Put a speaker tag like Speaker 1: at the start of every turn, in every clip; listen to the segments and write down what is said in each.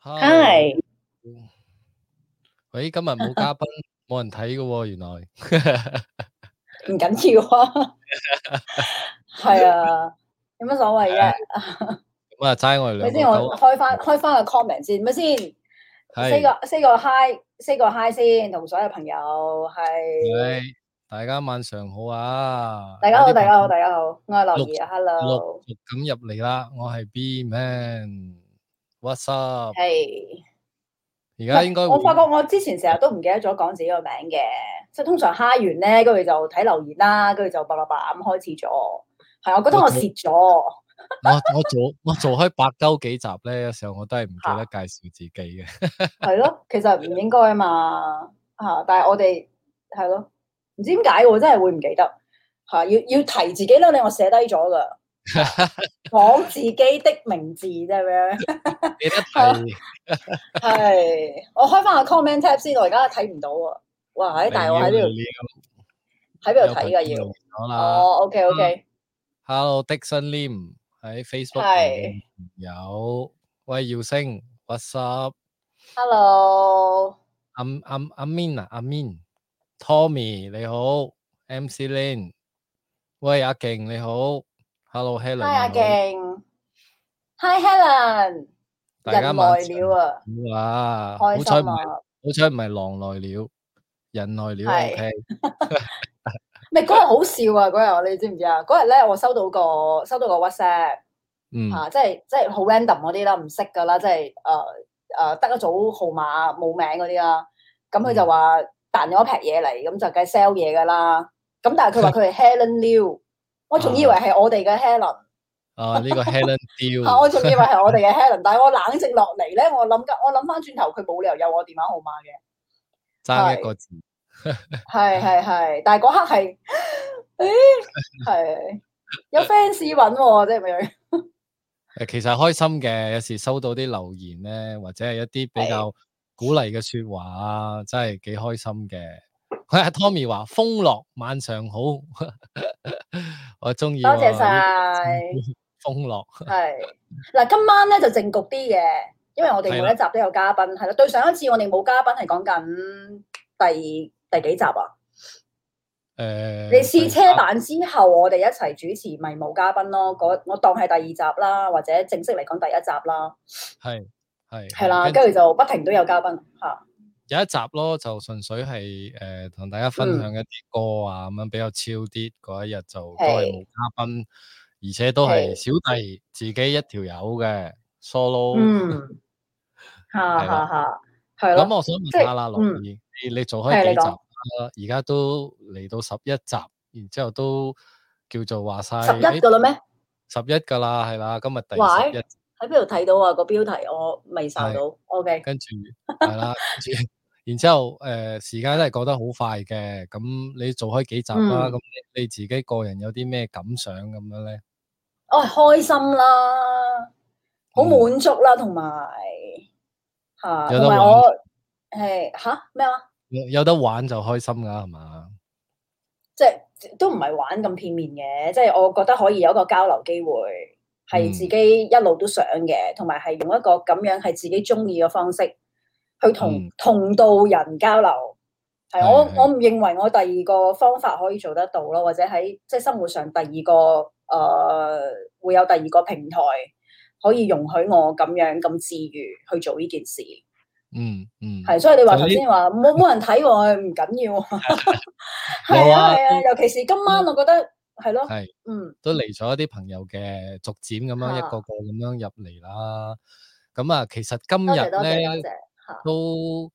Speaker 1: Hello，Hi，
Speaker 2: 喂，今日冇嘉賓，冇人睇嘅喎，原來
Speaker 1: 唔緊要啊，係啊，有乜所謂啫？
Speaker 2: 咁啊，齋我哋兩，先我開
Speaker 1: 翻開翻個 comment 先，唔係先，say 個 say 個 Hi，say 個 Hi 先，同所有朋友係。
Speaker 2: 大家晚上好啊！大家好，大家
Speaker 1: 好，大家好，我係劉儀啊，Hello。Hello
Speaker 2: 咁入嚟啦，我係 B Man，what's up？係。
Speaker 1: 而
Speaker 2: 家應該我發覺
Speaker 1: 我之前成日都唔記得咗講自己個名嘅，即係通常 hi 完咧，跟住就睇留言啦，跟住就叭叭叭咁開始咗。係我覺得我蝕咗。
Speaker 2: 我我做我做開八鳩幾集咧，有時候我都係唔記得介紹自己
Speaker 1: 嘅。係咯，其實唔應該吖嘛吓，但係我哋係咯。唔知點解，我真係會唔記得，吓要要提自己咧，你我寫低咗噶，講自己的名字咁樣，記得提，係我開翻個 comment tab 先，我而家睇唔到啊！哇，喺但
Speaker 3: 係我喺呢度，喺邊度睇噶要？
Speaker 2: 好啦，哦，OK OK。Hello，DixonLim 喺 Facebook 有，喂耀升，What's
Speaker 1: up？Hello，I'm
Speaker 2: I'm Amin 啊，Amin。Tommy 你好，MC Lin，喂阿勁你好，Hello Helen，Hi 阿勁
Speaker 1: ，Hi Helen，人
Speaker 2: 來了啊，哇，好彩唔係，好彩唔係狼來了，人來了 OK，
Speaker 1: 咪嗰日好笑啊嗰日，你知唔知啊？嗰日咧我收到個收到個 WhatsApp，吓，即係即係好 random 嗰啲啦，唔識噶啦，即係誒誒得一組號碼冇名嗰啲啦，咁佢就話。彈咗一劈嘢嚟，咁就梗係 sell 嘢噶啦。咁但係佢話佢係 Helen Liu，我仲以為係我哋嘅 Helen。
Speaker 2: 啊，呢個 Helen Liu。我仲以為
Speaker 1: 係我哋嘅 Helen，但係我冷靜落嚟咧，我諗緊，我諗翻轉頭，佢冇理由有我電話號碼嘅。
Speaker 2: 爭一個字。
Speaker 1: 係係係，但係嗰刻係，誒，係有 fans 揾喎，即係咩？
Speaker 2: 誒，其實開心嘅，有時收到啲留言咧，或者係一啲比較。鼓勵嘅說話啊，真係幾開心嘅。係啊，Tommy 話風樂晚上好， 我中意。多謝晒 風樂落。
Speaker 1: 係嗱，今晚咧就正局啲嘅，因為我哋每一集都有嘉賓，係啦的。對上一次我哋冇嘉賓，係講緊第第幾集啊？誒、呃，你試車版之後，我哋一齊主持咪冇、呃、嘉賓咯。我當係第二集啦，或者正式嚟講第一集啦。
Speaker 2: 係的。係係啦，
Speaker 1: 跟住
Speaker 2: 就不停都有嘉賓吓。有一集咯，就純粹係誒同大家分享一啲歌啊，咁樣比較超啲。嗰一日就都係冇嘉賓，而且都係小弟自己一條友嘅 solo。嗯，
Speaker 3: 吓吓係咯。咁我想問下啦，樂兒，
Speaker 2: 你你做開幾集啦？而家都嚟到十一集，然之後都叫做話晒十一噶啦咩？十一噶啦，係啦，今日第十一。
Speaker 1: 喺邊度睇到啊？個標題我未搜
Speaker 2: 到。是 o Okay K，跟住係啦， 跟住然之後誒、呃，時間都係過得好快嘅。咁你做開幾集啦？咁、嗯、你自己個人有啲咩感想咁樣咧？
Speaker 1: 哦，開心啦，好滿、嗯、足啦，同埋吓，同埋我誒，吓咩啊？
Speaker 2: 有有得玩就開心噶，係嘛？
Speaker 1: 即係、就是、都唔係玩咁片面嘅，即、就、係、是、我覺得可以有一個交流機會。係自己一路都想嘅，同埋係用一個咁樣係自己中意嘅方式去同、嗯、同道人交流。
Speaker 3: 係我是的 我唔
Speaker 1: 認為我第二個方法可以做得到咯，或者喺即係生活上第二個誒、呃、會有第二個平台可以容許我咁樣咁自如去做呢件事。
Speaker 2: 嗯嗯，係、嗯、所以你話頭先話
Speaker 1: 冇冇人睇我唔緊要，
Speaker 2: 係啊係啊，尤
Speaker 1: 其是今晚我覺得。係咯，係，嗯，
Speaker 2: 都嚟咗一啲朋友嘅逐漸咁樣一個個咁樣入嚟啦。咁啊，啊，其實今日咧都誒、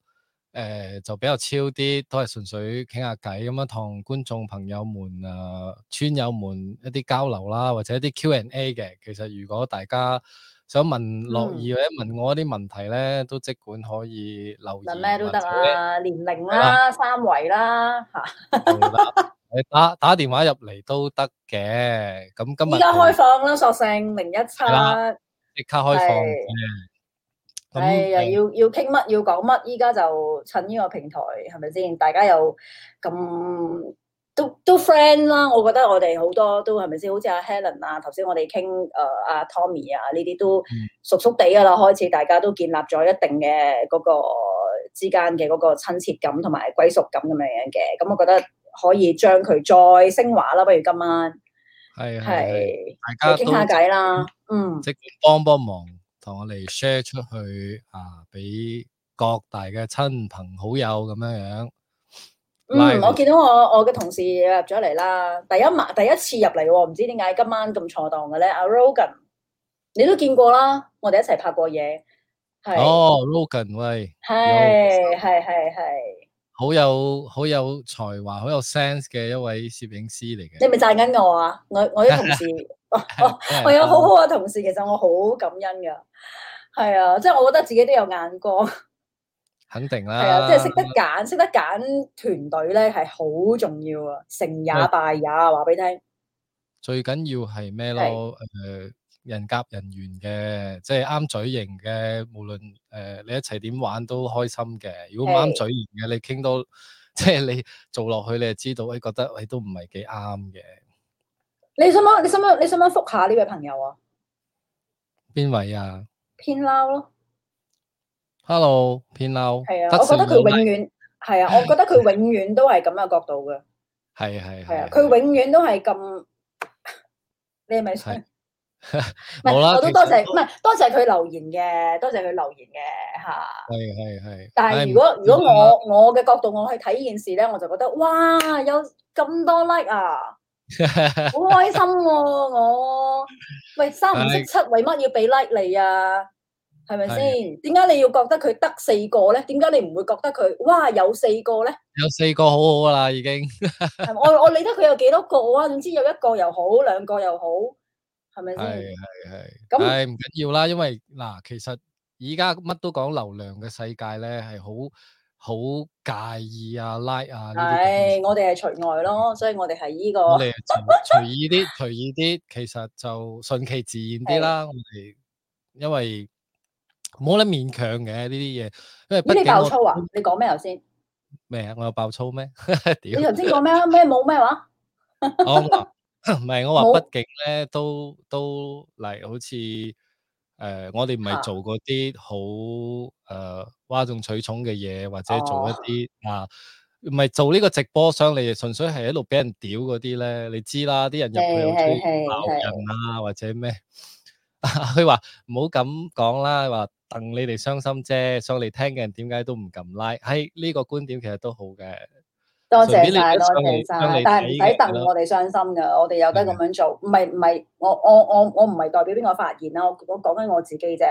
Speaker 2: 呃、就比較超啲，都係純粹傾下偈咁樣，同觀眾朋友們啊、村友們一啲交流啦，或者一啲 Q&A 嘅。其實如果大家想問樂意或者問我一啲問題咧，嗯、都即管可以留言。咩都得啊，年
Speaker 1: 齡啦、三圍啦，嚇、啊。啊
Speaker 2: 打打電話入嚟都得嘅，咁今日依家開
Speaker 1: 放啦，索性零一七，
Speaker 2: 即刻開放咁樣。係啊的那、哎，
Speaker 1: 要要傾乜，要講乜，依家就趁呢個平台，係咪先？大家又咁、嗯、都都 friend 啦，我覺得我哋好多都係咪先？好似阿 Helen 啊，頭先我哋傾誒阿 Tommy 啊，呢啲都熟熟地噶啦，開始大家都建立咗一定嘅嗰、嗰個、呃、之間嘅嗰個親切感同埋歸屬感咁樣樣嘅，咁我覺得。可以將佢再升華啦，不如今晚
Speaker 2: 係係，大家傾下偈啦，嗯即，即係幫幫忙，同我哋 share 出去啊，俾各大嘅親朋好友咁樣樣。嗯，我見
Speaker 1: 到我我嘅同事入咗嚟啦，第一晚第一次入嚟喎，唔知點解今晚咁錯蕩嘅咧？阿、啊、Rogan，你都見過啦，我哋一齊拍過嘢。係哦
Speaker 2: ，Rogan 喂，
Speaker 1: 係係係係。
Speaker 2: 好有好有才華、好有 sense 嘅一位攝影師嚟
Speaker 1: 嘅。你係咪讚緊我啊！我我啲同事，
Speaker 2: 我有好好嘅
Speaker 1: 同事，其實我好感恩噶。係啊，即係我覺得自己都有眼光。
Speaker 2: 肯定啦。係啊，即係識得
Speaker 1: 揀，識得揀團隊咧係好重要啊！成也敗也，話俾你聽。
Speaker 2: 最緊要係咩咯？誒。人夾人緣嘅，即係啱嘴型嘅。無論誒、呃，你一齊點玩都開心嘅。如果唔啱嘴型嘅，你傾到即係你做落去，你就知道，你覺得你都唔係幾啱嘅。
Speaker 1: 你想唔想？你想唔想？你想唔想覆下呢位朋友啊？
Speaker 2: 邊位啊？
Speaker 1: 偏撈咯。
Speaker 2: Hello，偏撈。係啊，我覺得佢永遠
Speaker 1: 係啊，我覺得佢永遠都係咁嘅角度嘅。係係係啊，佢、啊啊啊啊、永遠都係咁 不、 啊。你係咪
Speaker 2: 想？唔係，我都多謝，
Speaker 1: 唔係多謝佢留言嘅，多謝佢留言嘅吓。
Speaker 3: 係係係。但係如果如果我
Speaker 1: 我嘅角度，我去睇呢件事咧，我就覺得哇，有咁多 like 啊，好開心喎！我喂三唔識七為乜要俾 like 你啊？係咪先？點解你要覺得佢得四個咧？點解你唔會覺得佢哇有四個咧？
Speaker 2: 有四個好好噶啦，已經。
Speaker 1: 我我理得佢有幾多個啊？總之有一個又好，兩個又好。
Speaker 2: 係係係，唉，唔緊要啦，因為嗱，其實而家乜都講流量嘅世界咧，係好好介意啊、like 啊呢啲。唉、啊，我哋係
Speaker 1: 除外咯，對 所以
Speaker 2: 我哋係呢個我哋隨意啲，隨意啲，其實就順其自然啲啦。的我哋因為冇得勉強嘅呢啲嘢，因為畢竟我、欸、你爆粗啊、你講咩頭先咩？我有爆粗咩？ 你頭先講
Speaker 1: 咩？咩冇咩話？
Speaker 2: oh, 唔係，我話畢竟咧，都都嚟、哎、好似誒、呃，我哋唔係做嗰啲好誒嘩眾取寵嘅嘢，或者做一啲、哦、啊，唔係做呢個直播上嚟，純粹係一路俾人屌嗰啲咧，你知啦，啲人入去鬧人啊，或者咩？佢話唔好咁講啦，話戥你哋傷心啫，上嚟聽嘅人點解都唔敢拉？喺、哎、呢、呢個觀點其實都好嘅。多謝晒，多謝晒，但係唔使戥我哋
Speaker 1: 傷心噶，的我哋有得咁樣做，唔係唔係，我我我我唔係代表邊個發言啦，我我講緊我，我自己啫，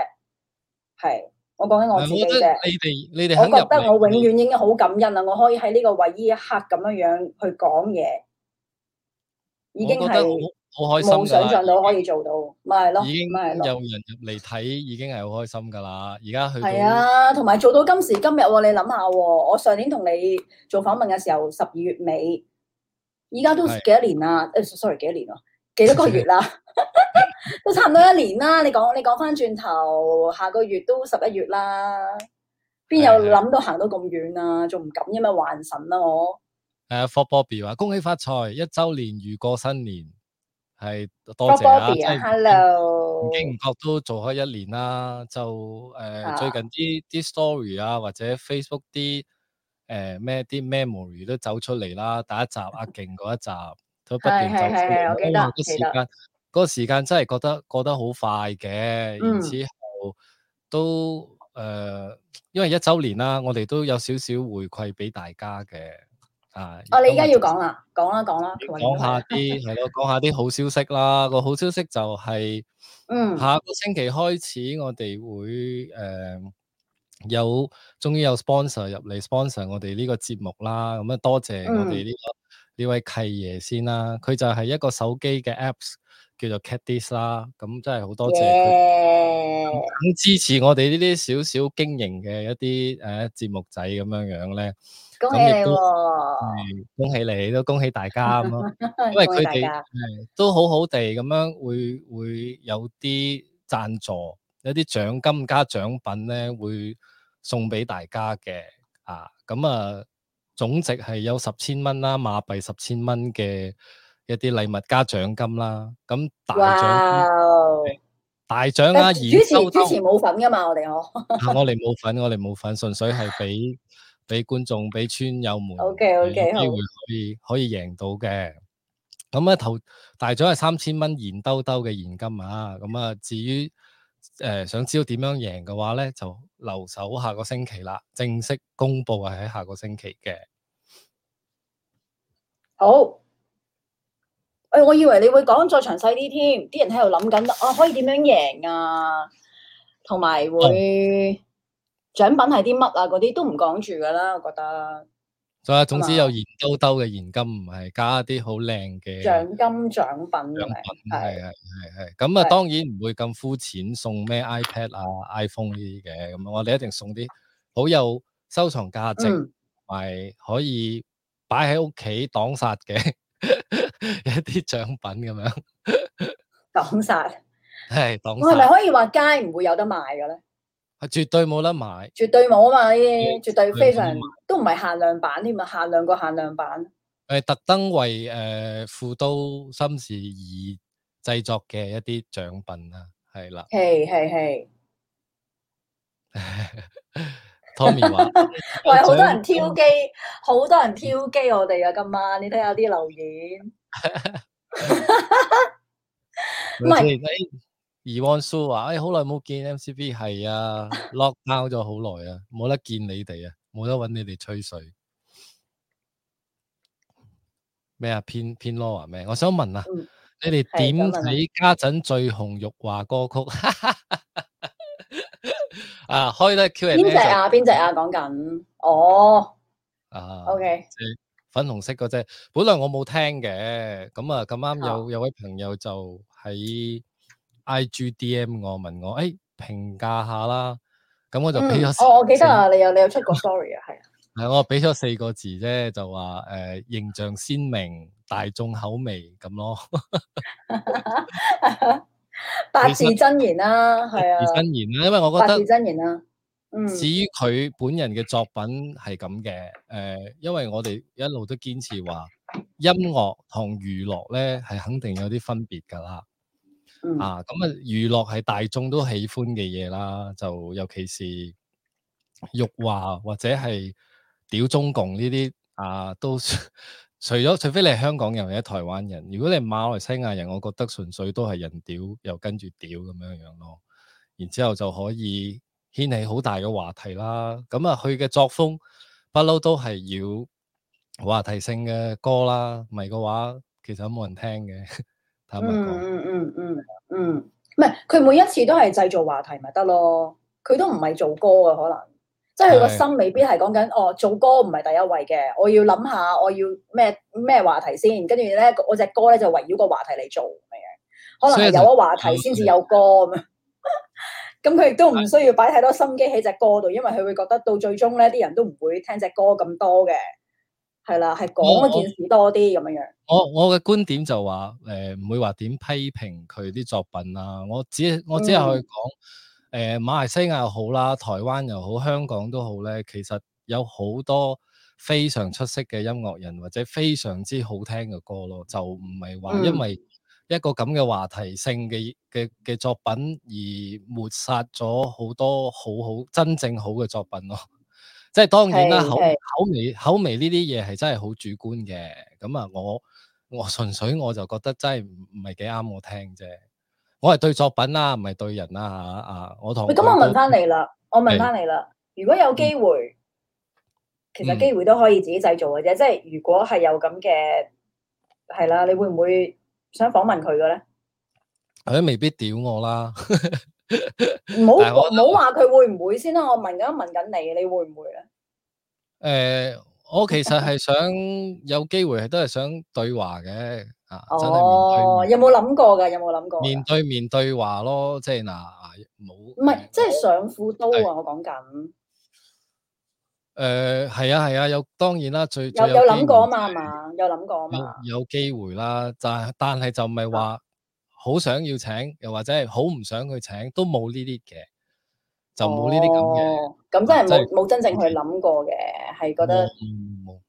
Speaker 1: 係我講緊我自己啫。你哋
Speaker 3: 你哋，我覺得我永
Speaker 1: 遠已經好感恩啦，我可以喺呢個位依一刻咁樣樣去講嘢，
Speaker 2: 已經係。好開心，冇
Speaker 1: 想象到可以做到，咪係咯，已經有
Speaker 2: 人入嚟睇， 已經係好開心噶啦。而家去係啊，
Speaker 1: 同埋做到今時今日，你諗下、啊，我上年同你做訪問嘅時候，十二月尾，而家都幾多年啦？誒是、哎、，sorry，幾多年咯？幾多個月啦？ 都差唔多一年啦。你講你講翻轉頭，下個月都十一月啦，邊有諗到行到咁遠啊？仲唔敢，因為還神啦、啊、我。
Speaker 2: 誒，霍伯比話：恭喜發財一周年，如過新年。係多謝啦、啊，即係唔經唔覺都做開一年啦、啊。就誒、呃、最近啲啲 story 啊，啊嗯、或者 Facebook 啲誒咩、呃、啲 memory 都走出嚟啦。第一集阿勁嗰一集都不斷走出嚟。係係時間嗰個時間、那個、真係覺得過得好快嘅，然之後都誒、呃嗯、因為一周年啦、啊，我哋都有少少回饋俾大家嘅。
Speaker 1: 我哋而家要講啦、啊，講啦、啊，講啦、啊，講下啲
Speaker 2: 係咯，講 下啲好消息啦。個好消息就係，
Speaker 1: 嗯，下
Speaker 2: 個星期開始我哋會誒、嗯呃、有終於有 sponsor 入嚟 sponsor 我哋呢個節目啦。咁樣，多謝我哋呢、這個呢、嗯、位契爺先啦。佢就係一個手機嘅 apps 叫做 Cat This 啦。咁真係好多謝佢
Speaker 3: 肯
Speaker 2: 支持我哋呢啲少少經營嘅一啲誒、呃、節目仔咁樣樣咧。
Speaker 3: 恭喜你喎、啊
Speaker 2: 嗯！恭喜你都恭喜大家咁咯，
Speaker 3: 因為佢哋
Speaker 2: 都好好地咁樣會，會會有啲贊助，有啲獎金加獎品咧，會送俾大家嘅啊！咁啊，總值係有十千蚊啦，馬幣十千蚊嘅一啲禮物加獎金啦，咁、啊、大
Speaker 1: 獎，
Speaker 2: 哇大獎啦，以前之前冇份噶嘛？
Speaker 1: 我哋呵， 我哋
Speaker 2: 冇份，我哋冇份，純粹係俾。俾觀眾、俾村友們有機會可以好可以贏到嘅。咁啊頭大獎，係三千蚊現兜兜嘅現金啊！咁啊，至於誒、呃、想知道點樣贏嘅話咧，就留守下個星期啦。正式公布係喺下個星期嘅。
Speaker 1: 好。誒、哎，我以為你會講再詳細啲添。啲人喺度諗緊，啊，可以點樣贏啊？同埋會。嗯獎品係啲乜啊？嗰啲都唔講住噶啦，我
Speaker 2: 覺得。就啊，總之有現兜兜嘅現金，唔係加一啲好靚嘅。獎
Speaker 1: 金獎品。獎品係係係係咁啊！當
Speaker 2: 然唔會咁膚淺，送咩 iPad 啊、iPhone 呢啲嘅。咁我哋一定送啲好有收藏價值，同埋可以擺喺屋企擋煞嘅一啲獎品咁樣。
Speaker 1: 擋煞。
Speaker 2: 係擋煞。我係咪可以
Speaker 1: 話街唔會有得賣嘅咧？
Speaker 2: 係絕對冇得買，對買，絕
Speaker 1: 對冇啊嘛！呢啲絕對非常都唔係限量版添啊，限量個限量版。
Speaker 2: 誒，特登為誒副都心事而製作嘅一啲獎品啊，係啦。
Speaker 3: 係係係。
Speaker 2: Tommy 話說：， 喂，好 品多人挑
Speaker 1: 機，好多人挑機我哋啊！今晚你睇下啲留言。唔 係。
Speaker 2: Ewan 蘇話：，哎，好耐冇見 MCP，係啊，lockdown 咗好耐啊，冇得見你哋啊，冇得揾你哋吹水。咩啊？偏偏咯話咩？我想問啊，嗯、你哋點睇家陣最紅玉華歌曲？ 啊，開得 Q 唔？邊隻啊？邊隻啊？
Speaker 1: 講緊哦，oh, okay. 啊，OK，、
Speaker 2: 就是、粉紅色嗰隻，本來我冇聽嘅，咁啊咁啱有、啊、有位朋友就喺。I G D M，我問我，誒，評價下啦，咁我就俾咗、嗯。哦，我
Speaker 1: 記得啊， 你有你有出過 story
Speaker 2: 啊，係啊。係 我俾咗四個字啫，就話誒、呃，形象鮮明，大眾口味咁咯。 八字真
Speaker 1: 言啦，係啊。其實，八字真
Speaker 2: 言啦、啊啊嗯呃，因為我覺得。
Speaker 1: 真言啦。至
Speaker 2: 於佢本人嘅作品係咁嘅，誒，因為我哋一路都堅持話，音樂同娛樂咧係肯定有啲分別噶啦。啊，咁啊，娛樂係大眾都喜歡嘅嘢啦，就尤其是辱華或者係屌中共呢啲啊，都除咗除非你係香港人或者台灣人，如果你係馬來西亞人，我覺得純粹都係人屌，又跟住屌咁樣樣咯，然之後就可以掀起好大嘅話題啦。咁啊，佢嘅作風不嬲都係要話題性嘅歌啦，唔係嘅話其實都冇人聽嘅。
Speaker 4: 嗯
Speaker 1: 嗯嗯嗯嗯嗯，唔係佢每一次都係製造話題咪得咯，佢都唔係做歌嘅，可能即係佢個心未必係講緊哦，做歌唔係第一位嘅，我要諗下我要咩咩話題先，跟住咧我隻歌咧就圍繞個話題嚟做，
Speaker 5: 可能係有咗話題先至有
Speaker 1: 歌啊嘛。咁佢亦都唔需要擺太多心機喺隻歌度，因為佢會覺得到最終咧啲人都唔會聽隻歌咁多嘅。係啦，係講嗰件事
Speaker 2: 多啲咁樣樣。我我嘅觀點就話、是，誒、呃、唔會話點批評佢啲作品啊。我只我只係去講，誒、嗯呃、馬來西亞又好啦，台灣又好，香港都好咧。其實有好多非常出色嘅音樂人或者非常之好聽嘅歌咯，就唔係話因為一個咁嘅話題性嘅嘅嘅作品而抹殺咗好多好好真正好嘅作品咯。即係當然啦，口口味口味呢啲嘢係真係好主觀嘅。咁啊，我我純粹我就覺得真係唔唔係幾啱我聽啫。我係對作品啦，唔係對人啦吓啊！我同咁我問
Speaker 1: 翻你啦，我問翻你啦。如果有機會，
Speaker 2: 其實機
Speaker 1: 會都可以自己製造嘅啫。即係如果係有咁嘅係啦，你會唔會想訪問佢嘅咧？
Speaker 2: 佢都未必屌我啦。唔好唔好
Speaker 1: 話佢會唔會先啦，我問緊問緊你，你會唔會咧？
Speaker 2: 誒、呃，我其實係想 有機會係都係想對話嘅啊。哦，真係面對面
Speaker 1: 有冇諗過噶？有冇諗過？面
Speaker 2: 對面對話咯，即係嗱，冇
Speaker 1: 唔係即係上苦刀啊！是我講緊。
Speaker 2: 誒、呃，係啊係啊，有當然啦，最有最有諗
Speaker 1: 過啊嘛，係嘛，有諗過啊嘛，
Speaker 2: 有機會啦，但但係就唔係話。好想要請，又或者係好唔想去請，都冇呢啲嘅，就冇呢啲咁嘅。咁真係冇冇
Speaker 1: 真正去諗過嘅，係覺得。冇。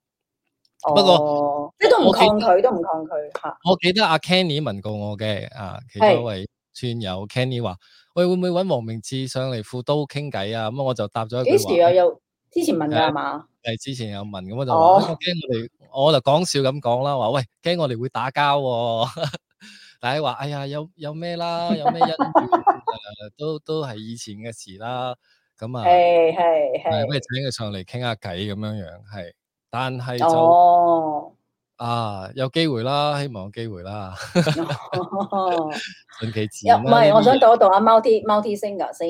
Speaker 1: 不過，你都唔抗拒，都唔抗拒嚇。
Speaker 2: 我記得阿 Kenny 問過我嘅，啊，其中一位串友 Kenny 話，喂，會唔會揾黃明志上嚟富都傾偈啊？咁我就答咗一句幾時啊？有？
Speaker 1: 之前問㗎係嘛？
Speaker 2: 係之前有問咁我就，我驚我哋，我就講笑咁講啦，話喂，驚我哋會打交。大家話哎呀，有有咩啦，有咩因 都都係以前嘅事啦。咁啊，係
Speaker 3: 係
Speaker 1: 係，喂，
Speaker 2: 請佢上嚟傾下偈咁樣樣，係。 但係就、哦、啊，有機會啦，希望有機會啦。順其自然。唔係、哦哎，我想度
Speaker 1: 一度阿 m u l t i multi singer 先。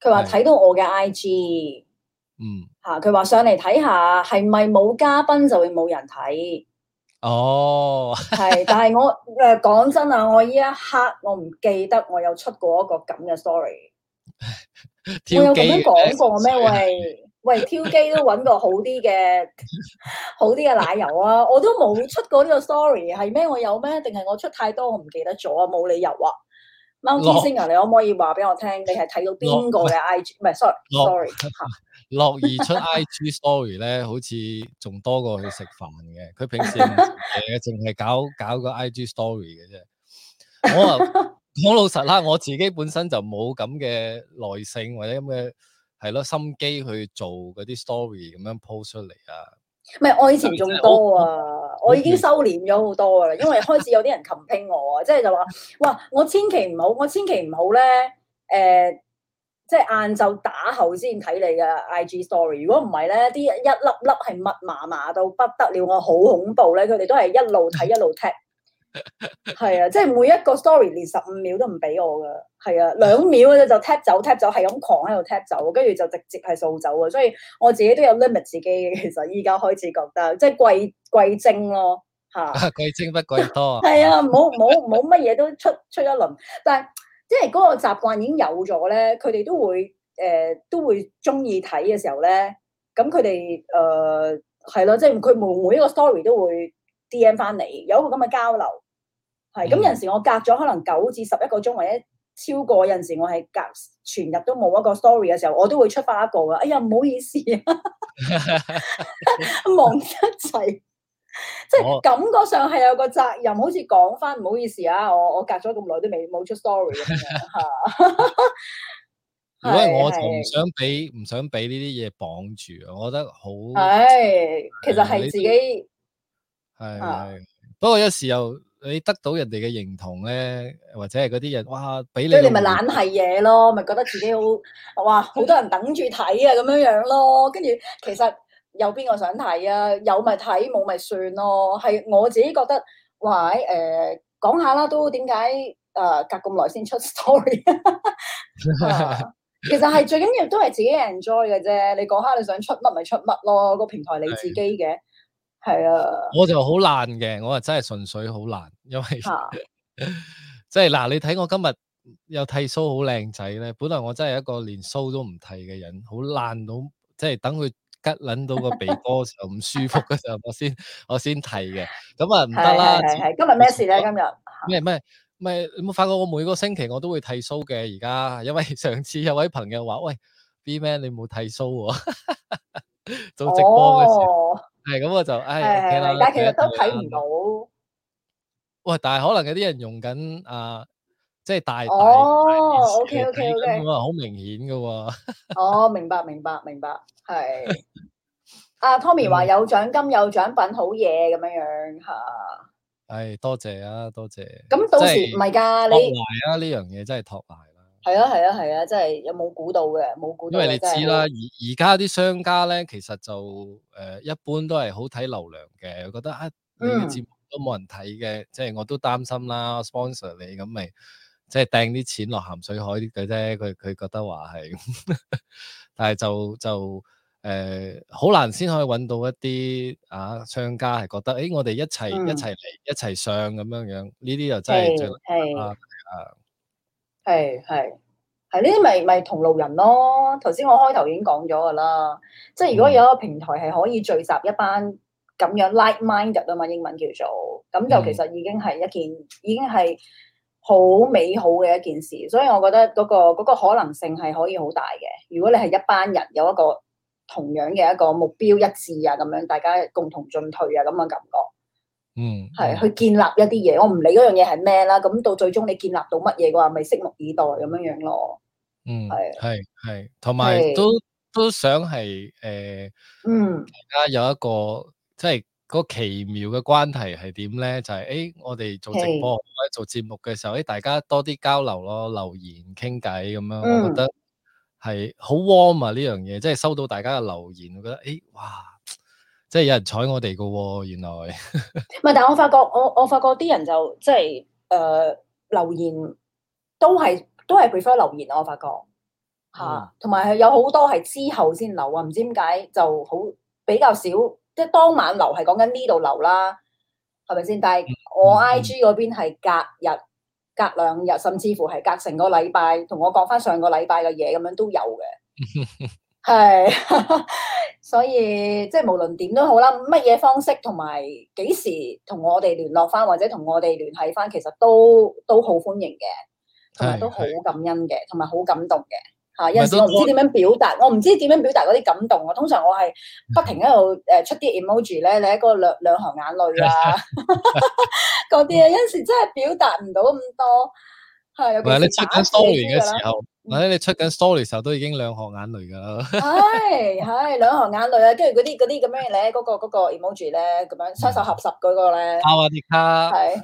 Speaker 1: 佢話睇到我嘅 IG，嗯，吓佢話上嚟睇下，係咪冇嘉賓就會冇人睇？eng 哦，係、oh. 但係我誒講、呃、真啊，我依一刻我唔記得我有出過一個咁嘅 s o r r y 我有咁樣講過咩？ 喂喂，挑機都揾個好啲嘅好啲嘅奶油啊！ 我都冇出過呢個 s o r r y 係咩？我有咩？定係我出太多我唔記得咗？冇理由啊！貓天星啊，Singer, 你可唔可以話俾我聽落？你係睇到邊個嘅 I G？唔係，sorry，sorry。
Speaker 2: 樂意出 IG story 咧，好似仲多過去食飯嘅。佢平時嘅淨係搞搞個 IG story 嘅啫。我話講老實啦，我自己本身就冇咁嘅耐性或者咁嘅係咯心機去做嗰啲 story 咁樣 post 出嚟啊。
Speaker 1: 唔係，我以前仲多啊，
Speaker 2: 我，我已經
Speaker 1: 收斂咗好多噶啦。 因為開始有啲人琴拼我啊，即係就話、是、哇，我千祈唔好，我千祈唔好咧。誒、呃。即係晏晝打後先睇你嘅 IG story，如果唔係咧，啲一粒粒係密麻麻到不得了，我好恐怖咧。佢哋都係一路睇一路 tap，a 係啊，即係每一個 story 連十五秒都唔俾我噶，係啊，兩秒嘅就 tap 走 tap 走係咁狂喺度 tap 走，跟住就直接係掃走啊。所以我自己都有 limit 自己嘅，其實依家開始覺得即係貴貴精咯嚇，
Speaker 2: 貴精不貴多，係
Speaker 1: 啊， 冇冇冇乜嘢都出出一輪，但係。即係嗰個習慣已經有咗咧，佢哋都會誒、呃、都會中意睇嘅時候咧，咁佢哋誒係咯，即係佢每每一個 story 都會 DM 翻嚟，有一個咁嘅交流。係咁有陣時我隔咗可能九至十一個鐘或者超過有陣時我係隔全日都冇一個 story 嘅時候，我都會出翻一個啊！哎呀唔好意思啊， 忘咗一齊。即係感覺上係有個責任，好似講翻唔好意思啊！我我隔咗咁耐都未冇出 story 咁
Speaker 2: 樣。 如果係我唔想俾唔是想俾呢啲嘢綁住，我覺得好係，其實係自己係係。不過有時候你得到人哋嘅認同咧，或者係嗰啲人哇俾你，你，你咪懶
Speaker 1: 係嘢咯，咪 覺得自己好哇，好多人等住睇啊，咁樣樣咯，跟住其實。有邊個想睇啊？有咪睇，冇咪算咯。係我自己覺得喂，誒，講、呃、下啦，都點解誒隔咁耐先出 story？ 啊、 其實係 最緊要都係自己 enjoy 嘅啫。你講下你想出乜咪出乜咯，個平台你自己嘅係是啊 我。
Speaker 2: 我就好爛嘅，我啊真係純粹好爛，因為即係嗱，你睇我今日有剃鬚好靚仔咧。本來我真係一個連鬚都唔剃嘅人，好爛到即係等佢。吉捻 到個鼻哥就唔舒服嘅時候，我先我先剃嘅。咁啊唔得啦。今日咩事咧？今日咩咩咩？冇發覺我每個星期我都會剃鬚嘅，而家因為上次有位朋友話：喂，BMan 你冇剃鬚喎， 做直播嘅時候。哦，係咁我就，誒、哎，大家 是在其實都睇唔到。喂，但係可能有啲人用緊啊。呃即係大哦，OK OK OK，好明顯噶喎。
Speaker 1: 哦，明白明白明白，係。阿 Tommy 話有獎金有獎品好嘢咁樣樣吓。
Speaker 2: 唉，多謝啊，多謝。咁到時唔係噶，你托賴啊呢樣嘢真係托賴啦。
Speaker 1: 係啊係啊係啊，真係有冇估到嘅冇估到，因為你知啦。
Speaker 2: 而而家啲商家咧，其實就誒一般都係好睇流量嘅，我覺得啊你嘅節目都冇人睇嘅，即係我都擔心啦。sponsor 你咁咪。即係掟啲錢落鹹水海啲嘅啫，佢佢覺得話係， 但係就就誒好、呃、難先可以揾到一啲啊商家係覺得，誒、欸、我哋一齊、嗯、一齊嚟一齊上咁樣樣，呢啲就真係最啊啊係
Speaker 1: 係係，呢啲咪咪同路人咯。頭先我開頭已經講咗㗎啦，即係如果有一個平台係可以聚集一班咁樣 like minded 啊嘛，英文叫做咁，就其實已經係一件、嗯、已經係，好美好嘅一件事，所以我覺得嗰個嗰個可能性係可以好大嘅。如果你係一班人有一個同樣嘅一個目標一致啊，咁樣大家共同進退啊，咁嘅感覺，嗯，係係、嗯、去建立一啲嘢。我唔理嗰樣嘢係咩啦，咁到最終你建立到乜嘢嘅話，咪拭目以待咁樣樣咯。嗯，係
Speaker 2: 係係，同埋係、係都都想係誒，呃、嗯，而家有一個即係。個奇妙嘅關係係點咧？就係、是、誒、欸，我哋做直播、是做節目嘅時候，誒、欸、大家多啲交流咯，留言、傾偈咁樣，嗯、我覺得係好 warm 啊！呢樣嘢即係收到大家嘅留言，我覺得誒、欸、哇，即係有人睬我哋㗎喎，原來。
Speaker 1: 唔係，但係我發覺，我我發覺啲人就即係誒、呃、留言都係都係 prefer 留言，我發覺吓，同埋係有好多係之後先留啊，唔知點解就好比較少。即係當晚留係講緊呢度留啦，係咪先？但係我 IG 嗰邊係隔日、隔兩日，甚至乎係隔成個禮拜，同我講返上個禮拜嘅嘢咁樣都有嘅。係 是， 所以即係無論點都好啦，乜嘢方式同埋幾時同我哋聯絡返或者同我哋聯繫返，其實都都好歡迎嘅，同埋 都好感恩嘅，同埋好感動嘅。吓，有時我唔知點樣表達，我唔知點樣表達嗰啲感動啊。通常我係不停喺度誒出啲 emoji 咧，你喺嗰兩兩行眼淚啊，嗰啲啊，有時真係表達唔到咁多。係，唔係你出緊 story 嘅時候，
Speaker 2: 或者你出緊 story 嘅時候都已經兩行眼淚噶啦。
Speaker 1: 係係兩行眼淚啊，跟住嗰啲嗰啲咁樣咧，嗰個嗰個 emoji 咧，咁樣雙手合十嗰個咧，貓啊啲卡係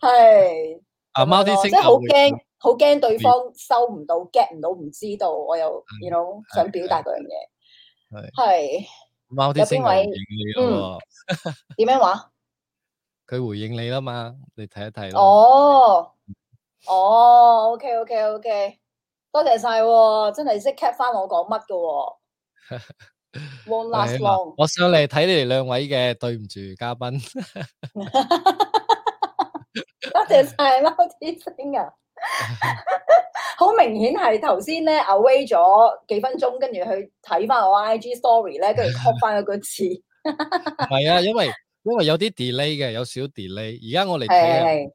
Speaker 2: 係啊貓啲真係好驚。
Speaker 1: 好驚對方收唔到 get 唔到唔知道，我又 you know 想表達嗰樣嘢係。係
Speaker 2: 貓啲星位
Speaker 3: 點
Speaker 1: 樣話？
Speaker 2: 佢回應你啦嘛，你睇一睇咯。
Speaker 1: 哦哦，OK OK OK，多謝晒，真係識 get 翻我講乜嘅。
Speaker 2: One last long，我上嚟睇你哋兩位嘅，對唔住嘉賓。
Speaker 1: 多謝晒貓啲星啊！好 明顯係頭先咧 away 咗幾分鐘，跟住去睇翻我 I G story 咧，跟住 c a l l 翻嗰個字。
Speaker 2: 係啊，因為因為有啲 delay 嘅，有少 delay。而家我嚟睇是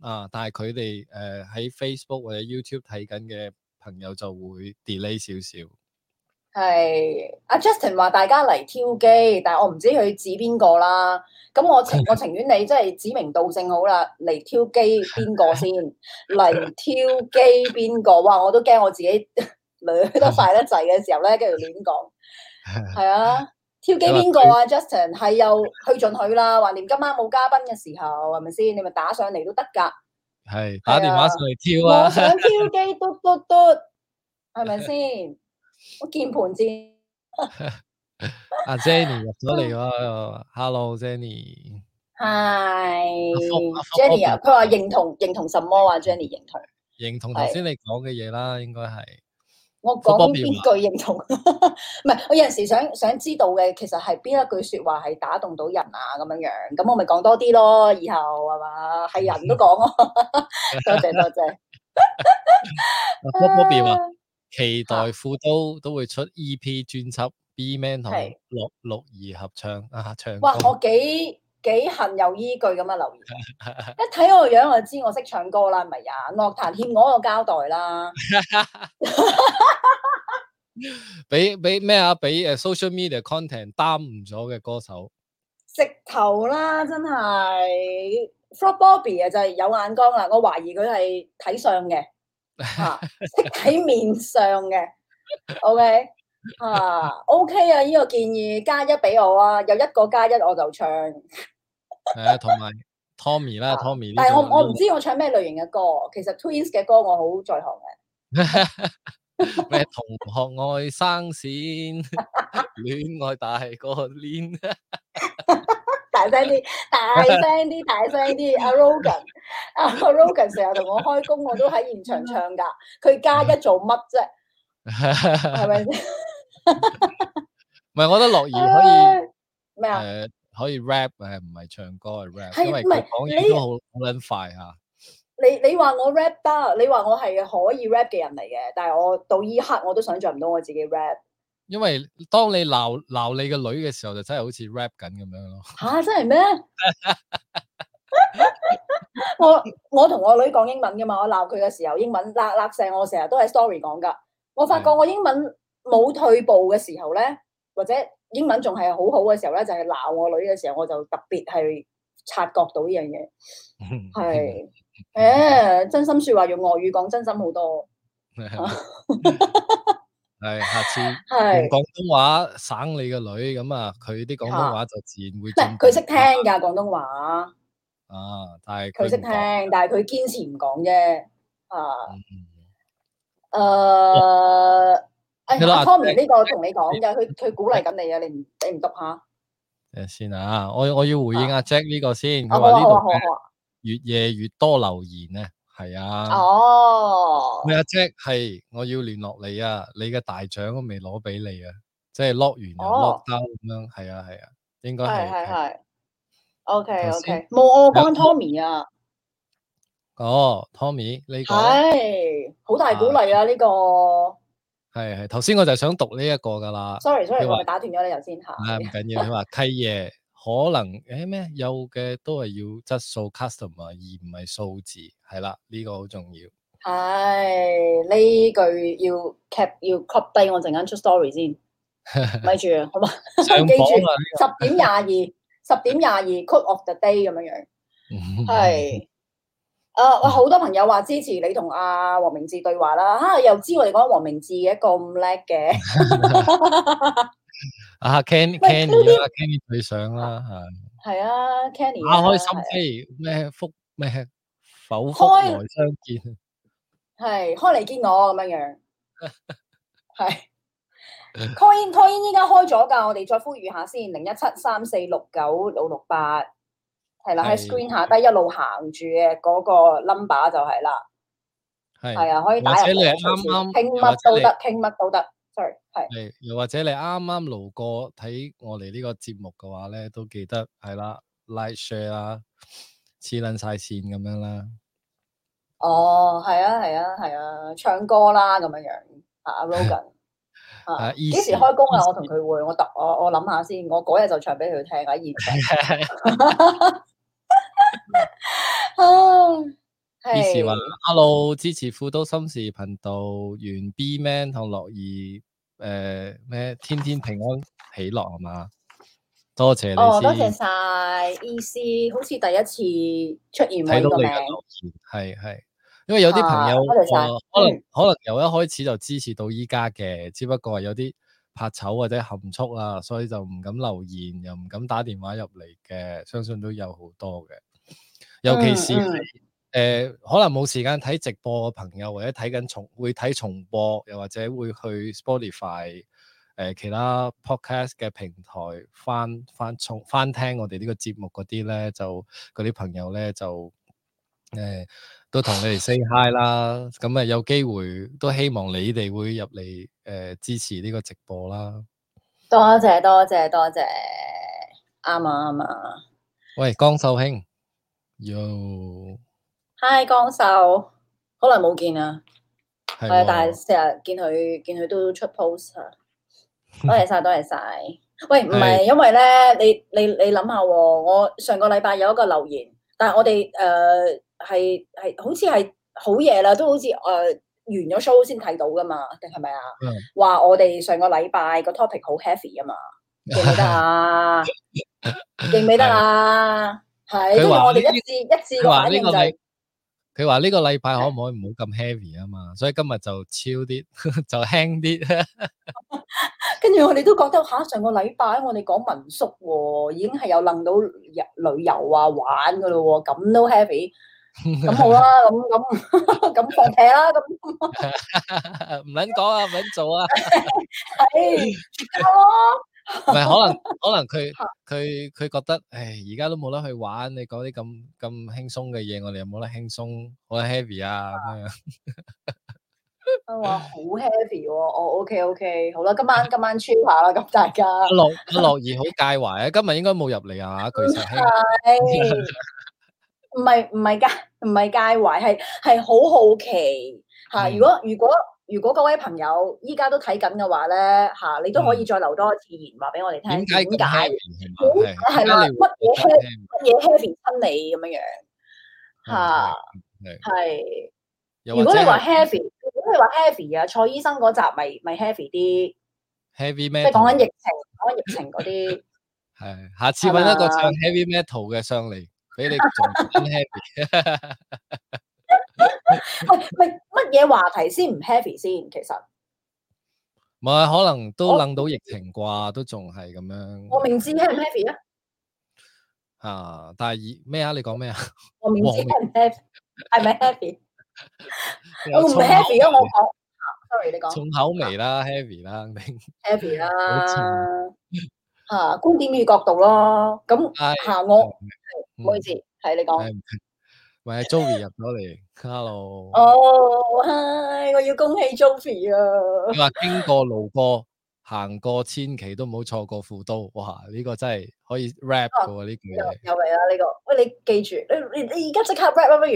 Speaker 2: 啊，但係佢哋誒喺、呃、Facebook 或者 YouTube 睇緊嘅朋友就會 delay 少少。
Speaker 1: 係阿 Justin 話大家嚟挑機，但係我唔知佢指邊個啦。咁我情我情願你真係指名道姓好啦，嚟挑機邊個先，嚟挑機邊個？哇！我都驚我自己女 得快得滯嘅時候咧，跟住亂講。係啊，挑機邊個啊 Justin？係又去盡去啦。橫掂今晚冇嘉賓嘅時候係咪先？你咪打上嚟都得㗎。係是、啊、
Speaker 2: 打電話上嚟挑啊！我想挑
Speaker 1: 機 嘟嘟嘟，係咪先？我鍵盤戰。
Speaker 2: 阿 Jenny 入咗嚟喎，Hello Jenny。
Speaker 1: Hi Jenny 啊，佢話認同 認同什麼話？Jenny 認同。
Speaker 2: 認同頭先你講嘅嘢啦，是應該係。
Speaker 1: 我講邊句認同？唔 係，我有陣時想想知道嘅，其實係邊一句說話係打動到人啊，咁樣樣，咁我咪講多啲咯。以後係嘛，係人都講咯、
Speaker 2: 啊。多 謝多謝。Bobbi 期待副都都會出 EP 專輯，啊、B Man 同六是六二合唱啊唱，哇我
Speaker 1: 幾幾恨有依句咁啊！留
Speaker 2: 言
Speaker 1: 一睇我個樣我就知我識唱歌啦，係咪呀？樂壇欠我個交代啦！
Speaker 2: 俾俾咩啊？俾誒 social media content 耽誤咗嘅歌手
Speaker 1: 直頭啦，真係 Flo Bobby 啊，就係有眼光啦！我懷疑佢係睇相嘅。啊，識睇面上嘅，OK，啊，OK 啊，呢個建議加一俾我啊，有一個加一我就唱。
Speaker 2: 係啊，同埋 Tommy 啦，Tommy。但係我我唔知
Speaker 1: 我唱咩類型嘅歌，其實 Twins 嘅歌我好在行嘅。
Speaker 2: 咩同學愛生線，戀愛大過天。
Speaker 1: 大聲啲，大聲啲，大聲啲！阿 Rogan 阿 Rogan 成日同我開工，我都喺現場唱噶。佢加一做乜啫？係咪
Speaker 2: 唔係，我覺得樂兒可以咩啊？可以 rap，係唔係唱歌係 rap？係唔係？因為講嘢都好好捻快吓。
Speaker 1: 你你話我 rap 得，你話我係可以 rap 嘅人嚟嘅，但係我到依刻我都想象唔到我自己 rap。
Speaker 2: 因為當你鬧鬧你個女嘅時候，就真係好似 rap 緊咁樣咯。
Speaker 1: 吓、啊，真係咩？ 我我同我女講英文嘅嘛，我鬧佢嘅時候，英文甩甩聲，我成日都係 story 講噶。我發覺我英文冇退步嘅時候咧，或者英文仲係好好嘅時候咧，就係、是、鬧我女嘅時候，我就特別係察覺到呢樣嘢。
Speaker 3: 係， 誒、
Speaker 1: 欸，真心話說話用外語講真心好多。
Speaker 2: 係， 下次用廣東話省你個女咁啊，佢啲廣東話就自然會。唔係，
Speaker 3: 佢
Speaker 1: 識聽噶廣東話。
Speaker 2: 啊，但係佢識
Speaker 1: 聽，但係佢堅持唔講啫。啊，誒，阿 Tommy 呢個同你講嘅，佢佢鼓勵緊你啊，你唔你唔讀下？
Speaker 2: 誒，先啊，先我我要回應阿、啊、Jack 呢個先。佢、啊啊、話呢度、啊、好、啊，好啊好啊、越夜越多留言啊！係啊，哦，咩啊？即係我要聯絡你啊，你嘅大獎都未攞俾你啊，即係落完又落咁樣，係啊係啊，應該係係
Speaker 1: 係，OK OK，冇我講 Tommy 啊，
Speaker 2: 哦 Tommy 呢個，係
Speaker 1: 好大鼓勵啊呢個，
Speaker 2: 係係頭先我就想讀呢一個噶啦，sorry sorry 我咪打斷咗你
Speaker 1: 頭先吓，係唔緊要你話
Speaker 2: 契爺。可能誒咩、欸、有嘅都係要質素 customer 而唔係數字，係啦，呢、這個好重要。
Speaker 1: 係呢、哎、句要 cap 要 cut 低，我陣間出 story 先，咪住 好嘛吧？啊、 記住十、這個、點廿二，十點廿二 quote of the day 咁樣樣。係啊、 呃，我好多朋友話支持你同阿黃明志對話啦，哈、啊！又知我哋講黃明志嘅咁叻嘅。
Speaker 2: 啊，Canny，Canny，Canny 你上啦，係。係啊，Canny。啊，開心，Canny，咩福咩否福來相見。
Speaker 1: 係開嚟見我咁樣樣，係。Coin，Coin 依家開咗噶，我哋再呼籲下先，零一七三四六九六六八，係啦，喺 screen 下低一路行住嘅嗰個 number 就係啦。
Speaker 2: 係。係啊，可以打。而且你啱啱傾乜都得，
Speaker 1: 傾乜都得。
Speaker 2: 係，又是或者你啱啱路過睇我哋呢個節目嘅話咧，都記得係啦，Like share、哦、啊，黐捻晒線咁樣啦。
Speaker 1: 哦，係啊，係啊，係啊，唱歌啦咁樣樣
Speaker 4: 啊，阿 Logan 啊，幾意時開
Speaker 1: 工啊？我同佢會，我特我我諗下先，我嗰日就唱俾佢聽啊，以前。啊，係。
Speaker 2: 幾時話？Hello，支持富都心事頻道，原 B Man 同樂兒。誒咩、呃？天天平安喜樂係嘛？多謝你，哦、多謝晒。意思
Speaker 1: 好似第一次出現咁樣嘅留
Speaker 2: 言，係係，因為有啲朋友、啊呃、可能、嗯、可能由一開始就支持到依家嘅，只不過有啲怕醜或者含蓄啊，所以就唔敢留言，又唔敢打電話入嚟嘅，相信都有好多嘅，尤其是。嗯嗯誒、呃，可能冇時間睇直播嘅朋友，或者睇緊重會睇重播，又或者會去 Spotify 誒、呃、其他 podcast 嘅平台翻翻重翻聽我哋呢個節目嗰啲咧，就嗰啲朋友咧就誒、呃、都同你哋 say hi 啦，咁、嗯、啊有機會都希望你哋會入嚟誒支持呢個直播啦。
Speaker 1: 多謝多謝多謝，啱啊啱啊。
Speaker 2: 喂，江秀卿。喲。
Speaker 1: 嗨，江秀，好耐冇見啊。
Speaker 2: 係啊，但
Speaker 1: 係成日見佢，見佢都出 post 啊，多謝晒，多謝晒。喂，唔係因為咧，你你你諗下，我上個禮拜有一個留言，但係我哋誒係係好似係好嘢，啦，都好似誒完咗 show 先睇到噶嘛，定係咪啊？話我哋上個禮拜個 topic 好 heavy 啊嘛，記唔記得啊？記唔記得啊？係，因為我哋一致一致個反應就係。
Speaker 2: 佢話呢個禮拜可唔可以唔好咁 heavy 啊嘛，所以今日就超啲，就輕啲。
Speaker 1: 跟住我哋都覺得吓，上個禮拜我哋講民宿，已經係有諗到日旅遊啊玩噶咯，咁都 heavy，咁好啦，咁咁
Speaker 2: 咁放平啦，咁唔穩講啊，唔穩做啊，係，而家咯。唔係可能，可能佢佢佢覺得，唉，而家都冇得去玩，你講啲咁咁輕鬆嘅嘢，我哋又冇得輕鬆，好 heavy 啊咁樣。
Speaker 1: 我話好 heavy 喎，哦，OK OK，好啦，今晚今晚 trip 下啦，咁大家。樂樂
Speaker 2: 兒好介懷啊，今日應該冇入嚟啊，佢就係唔係唔
Speaker 1: 係介唔係介懷，係係好好奇吓，如果如果。如果各位朋友依家都睇緊嘅話咧，嚇你都可以再留多一次言話俾我哋聽，點解？係啦，
Speaker 3: 乜嘢乜
Speaker 1: 嘢 heavy 親你咁樣樣嚇係。
Speaker 2: 如果你話
Speaker 1: heavy 如果你話 heavy 啊，蔡醫生嗰集咪咪 heavy 啲 heavy
Speaker 2: 咩？即係講緊疫情，講
Speaker 3: 緊疫情嗰啲。
Speaker 2: 係，下次揾一個唱 heavy metal 嘅上嚟，俾你仲 heavy。
Speaker 1: 喂，乜嘢話題先唔 heavy 先？其實
Speaker 2: 唔係，可能都諗到疫情啩，都仲係咁樣。
Speaker 1: 我明知係 heavy 啊，
Speaker 2: 啊！但係咩啊？你講咩啊？我明知係 heavy，
Speaker 1: 係咪 heavy？
Speaker 2: 我唔 heavy 啊！我講，sorry，你
Speaker 1: 講重
Speaker 2: 口味啦，heavy 啦，heavy
Speaker 1: 啦，啊，觀點與角度咯。咁啊，我，唔好意思，係你
Speaker 2: 講。喂，Joey 入咗嚟，hello。
Speaker 1: 哦，嗨，我要恭喜 Joey 啊！你話經
Speaker 2: 過路過，行過千祈都唔好錯過斧都。哇！呢個真係可以 rap 嘅喎，呢句。又嚟
Speaker 1: 啦呢個，喂，你記住，你你你而家，即刻 rap 啦不如，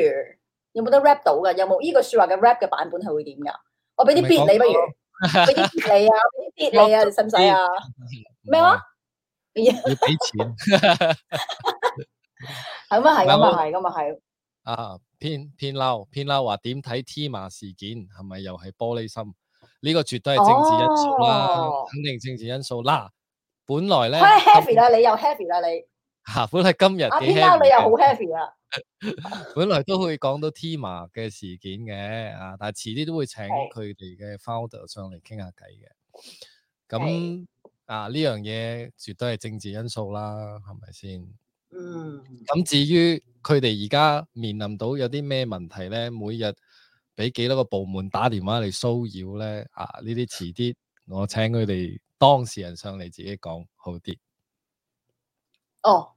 Speaker 1: 有冇得 rap 到噶？有冇呢個說話嘅 rap 嘅版本係會點噶？我俾啲 beat 你不如，俾啲 beat 你啊，俾啲 beat 你啊，你使
Speaker 2: 唔使啊？咩話？要俾
Speaker 1: 錢。咁啊係，咁啊係，咁啊係。
Speaker 2: 啊，偏偏嬲，偏嬲話點睇 TMA 事件係咪又係玻璃心？呢個絕對係政治因素啦，oh. 肯定政治因素啦。本來咧，好 's heavy 啦今，heavy 你又 heavy 啦，你吓，本嚟今日你又好 happy 啊。本來都會講到 TMA 嘅事件嘅啊，但係遲啲都會請佢哋嘅 founder 上嚟傾下偈嘅。咁啊，呢樣嘢絕對係政治因素啦，係咪先？Mm. 嗯。咁至於。佢哋而家面臨到有啲咩問題咧？每日俾幾多個部門打電話嚟騷擾咧？啊！呢啲遲啲我請佢哋當事人上嚟自己講好啲。哦，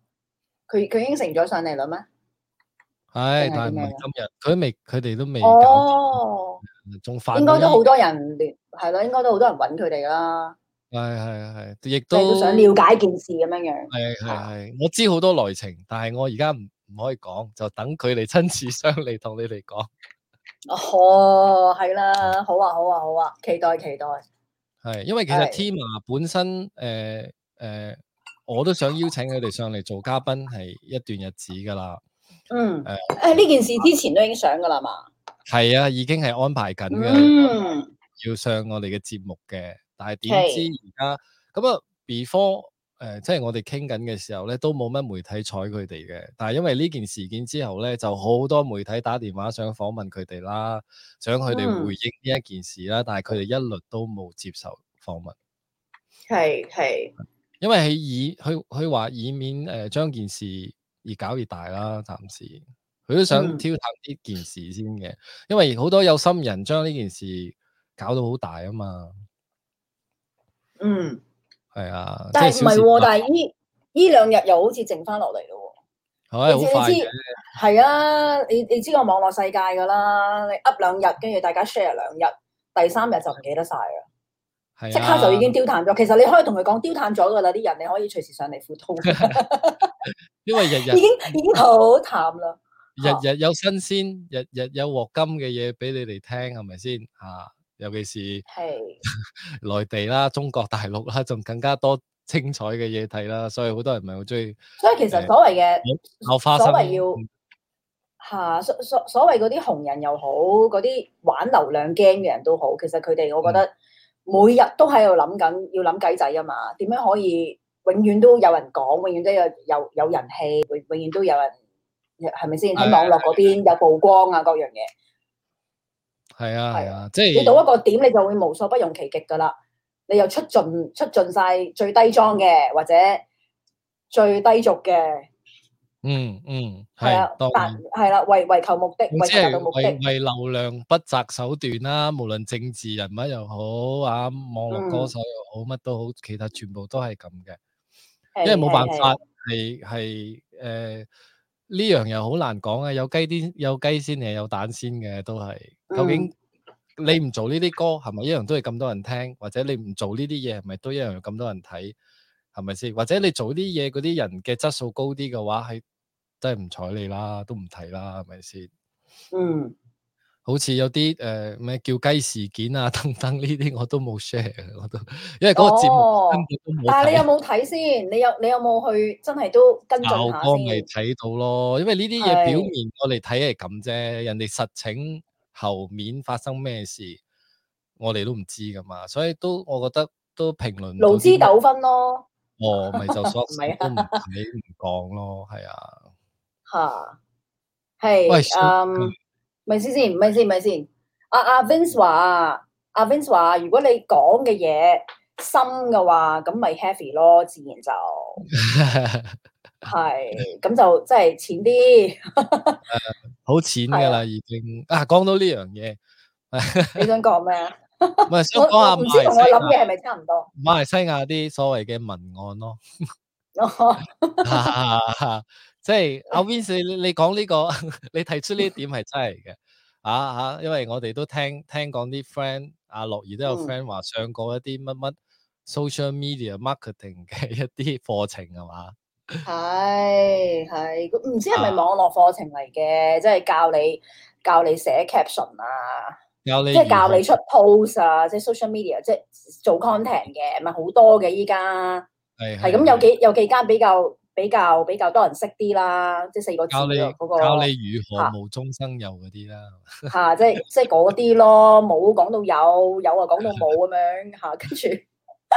Speaker 1: 佢佢應承咗上嚟啦咩？
Speaker 2: 係、哎，但係唔係今日佢未，佢哋都未，哦，仲發應該都好多
Speaker 1: 人連繫咯，應該都好多人揾佢哋
Speaker 2: 啦。係係係，亦都想了
Speaker 1: 解件事咁樣
Speaker 2: 樣。係係係，我知好多內情，但係我而家唔。唔可以講，就等佢哋親自上嚟同你哋講。
Speaker 1: 哦，係啦，好啊，好啊，好啊，期待期待。
Speaker 2: 係，因為其實 Tima 本身，誒、呃、誒、呃，我都想邀請佢哋上嚟做嘉賓，係一段日子噶啦。嗯。誒誒、
Speaker 1: 呃，呢、哎、件事之前都已經上噶啦嘛？
Speaker 2: 係啊，已經係安排緊噶，嗯、要上我哋嘅節目嘅。但係點知而家咁啊？Before 誒、呃，即係我哋傾緊嘅時候咧，都冇乜媒體睬佢哋嘅。但係因為呢件事件之後咧，就好多媒體打電話想訪問佢哋啦，想佢哋回應呢一件事啦。嗯、但係佢哋一律都冇接受訪問。係係，因為以佢佢話以免誒、呃、將件事越搞越大啦。暫時佢都想挑探呢件事先嘅，嗯、因為好多有心人將呢件事搞到好大啊嘛。嗯。係啊，但係唔係喎，但
Speaker 1: 係呢呢兩日又好似剩翻落嚟
Speaker 4: 咯，係好快嘅，
Speaker 1: 係啊，你你知個網絡世界噶啦，你 up 兩日，跟住大家 share 兩日，第三日就唔記得晒啦，即刻就已經凋淡咗。其實你可以同佢講凋淡咗噶啦，啲人你可以隨時上嚟復通，
Speaker 2: 因為日日已經
Speaker 1: 已經好淡啦，
Speaker 2: 日日有新鮮，日日有獲金嘅嘢俾你哋聽，係咪先啊？尤其是內地啦、中國大陸啦，仲更加多精彩嘅嘢睇啦，所以好多人唔係好中意。
Speaker 3: 所以
Speaker 1: 其實所謂
Speaker 2: 嘅，所謂要
Speaker 1: 吓所所所謂嗰啲紅人又好，嗰啲玩流量 game 嘅人都好，其實佢哋我覺得每日都喺度諗緊，嗯、要諗計仔啊嘛，點樣可以永遠都有人講，永遠都有有有人氣，永永遠都有人係咪先喺網絡嗰邊有曝光啊，各樣嘢。
Speaker 4: 係啊，係啊，即係你到一
Speaker 1: 個點，你就會無所不用其極噶啦。你又出盡出盡晒最低裝嘅，或者最低俗嘅。
Speaker 2: 嗯嗯，係，
Speaker 1: 係啦，為為求目的，為達目的，為
Speaker 2: 流量不擇手段啦。無論政治人物又好啊，網絡歌手又好，乜都好，其他全部都係咁嘅。因為冇辦法，係係誒。呢樣又好難講啊！有雞啲有雞先定係有蛋先嘅都係。究竟你唔做呢啲歌，係咪一樣都係咁多人聽？或者你唔做呢啲嘢，係咪都一樣有咁多人睇？係咪先？或者你做啲嘢，嗰啲人嘅質素高啲嘅話，係真係唔睬你啦，都唔睇啦，係咪先？是是嗯。好似有啲誒咩叫雞事件啊，等等呢啲我都冇 share，我都因為嗰個節目根本都冇。但係你有冇
Speaker 1: 睇先？你有你有冇去真係都跟進下先？
Speaker 2: 我睇到咯，因為呢啲嘢，表面我哋睇係咁啫，人哋實情後面發生咩事，我哋都唔知噶嘛，所以都我覺得都評論勞資糾紛咯。我咪就所都唔理唔講咯，係啊
Speaker 1: 吓係喂。咪先先，咪先咪先。阿阿、啊啊、Vince 話，阿、啊、Vince 話，如果你講嘅嘢深嘅話，咁咪 happy 咯，自然就係咁 就即係淺啲，
Speaker 2: 好淺噶啦已經。的啊，講到呢樣嘢， 你想講咩啊？唔係 我， 想講下唔知同我諗嘅係咪差唔多？馬來西亞啲所謂嘅文案咯。 即係阿 Vincent，你，你講呢、呢個，你提出呢一點係真係嘅， 啊啊，因為我哋都聽聽講啲 friend，阿樂怡都有 friend 話上過一啲乜乜 social media marketing 嘅一啲課程係嘛？
Speaker 1: 係係，唔知係咪網絡課程嚟嘅，即係、啊、教你教你寫 caption 啊，
Speaker 4: 即係教你出
Speaker 1: post 啊，即係 social media，即係做 content 嘅，咪好多嘅依家
Speaker 2: 係係咁有
Speaker 1: 幾有幾間比較。比較比較多人識啲啦，即係四個字嗰、嗰個教你。教你如何無
Speaker 2: 中生有嗰啲啦。吓、
Speaker 1: 啊，即係即係嗰啲咯，冇講到有，有，就有啊講到冇咁樣吓，跟住、啊、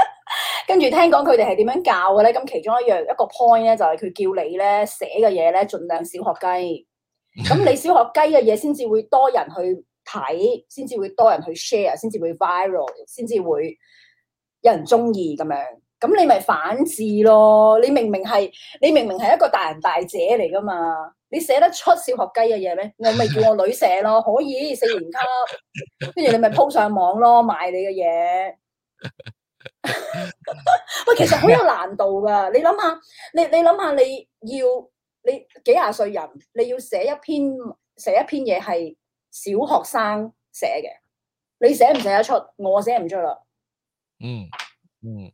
Speaker 1: 跟住聽講佢哋係點樣教嘅咧？咁其中一樣一個 point 咧，就係、係、佢叫你咧寫嘅嘢咧，盡量小學雞。咁你小學雞嘅嘢先至會多人去睇，先至會多人去 share，先至會 viral，先至會有人中意咁樣。咁你咪反智咯！你明明係，你明明係一個大人大姐嚟噶嘛？你寫得出小學雞嘅嘢咩？我咪叫我女寫咯，可以四年級，跟住你咪鋪上網咯，賣你嘅嘢。喂，其實好有難度噶，你諗下，你你諗下，你要你幾廿歲人，你要寫一篇寫一篇嘢係小學生寫嘅，你寫唔寫得出？我寫唔出啦。嗯嗯。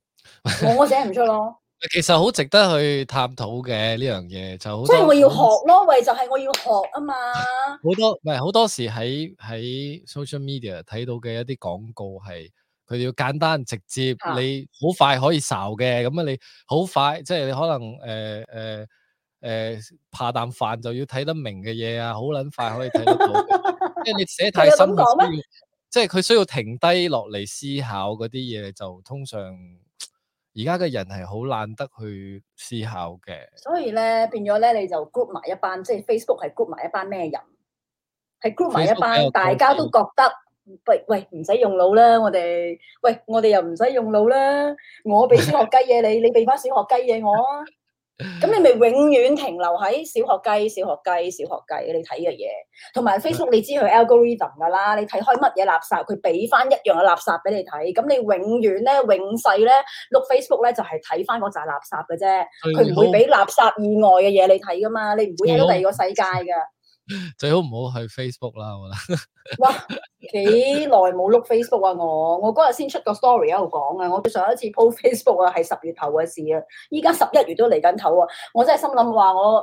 Speaker 1: 我
Speaker 2: 寫唔出咯， 其實好值得去探討嘅呢樣嘢，就好多，所以我要學
Speaker 1: 咯，為就係我要學啊嘛。
Speaker 2: 好多唔係好多時喺喺 social media 睇到嘅一啲廣告係，佢哋要簡單直接，啊、你好快可以受嘅咁啊，你好快即係你可能誒誒誒扒啖飯就要睇得明嘅嘢啊，好捻快可以睇得到，即係 你寫太深，即係佢需要停低落嚟，思考嗰啲嘢，就通常。而家嘅人係好懶得去思考嘅，
Speaker 1: 所以咧變咗咧你就 group 埋一班，即係 Facebook 係 group 埋一班咩人，係 group 埋一班大家都覺得，Facebook 喂喂唔使用腦啦，我哋喂我哋又唔使用腦啦，我俾小學雞嘢你， 你俾翻小學雞嘢我啊。 咁你咪永遠停留喺小學雞、小學雞、小學雞你睇嘅嘢，同埋 Facebook 你知佢 algorithm 㗎啦，你睇開乜嘢垃圾，佢俾翻一樣嘅垃圾俾你睇，咁你永遠咧永世咧碌 Facebook 咧就係睇翻嗰咋垃圾嘅啫，佢唔、嗯、會俾垃圾以外嘅嘢你睇噶嘛，你唔會睇到第二個世界嘅。嗯嗯。
Speaker 2: 最好唔好去 Facebook 啦，我覺得。哇，
Speaker 1: 幾耐冇碌 Facebook 啊！我我嗰日先出個 story 喺度講啊，我上一次鋪 Facebook 啊係十月頭嘅事啊，依家十一月都嚟緊頭啊，我真係心諗話我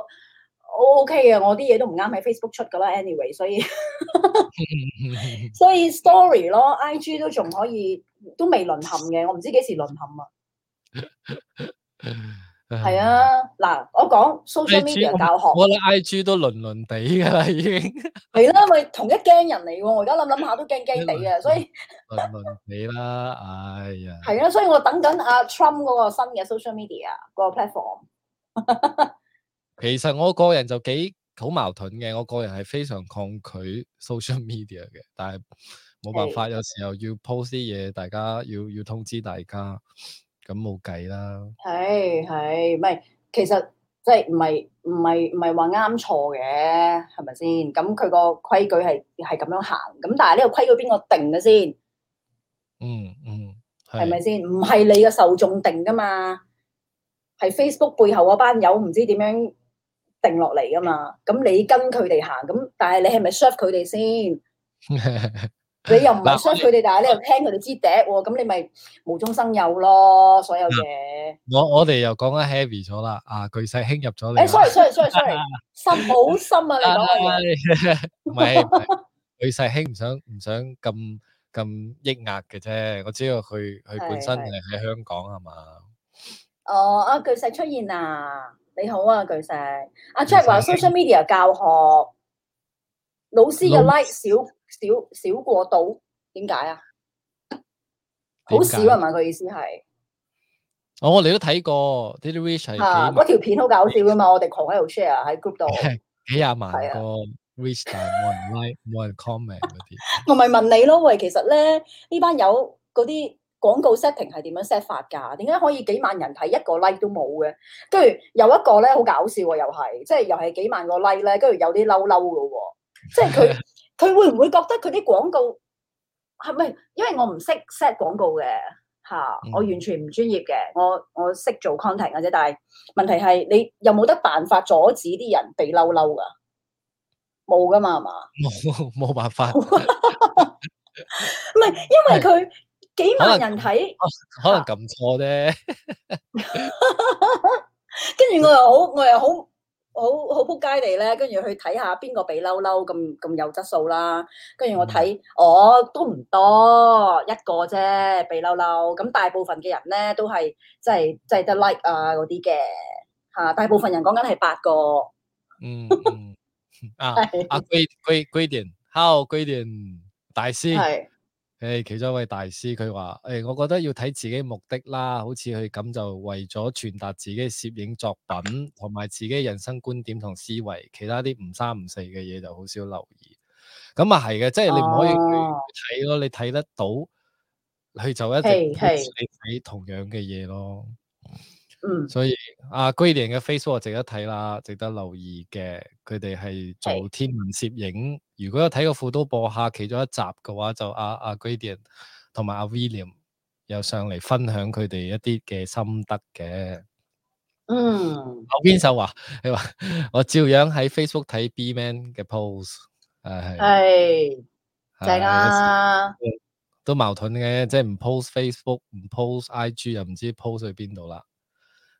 Speaker 1: 我 OK 嘅、啊，我啲嘢都唔啱喺 Facebook 出噶啦，anyway，所以 所以 story 咯，IG 都仲可以，都未淪陷嘅，我唔知幾時淪陷啊。 係 啊，嗱，我講 social media 教學，我
Speaker 2: 哋 IG 都輪輪地噶啦，已
Speaker 1: 經係啦，咪、 啊、同一驚人嚟喎，我而家諗諗下都驚驚
Speaker 2: 地啊，所以輪輪你啦，哎呀，
Speaker 1: 係 啊，所以我等緊阿 Trump 嗰個新嘅 social media 嗰個 platform。
Speaker 2: 其實我個人就幾好矛盾嘅，我個人係非常抗拒 social media 嘅，但係冇辦法，的有時候要 post 啲嘢，大家要要,要通知大家。咁冇計啦，
Speaker 1: 係係，咪其實即係唔係唔係唔係話啱錯嘅，係咪先？咁佢個規矩係係咁樣行，咁但係呢個規矩邊個定嘅先？嗯嗯，係咪先？唔係你嘅受眾定噶嘛，係 Facebook 背後嗰班友唔知點樣定落嚟噶嘛？咁你跟佢哋行，咁但係你係咪 serve 佢哋先？
Speaker 2: 你又唔係信佢哋，
Speaker 1: 但係你又聽佢哋支笛，咁你咪無中生有咯，所有嘢。
Speaker 2: 我我哋又講緊 heavy 咗啦，啊巨勢兄入咗嚟，sorry
Speaker 1: sorry sorry sorry，心好深啊，你講，唔係
Speaker 2: 巨勢兄唔想唔想咁咁抑壓嘅啫，我知道佢佢本身係喺香港係嘛，
Speaker 1: 哦啊巨勢出現啊，你好啊巨勢，阿 Jack 話 social media 教學老師嘅 like 少。少少過到點解啊？好少啊，係咪佢意思係？
Speaker 2: 哦，我哋都睇過。Daily reach 係幾？嚇！嗰條
Speaker 1: 片好搞笑㗎嘛！我哋狂喺度 share 喺 group 度，幾
Speaker 2: 廿萬個 reach 冇人 like，冇人 comment
Speaker 1: 啲。 我咪問你咯，喂，其實咧呢班有嗰啲廣告 setting 係點樣 set 法㗎？點解可以幾萬人睇一個 like 都冇嘅？跟住有一個咧好搞笑喎，又係即係又係幾萬個 like 咧，跟住有啲嬲嬲嘅喎，即係佢。佢會唔會覺得佢啲廣告係咪？因為我唔識 set 廣告嘅嚇、啊，我完全唔專業嘅。我我識做 content 嘅啫，但係問題係你又冇得辦法阻止啲人被嬲嬲㗎，冇㗎嘛係嘛？冇冇辦法？唔係 因為佢幾萬人睇，可
Speaker 2: 能撳錯啫。
Speaker 1: 跟住我又好，我又好。好好撲街地咧，跟住去睇下邊個俾嬲嬲咁咁有質素啦。跟住我睇，我都唔多一個啫，俾嬲嬲。咁大部分嘅人咧都係即係即係得 like 啊嗰啲嘅嚇。大部分人講緊係八
Speaker 3: 個。嗯。
Speaker 2: 啊啊，貴貴貴點？hello 貴點？大師。誒、哎，其中一位大師佢話，誒、哎，我覺得要睇自己目的啦，好似佢咁就為咗傳達自己攝影作品同埋自己人生觀點同思維，其他啲唔三唔四嘅嘢，就好少留意。咁啊係嘅，即係你唔可以去睇咯，啊、你睇得到，佢就一定係你睇同樣嘅嘢咯。嗯，所以阿、啊、Gideon 嘅 Facebook 值得睇啦，值得留意嘅。佢哋係做天文攝影。是如果有睇過富都播客其中一集嘅話就、啊，就、啊、阿阿、啊、Gideon 同埋、啊、阿 William 又上嚟分享佢哋一啲嘅心得嘅。
Speaker 3: 嗯，
Speaker 2: 後邊就話，我 我照樣喺 Facebook 睇 BMan 嘅 post，係係正啊，都矛盾嘅，即係唔 post Facebook，唔 post IG 又唔知 post 去邊度啦。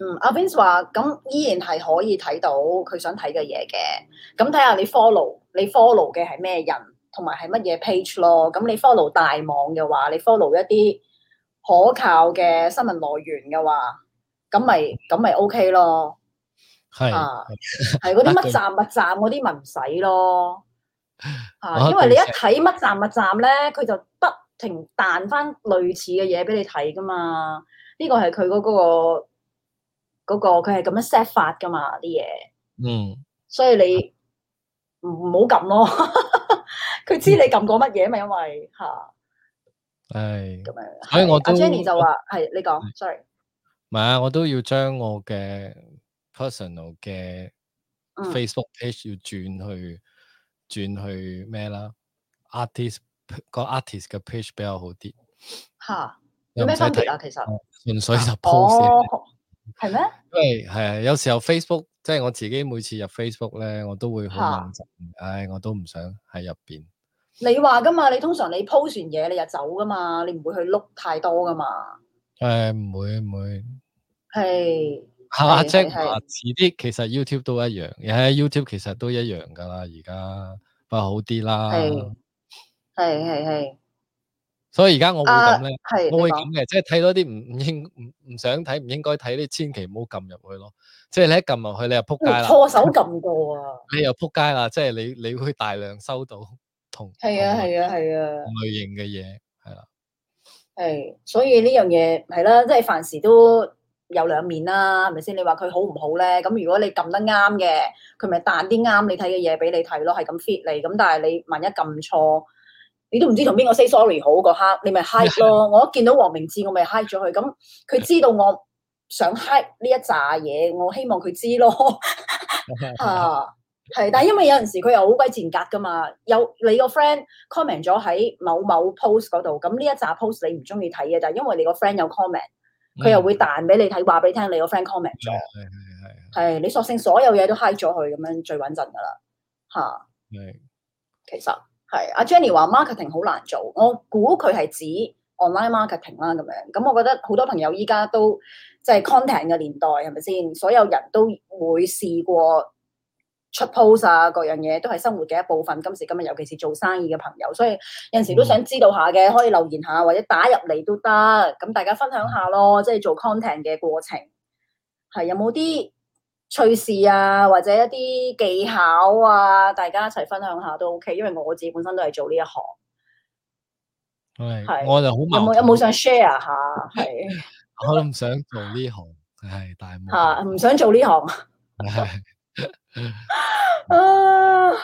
Speaker 1: 嗯，阿 Vince 話咁依然係可以睇到佢想睇嘅嘢嘅，咁睇下你 follow 你 follow 嘅係咩人，同埋係乜嘢 page 咯。咁你 follow 大網嘅話，你 follow 一啲可靠嘅新聞來源嘅話，咁咪咁咪 OK 咯。
Speaker 3: 係
Speaker 1: 係嗰啲乜站乜站嗰啲咪唔使咯。
Speaker 3: 啊，因為你一睇
Speaker 1: 乜站乜站咧，佢就不停彈翻類似嘅嘢俾你睇噶嘛。呢個係佢嗰個。嗰個佢係咁樣 set 法噶嘛啲嘢，
Speaker 4: 嗯，
Speaker 1: 所以你唔好撳咯，佢知你撳過乜嘢咪，因為吓，係咁
Speaker 2: 樣，所以我都阿 Jenny 就話
Speaker 1: 係你講，sorry，唔係
Speaker 2: 啊，我都要將我嘅 personal 嘅 Facebook page 要轉去轉去咩啦，artist 個 artist 嘅 page 比較好啲，
Speaker 3: 吓有咩唔使提啦，其實
Speaker 2: 純粹就 post。係咩？因為係啊，有時候 Facebook 即係我自己每次入 Facebook 咧，我都會好冷、啊、唉，我都唔想喺入邊。
Speaker 1: 你話噶嘛？你通常你 post 完嘢，你就走噶嘛？你唔會去碌太多噶嘛？
Speaker 2: 係唔、哎、會唔會
Speaker 3: 係？
Speaker 1: 下即係
Speaker 2: 遲啲，的其實 YouTube 都一樣。而喺 YouTube 其實都一樣噶啦，而家不過好啲啦。
Speaker 3: 係係係。.
Speaker 2: 所以而家我會咁咧，我會咁嘅，即係睇多啲唔唔應唔唔想睇唔應該睇啲，千祈唔好撳入去咯。即係你一撳落去，你又扑街啦。錯
Speaker 1: 手撳過
Speaker 2: 啊！你又扑街啦，即係你你會大量收到同
Speaker 1: 係啊係啊係啊
Speaker 2: 類型嘅嘢係啦。
Speaker 1: 係，所以呢樣嘢係啦，即係凡事都有兩面啦，係咪先？你話佢好唔好咧？咁如果你撳得啱嘅，佢咪彈啲啱你睇嘅嘢俾你睇咯，係咁 fit 你。咁但係你萬一撳錯。你都唔知同邊個 say sorry 好嗰刻，你咪 hide 咯。我一見到黃明志，我咪 hide 咗佢。咁佢知道我想 hide 呢一扎嘢，我希望佢知咯。吓、 啊，係，但係因為有陣時佢又好鬼賤格噶嘛。有你個 friend comment 咗喺某某 post 嗰度，咁呢一紮 post 你唔中意睇嘅，但係因為你個 friend 有 comment，佢又會彈俾你睇，話俾你聽你個 friend comment 咗。
Speaker 3: 係
Speaker 1: 係係係，係你索性所有嘢都 hide 咗佢咁樣最穩陣噶啦。吓、啊，係，是是 其實。係，阿 Jenny 話 marketing 好難做，我估佢係指 online marketing 啦咁樣。咁我覺得好多朋友依家都即係 content 嘅年代係咪先？所有人都會試過出 post 啊，各樣嘢都係生活嘅一部分。今時今日，尤其是做生意嘅朋友，所以有陣時都想知道下嘅，可以留言下或者打入嚟都得。咁大家分享下咯，即係做 content 嘅過程係有冇啲？趣事啊，或者一啲技巧啊，大家一齊分享下都 OK，因為我自己本身都係做呢一行。係
Speaker 2: Okay, 是，我就好有冇有冇
Speaker 1: 想 share 下？
Speaker 2: 係， 我都唔想做呢行，係大
Speaker 1: 冇。吓，唔想做呢行。
Speaker 2: 係、 啊。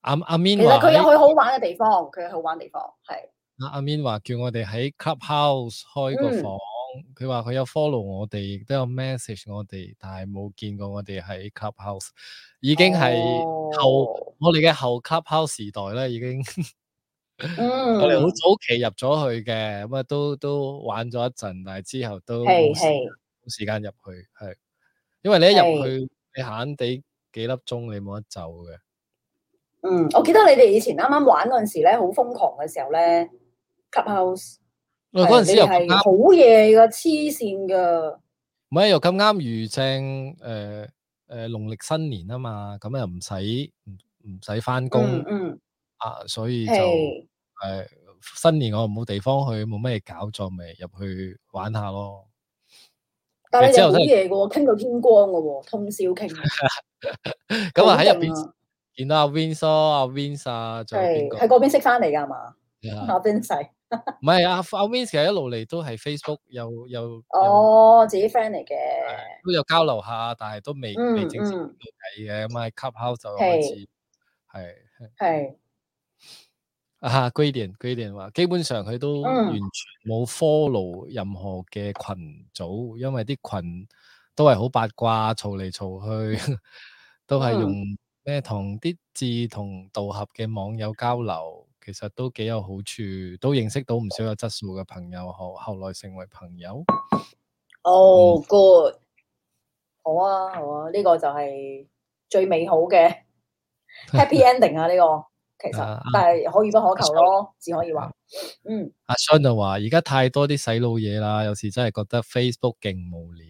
Speaker 2: 阿阿 Min，其實佢有去
Speaker 1: 好玩嘅地方，佢、啊、在有好玩地方係。
Speaker 2: 阿阿 Min 話叫我哋喺 Clubhouse 開個房。嗯佢話佢有 follow 我哋，亦都有 message 我哋，但係冇見過我哋喺 Clubhouse，已經係後、oh. 我哋嘅後 Clubhouse 時代咧，已經， mm. 我哋好早期入咗去嘅，咁啊都都玩咗一陣，但係之後都冇時間入去，係，因為你一入去，是你閒閒地幾粒鐘，你冇得走嘅。嗯，我記得
Speaker 1: 你哋以前啱啱玩嗰陣時咧，好瘋狂嘅時候咧，Clubhouse。
Speaker 2: 嗰陣時又啱，嗯、又
Speaker 1: 好夜噶，黐線噶。
Speaker 2: 唔係又咁啱遇正誒誒農曆新年啊嘛，咁又唔使唔使翻工，嗯啊，所以
Speaker 3: 就
Speaker 2: 誒是新年我冇地方去，冇咩搞作咪入去玩下咯。但係又好夜噶，
Speaker 1: 傾到年天光噶，通宵
Speaker 2: 傾。咁 啊喺入邊見到阿 Winsor、阿 Winsor 就係喺嗰邊識翻嚟噶嘛，阿 Winsor Yeah. 唔係 啊，阿 Min 其實一路嚟都係 Facebook 有有，
Speaker 1: 有哦，自己 friend 嚟嘅，
Speaker 2: 都有交流下，但係都未未正式到睇嘅，咁啊，Clubhouse 就開始係係啊 Gradient Gradient 話，基本上佢都完全冇 follow 任何嘅群組，因為啲群都係好八卦，嘈嚟嘈去， 都係用咩同啲志同道合嘅網友交流。嗯其實都幾有好處，都認識到唔少有質素嘅朋友，後後來成為朋友。哦、
Speaker 1: oh、good、嗯、好啊，好啊，呢、這個就係最美好嘅 happy ending 啊！呢、這個其實，uh, 但係可遇不可求
Speaker 3: 咯
Speaker 2: ，uh, 只可以話。嗯。阿 Son 就話，而家太多啲洗腦嘢啦，有時真係覺得 Facebook 勁無聊。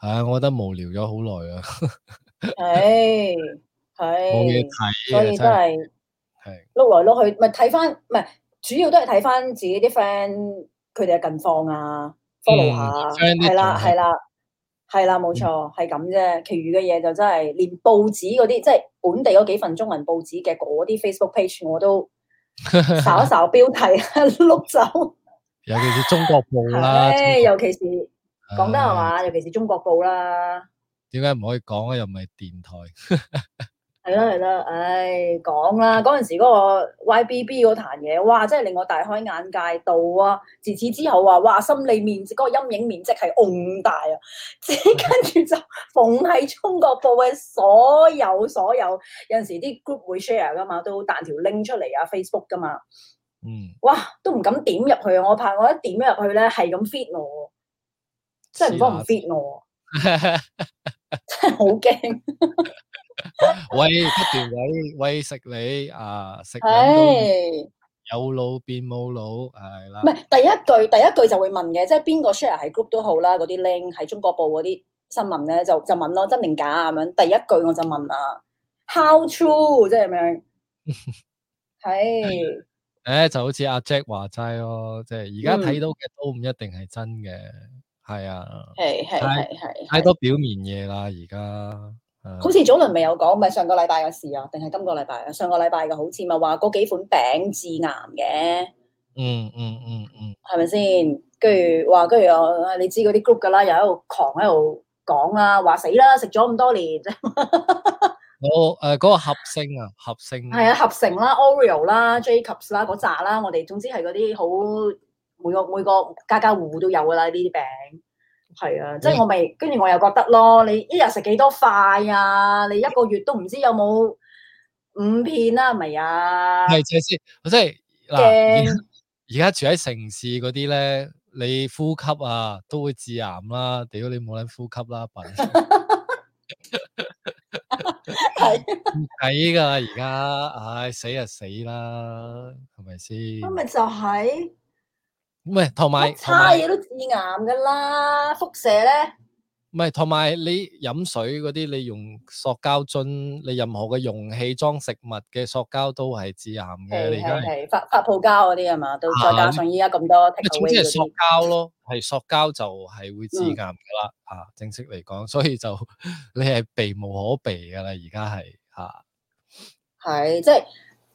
Speaker 2: 係啊，我覺得無聊咗好耐啊。
Speaker 1: 係 係 Hey, hey,。冇嘢睇，所以真係。碌來碌去，咪睇翻，咪主要都係睇翻自己啲 friend 佢哋嘅近況啊
Speaker 3: ，follow 下，係啦係
Speaker 1: 啦係啦，冇錯係咁啫。其餘嘅嘢就真係連報紙嗰啲，即係本地嗰幾份中文報紙嘅嗰啲 Facebook page，我都掃一掃標題，碌走。
Speaker 2: 尤其是中國報啦，
Speaker 1: 尤其是講得係嘛，尤其是中國報啦。
Speaker 2: 點解唔可以講啊？又唔係電台。
Speaker 1: 係啦係啦，唉，講啦，嗰陣時嗰個 YBB 嗰壇嘢，哇，真係令我大開眼界到啊！自此之後話，哇，心理面積嗰個陰影面積係咁大啊！只跟住就 逢喺中國部嘅所有所有有陣時啲 group 會 share 噶嘛，都彈條 link 出嚟啊，Facebook 噶嘛，嗯，哇，都唔敢點入去啊！我怕我一點入去咧，係咁 fit 我，嘗嘗真係唔該唔 fit
Speaker 2: 我，
Speaker 1: 真係好驚。.
Speaker 2: 喂，不斷餵餵食你啊！食你有腦變冇腦，係啦。唔係
Speaker 1: 第一句，第一句就會問嘅，即係邊個 share 喺 group 都好啦。嗰啲 link 喺中國報嗰啲新聞咧，就就問咯，真定假咁樣。第一句我就問啊，how true 即係咁樣，係
Speaker 2: 誒，就好似阿 Jack 話齋咯，即係而家睇到嘅都唔一定係真嘅，係啊，係
Speaker 1: 係係，太多
Speaker 2: 表面嘢啦而家。好似
Speaker 1: 早輪未有講，咪上個禮拜嘅事啊，定係今個禮拜啊？上個禮拜嘅好似咪話嗰幾款餅致癌嘅、嗯，嗯嗯嗯嗯，係咪先？跟住話，跟住我你知嗰啲 group 噶啦，又喺度狂喺度講啦，話死啦食咗咁多年。
Speaker 2: 我誒嗰、呃嗰個合聲啊，合聲係啊，
Speaker 1: 合成啦，Oreo 啦，Jacobs 啦，嗰扎啦，我哋總之係嗰啲好每個每個家家戶戶都有噶啦呢啲餅。係啊，即係我咪，跟住我又覺得咯，你一日食幾多塊啊？你一個月都唔知有冇五片啦，係咪啊？係、
Speaker 2: 啊，即我即係嗱，而家在嘞住喺城市嗰啲咧，你呼吸啊都會致癌啦。屌你冇捻呼吸啦，品。係，係㗎，而家，唉，死就死啦，係咪先？
Speaker 1: 咁咪就係、是。
Speaker 2: 唔係，同埋差嘢都致癌
Speaker 1: 噶啦，輻射咧。
Speaker 2: 唔係，同埋你飲水嗰啲，你用塑膠樽，你任何嘅容器裝食物嘅塑膠都係致癌嘅。你而家係發發泡膠嗰
Speaker 1: 啲係嘛？都再加上依家咁多。總之係塑
Speaker 2: 膠咯，係塑膠就係會致癌噶啦。啊，正式嚟講，所以就你係避無可避噶啦。而家係啊，係即
Speaker 1: 係。就是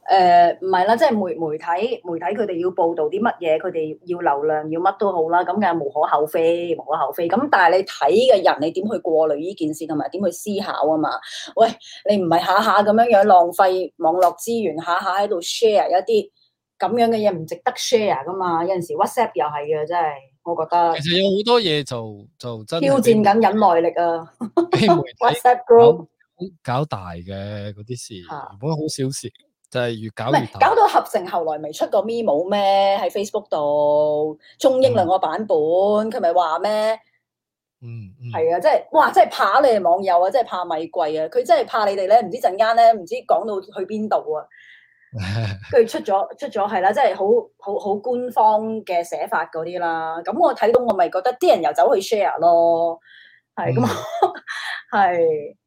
Speaker 1: 誒唔係啦，即係媒媒體，媒體佢哋要報導啲乜嘢，佢哋要流量，要乜都好啦，咁梗係無可厚非，無可厚非。咁但係你睇嘅人，你點去過濾呢件事，同埋點去思考啊嘛？喂，你唔係下下咁樣樣浪費網絡資源，下下喺度 share 一啲咁樣嘅嘢唔值得 share 噶嘛？有陣時 WhatsApp 又係嘅，真係我覺得。其實
Speaker 2: 有好多嘢就就真挑戰緊
Speaker 1: 忍耐力啊
Speaker 2: ！WhatsApp group 好搞，搞大嘅嗰啲事，本來好少事。就係越搞越
Speaker 1: 搞到合成後來咪出個 memo 咩，喺 Facebook 度中英兩個版本，佢咪話咩？嗯，係啊，即係哇，即係怕你哋網友啊，即係怕米貴啊，佢真係怕你哋咧，唔知陣間咧，唔知講到去邊度啊？佢出咗出咗係啦，即係好好好官方嘅寫法嗰啲啦。咁我睇到我咪覺得啲人又走去 share
Speaker 3: 咯，係咁係。嗯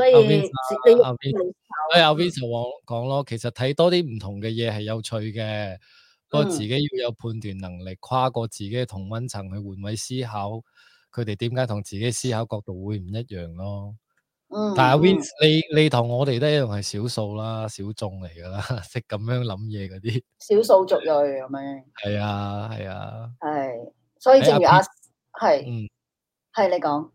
Speaker 2: 所以，阿 Vin 就講講咯，其實睇多啲唔同嘅嘢係有趣嘅，不過自己要有判斷能力，跨過自己嘅同溫層去換位思考，佢哋點解同自己思考角度會唔一樣咯？嗯，
Speaker 3: 但係阿 Vin
Speaker 2: 你你同我哋都一樣係少數啦，小眾嚟噶啦，識咁樣諗嘢嗰啲。
Speaker 1: 少
Speaker 2: 數族裔咁樣。係啊是，係啊是。
Speaker 1: 係，所以正如阿，係，係你講。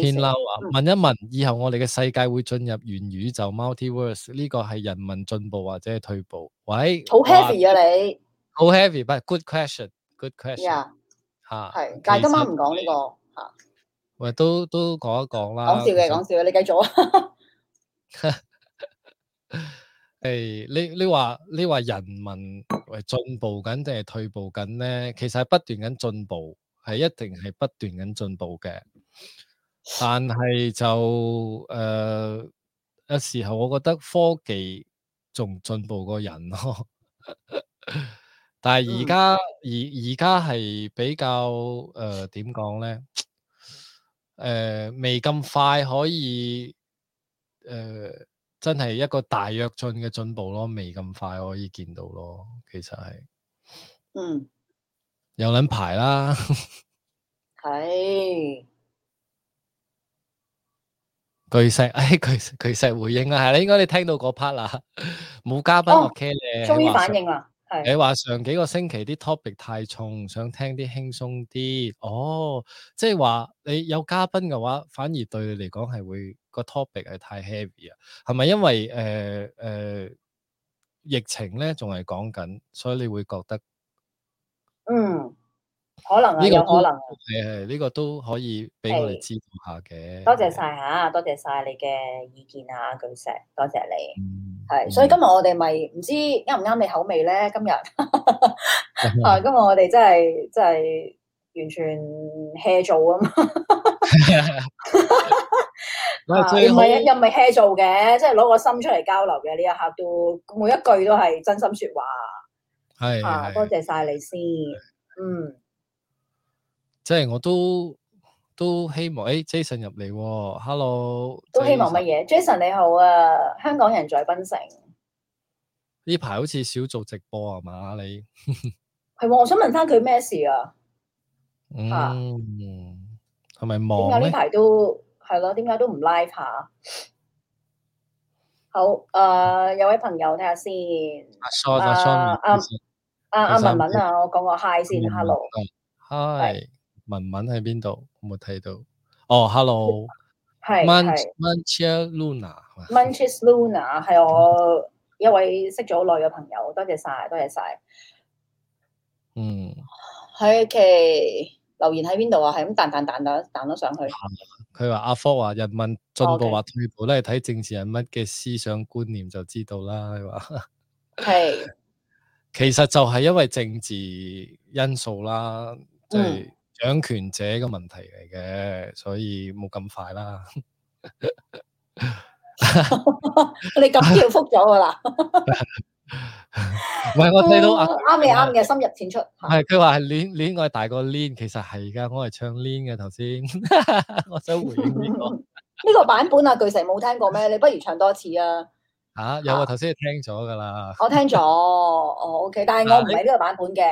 Speaker 1: 天啊！問
Speaker 2: 一問，以後我哋嘅世界會進入元宇宙 （Multiverse）？呢個係人民進步或者係退步？喂，好 heavy 啊！你好 heavy，butgood question，good
Speaker 1: question。
Speaker 2: 啊，係，但係今晚唔講呢個
Speaker 1: 吓。
Speaker 2: 喂，都都講一講啦。講笑嘅，講笑嘅，你繼續啊。誒，你你話你話人民進步緊定係退步緊咧？其實係不斷緊進步，係一定係不斷緊進步嘅。但係就誒、呃，有時候我覺得科技仲進步過人咯。但係而家而而家係比較誒點講咧？誒、呃，未咁、呃、快可以誒、呃，真係一個大躍進嘅進步咯，未咁快可以見到咯。其實係嗯，有捻兩排啦 ，
Speaker 3: 係。
Speaker 2: 巨細，誒、哎，巨石，巨石回應啊，係啦，應該你聽到嗰 part 啦，冇嘉賓，哦，okay，終於反應啦，係，的
Speaker 3: 你話
Speaker 2: 上幾個星期啲 topic 太重，想聽啲輕鬆啲，哦，即係話你有嘉賓嘅話，反而對你嚟講係會個 topic 係太 heavy 啊，係咪因為誒誒、呃呃，疫情咧仲係講緊，所以你會覺得？
Speaker 1: 可能啊，有可能啊，
Speaker 2: 係呢個都可以俾我哋知道下嘅。多謝
Speaker 1: 晒吓，多謝晒你嘅意見啊，巨石，多謝你。係，所以今日我哋咪唔知啱唔啱你口味咧？今日啊，今日我哋真係真係完全 hea 做啊嘛，唔係又唔係 hea 做嘅，即係攞個心出嚟交流嘅呢一刻，都每一句都係真心說話。
Speaker 2: 係啊，多
Speaker 1: 謝晒你先，嗯。
Speaker 2: 即係我都都希望誒、欸，Jason 入嚟，Hello，都希望乜
Speaker 1: 嘢？Jason 你好啊，香港人在檳城
Speaker 2: 呢排好似少做直播啊嘛，你
Speaker 1: 係喎，我想問翻佢咩事啊？
Speaker 2: 嗯，係咪忙？點解呢排
Speaker 1: 都係咯？點解都唔 live 吓、啊？好誒、呃，有位朋
Speaker 2: 友睇下先，阿阿
Speaker 1: 阿阿文文啊，我講個 Hi 先，Hello，Hi。
Speaker 2: Hello 文文喺邊度？我冇睇到。哦，Hello，係 Manchester
Speaker 1: Luna，Manchester Luna 係 我一位識咗好耐嘅朋友，多謝晒，多謝晒。嗯，希琪留言喺邊度啊？係咁彈彈彈彈彈咗上去。
Speaker 2: 佢話、嗯、阿科話人民進步或退步咧，睇 Okay. 政治人物嘅思想觀念就知道啦。佢話
Speaker 3: 係，
Speaker 2: 是 其實就係因為政治因素啦，即、就、係、是嗯。掌權者嘅問題嚟嘅，所以冇咁快啦。
Speaker 1: 你咁叫覆咗啦？
Speaker 2: 唔係，我聽到
Speaker 1: 啱嘅啱嘅，深入淺出。係
Speaker 2: 佢話係戀戀愛大過戀，其實係噶，我係唱戀嘅頭先。我想回應呢個
Speaker 1: 呢個版本啊，巨成冇聽過咩？你不如唱多次啊！
Speaker 2: 吓有啊，頭先係聽咗噶啦。我聽
Speaker 1: 咗，哦 OK，但係我唔係呢個版本嘅。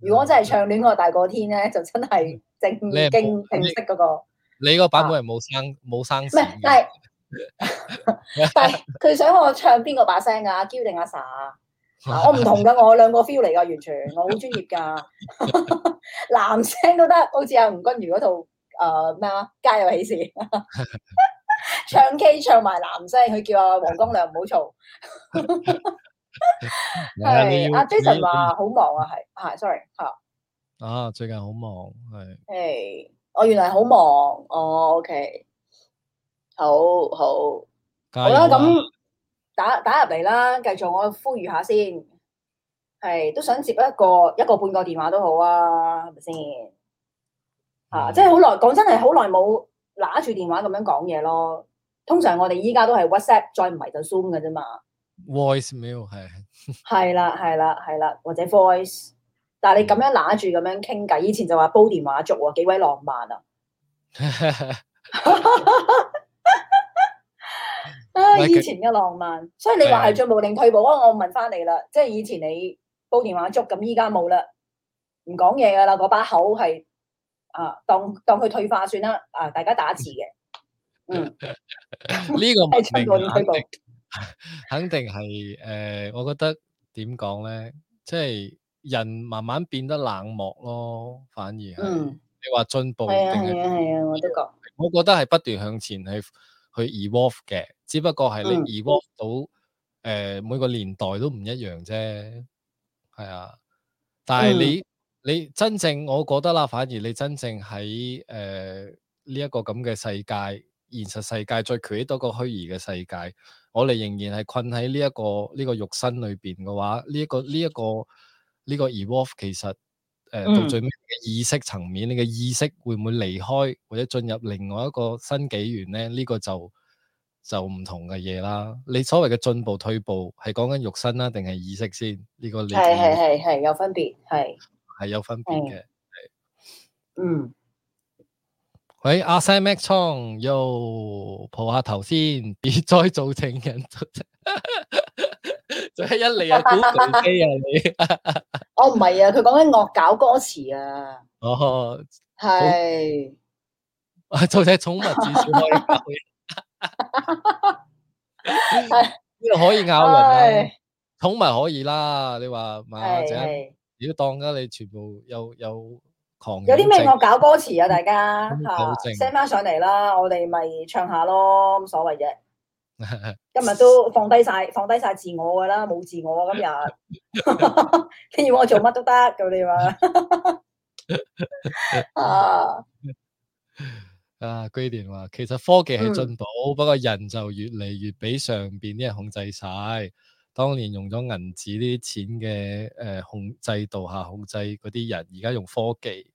Speaker 1: 如果真係唱戀愛大過天咧，就真係正經正式嗰個。你，
Speaker 2: 你個版本係冇聲冇聲。唔係、啊，但
Speaker 1: 係佢想我唱邊個把聲噶、啊？阿嬌定阿 Sa？我唔同噶，我兩個 feel 嚟噶。完全我好專業噶， 男聲都得，好似阿吳君如嗰套誒咩啊？家、呃、有喜事， 唱 K 唱埋男聲，佢叫阿黃光亮唔好嘈。 係阿 Jason 話好忙啊，係係，sorry 吓，
Speaker 2: 啊最近好忙係，誒、
Speaker 1: hey，我原來好忙，哦、oh, OK，好，好好啦，咁、啊、打打入嚟啦，繼續我呼籲下先，係、hey，都想接一個一個半個電話都好啊，係咪先？吓、嗯啊，即係好耐，講真係好耐冇拿住電話咁樣講嘢咯。通常我哋依家都係 WhatsApp，再唔係就 Zoom 嘅啫嘛。
Speaker 2: Voice mail 係
Speaker 1: 係啦係啦係啦，或者 voice，但係你咁樣拿住咁樣傾偈，以前就話煲電話粥喎，幾鬼浪漫啊！ 以前嘅浪漫， Like a, 所以你話係進步定退步啊？ 我問翻你啦，即係以前你煲電話粥，咁依家冇啦，唔講嘢噶啦，嗰把口係啊，當當佢退化算啦，啊，大家打字次嘅，嗯，
Speaker 2: 呢 個文 退步。肯定係誒、呃，我覺得點講咧，即係人慢慢變得冷漠咯，反而係、嗯、你話進步定係？係、嗯、係啊，係啊，係啊我
Speaker 3: 都覺。
Speaker 2: 我覺得係不斷向前去去 evolve 嘅，只不過係你 evolve 到誒、呃、每個年代都唔一樣啫，係啊。但係你、嗯、你真正，我覺得啦，反而你真正喺誒呢一個咁嘅世界。現實世界再 create 多個虛擬嘅世界，我哋仍然係困喺呢一個呢、這個肉身裏邊嘅話，呢、這、一個呢一、這個呢、這個 evolve 其實誒、呃嗯、到最尾嘅意識層面，你嘅意識會唔會離開或者進入另外一個新紀元咧？呢、這個就就唔同嘅嘢啦。你所謂嘅進步退步係講緊肉身啦，定係意識先？呢、這個你係係係
Speaker 3: 係有分別，係
Speaker 2: 係有分別嘅，係嗯。喂、欸，阿西 Mac 冲，又抱下頭先，別再做情人，
Speaker 1: 就係一嚟啊，古巨基啊，你，我唔係啊，佢講緊惡搞歌詞啊，
Speaker 2: 哦，係，做隻寵物至少可以咬人，呢
Speaker 3: 度
Speaker 1: 可以咬人啊，
Speaker 2: 寵物可以啦，你話嘛，如果當家你全部有。又。有啲咩我
Speaker 1: 搞歌詞啊？大家吓 send 翻上嚟啦，我哋咪唱下咯，冇所謂嘅。今日都放低晒，放低晒自我㗎啦，冇自我、啊、今日。跟 住我做乜都得，咁你話。啊
Speaker 2: 啊，居連話，其實科技係進步，不過、嗯、人就越嚟越俾上邊啲人控制晒。當年用咗銀紙呢啲錢嘅誒控制度下，控制嗰啲人，而家用科技。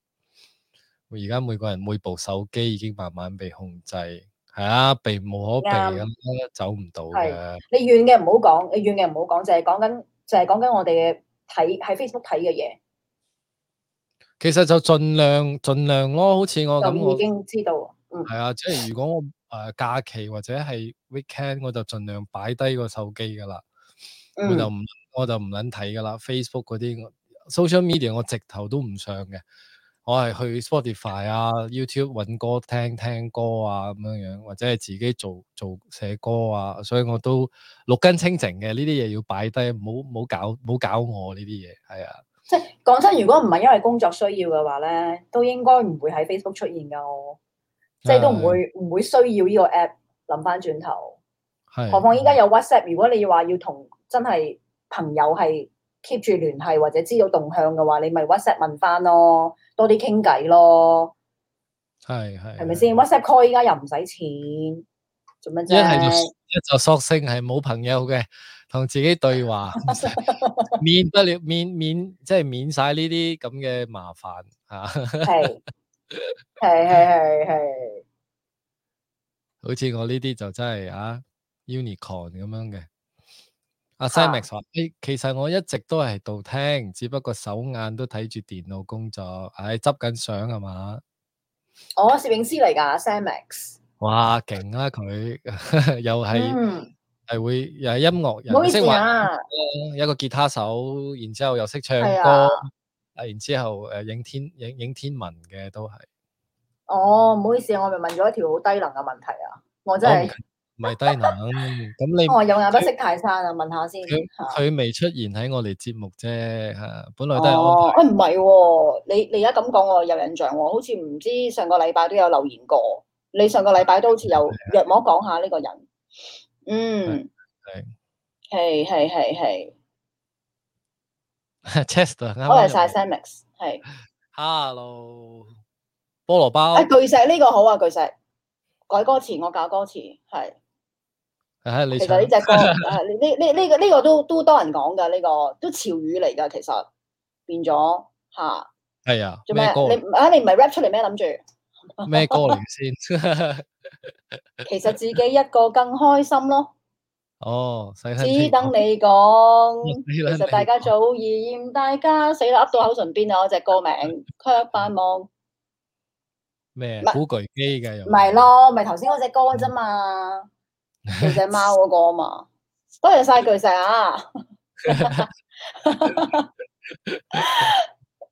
Speaker 2: 而家每個人每部手機已經慢慢被控制，係啊，被無可避咁，嗯，走唔到嘅。
Speaker 1: 你遠嘅唔好講，你遠嘅唔好講，就係講緊，就係講緊我哋嘅睇喺 Facebook 睇嘅嘢。
Speaker 2: 其實就盡量盡量咯，好似我咁，已經知道，嗯，係啊。即係如果我誒假期或者係 weekend，我就盡量擺低個手機噶啦，我就唔我就唔捻睇噶啦。Facebook 嗰啲 social media，我直頭都唔上嘅。我係去 Spotify 啊、YouTube 搵歌聽，聽歌啊咁樣樣，或者係自己做做寫歌啊，所以我都六根清淨嘅。呢啲嘢要擺低，唔好唔好搞唔好搞我呢啲嘢，係啊。即係
Speaker 1: 講真，如果唔係因為工作需要嘅話咧，都應該唔會喺 Facebook 出現噶、哦，
Speaker 2: 啊、即係都唔會
Speaker 1: 唔、啊、會需要呢個 app。諗翻轉頭，何況依家有 WhatsApp，如果你話要同真係朋友係 keep 住聯繫或者知道動向嘅話，你咪 WhatsApp 問翻咯。多啲傾偈咯，係係係，係咪先 WhatsApp call 依家又唔使錢，做
Speaker 2: 乜啫？係係一係就索性係冇朋友嘅，同自己對話， 免得了免免即係免晒呢啲咁嘅麻煩啊！
Speaker 3: 係係
Speaker 2: 係係，好似我呢啲就真係啊，unicorn 咁樣嘅。阿 Samex 話：誒、啊，啊、其實我一直都係度聽，只不過手眼都睇住電腦工作，唉，執緊相係嘛。
Speaker 1: 我攝影師嚟噶，Samex。Sam
Speaker 2: 哇，勁啊佢 是、嗯，又係係會又係音樂人，唔好意思啊，一個吉他手，然之後又識唱歌，啊，然之後誒影、呃、天影影天文嘅都係。
Speaker 1: 哦，唔好意思，我咪問咗一條好低能嘅問題啊，我真係。哦
Speaker 2: 唔係低能，咁你我有眼不識
Speaker 1: 泰山啊！問下先，佢
Speaker 2: 未出現喺我哋節目啫，吓本來都係我。排、
Speaker 1: 哦。唔、哎、係、哦，你你而家咁講我有印象、哦，好似唔知上個禮拜都有留言過，你上個禮拜都好似有，約我講下呢個人，
Speaker 3: 嗯，係係係係
Speaker 2: ，Chester，我係晒
Speaker 3: Samex，係
Speaker 2: ，Hello，菠蘿包，哎、巨
Speaker 1: 石呢個好啊，巨石改歌詞，我教歌詞，係。
Speaker 4: 其實呢隻歌，呢呢呢
Speaker 1: 個呢個都都多人講噶，呢個都潮語嚟噶。其實變咗吓，係啊，
Speaker 2: 做咩
Speaker 1: 歌？你啊你唔係 rap 出嚟咩？諗住
Speaker 2: 咩歌先？
Speaker 1: 其實自己一個更開心咯。
Speaker 2: 哦，使隻等你
Speaker 1: 講，其實大家早已言，大家死啦，噏到口唇邊啊！隻歌名佢一盼望
Speaker 2: 咩古巨基嘅
Speaker 1: 唔係咯，咪頭先嗰隻歌啫嘛。巨仔貓嗰個啊嘛， 多謝晒巨石啊！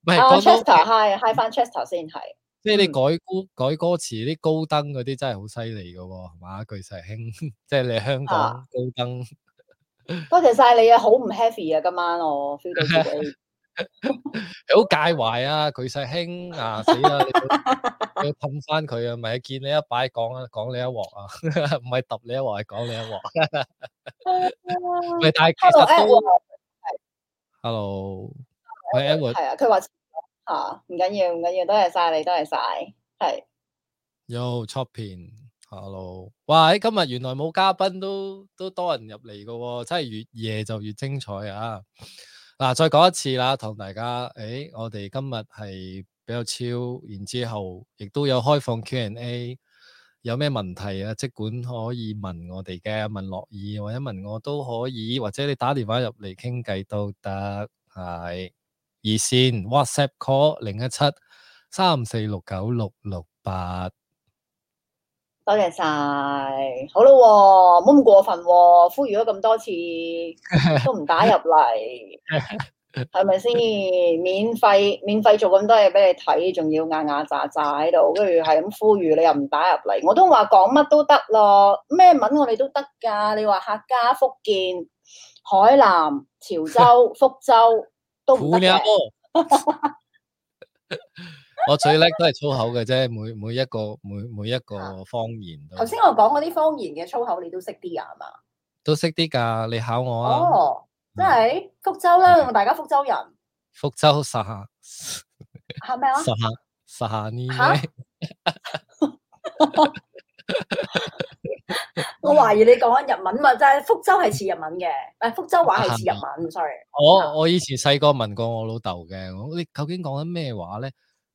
Speaker 2: 唔係啊，Chester
Speaker 1: High，High 翻 Chester 先係。
Speaker 2: 即係你改歌改歌詞啲高登嗰啲真係好犀利噶，係嘛、嗯？巨石兄，即係你香港高登。
Speaker 1: 多謝晒你啊，好唔 heavy 啊，今晚我 feel 到。
Speaker 2: 你好 介懷啊，佢細兄啊，死啦！ 要氹翻佢啊，咪見你一擺講啊，講你一鑊啊，唔係揼你一鑊，係講你一鑊。
Speaker 1: 喂，大家，hello，係 hello 係阿 moon 啊。佢話
Speaker 2: 吓，唔緊要，唔
Speaker 1: 緊要，多謝晒你，多謝晒，
Speaker 2: 係。Yo，Chopin，hello，哇！今日原來冇嘉賓都都多人入嚟噶，真係越夜就越精彩啊！再講一次啦，同大家，誒、哎，我哋今日係比較超，然之後亦都有開放 Q&A，有咩問題啊？即管可以問我哋嘅，問樂意或者問我都可以，或者你打電話入嚟傾偈都得，係熱線 WhatsApp call 零一七三四六九六六八。
Speaker 1: 多謝晒，好咯，冇咁過分喎，呼籲咗咁多次都唔打入嚟，係咪先？免費免費做咁多嘢俾你睇，仲要壓壓雜雜喺度，跟住係咁呼籲你又唔打入嚟，我都話講乜都得咯，咩文我哋都得噶，你話客家、福建、海南、潮州、福州都唔得嘅。
Speaker 2: 我最叻都係粗口嘅啫，每每一個每每一個方言。
Speaker 1: 頭先我講嗰啲方言嘅粗口，你都識啲啊？係嘛？
Speaker 2: 都識啲噶，你考我啊！哦，真
Speaker 1: 係福州啦，大家福州人。
Speaker 2: 福州撒下，吓咩啊？撒下撒下呢？吓！
Speaker 1: 我懷疑你講緊日文嘛？但係福州係似日文嘅，誒，福州話係似日文。sorry。
Speaker 2: 我我以前細個問過我老豆嘅，我你究竟講緊咩話咧？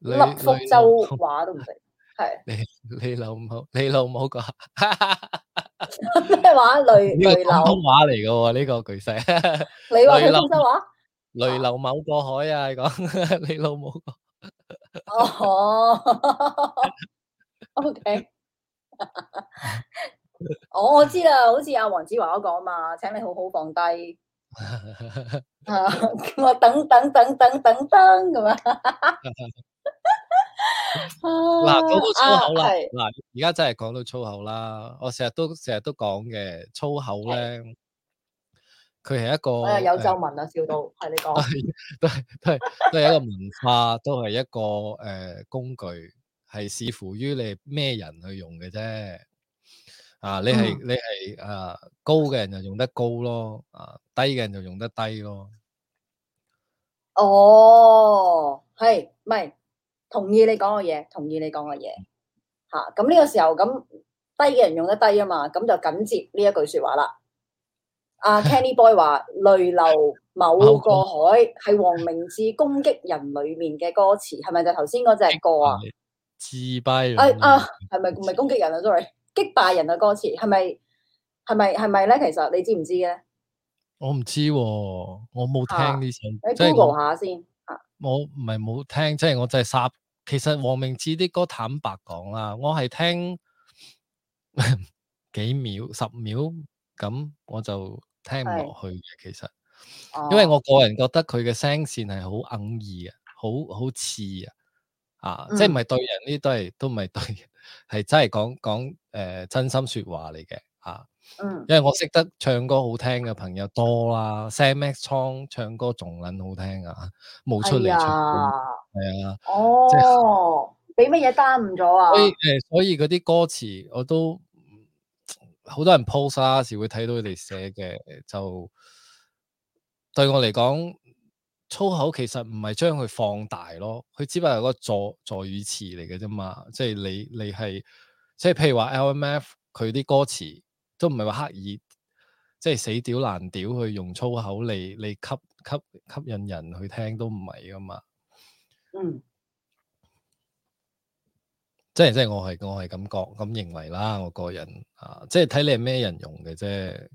Speaker 2: 雷福州話都唔識，
Speaker 1: 係。雷雷流某，雷流某個咩
Speaker 2: 話？雷雷流話嚟㗎喎，呢個巨細。
Speaker 1: 你話佢福州話？
Speaker 2: 雷流某過海啊，講你老母
Speaker 1: 講。哦，OK。我我知啦，好似阿黃子華講啊嘛，請你好好放低。我等等等等等等咁啊！嗱，講到粗口啦，
Speaker 2: 嗱，而家真係講到粗口啦。我成日都成日都講嘅粗口咧，佢係一個有皺
Speaker 1: 紋啊，笑到係你
Speaker 2: 講，都係都係都係一個文化，都係一個誒工具，係視乎於你咩人去用嘅啫。啊，你係你係啊高嘅人就用得高咯，啊低嘅人就用得低咯。
Speaker 1: 哦，係咪？同意你講嘅嘢，同意你講嘅嘢，嚇咁呢個時候咁低嘅人用得低啊嘛，咁就緊接呢一句説話啦。阿 Kenny Boy 話淚流某個海係黃明志攻擊人裡面嘅歌詞，係咪就頭先嗰隻歌啊？
Speaker 2: 自閉。誒誒，
Speaker 1: 係咪唔係攻擊人啊？Sorry，擊敗人嘅歌詞係咪係咪係咪咧？其實你知唔知嘅咧？
Speaker 2: 我唔知，我冇聽呢首歌，你 Google 下先。我唔係冇聽，即、就、係、是、我真係殺，其實黃明志啲歌坦白講啦，我係聽幾秒十秒咁我就聽唔落去嘅，是其實，
Speaker 3: 因為我個人
Speaker 2: 覺得佢嘅聲線係好硬耳嘅，好好刺啊，啊，即係唔係對人呢、嗯、都係都唔係對人，係真係講講誒真心說話嚟嘅啊。嗯，因為我識得唱歌好聽嘅朋友多啦，Sam X 昌唱歌仲撚好聽啊，冇、哎、呀出嚟唱歌，係啊，
Speaker 1: 哦，俾乜嘢耽誤
Speaker 2: 咗啊、呃？所以嗰啲歌詞我都好多人 post 啦、啊，有時會睇到佢哋寫嘅，就對我嚟講，粗口其實唔係將佢放大咯，佢只不過係個助助語詞嚟嘅啫嘛，即係你你係即係譬如話 LMF 佢啲歌詞。都唔係話刻意，即係死屌難屌去用粗口嚟，嚟吸吸吸引人去聽都唔係噶嘛。嗯，即係即係我係我係咁覺咁認為啦，我個人啊，即係睇你係咩人用嘅啫。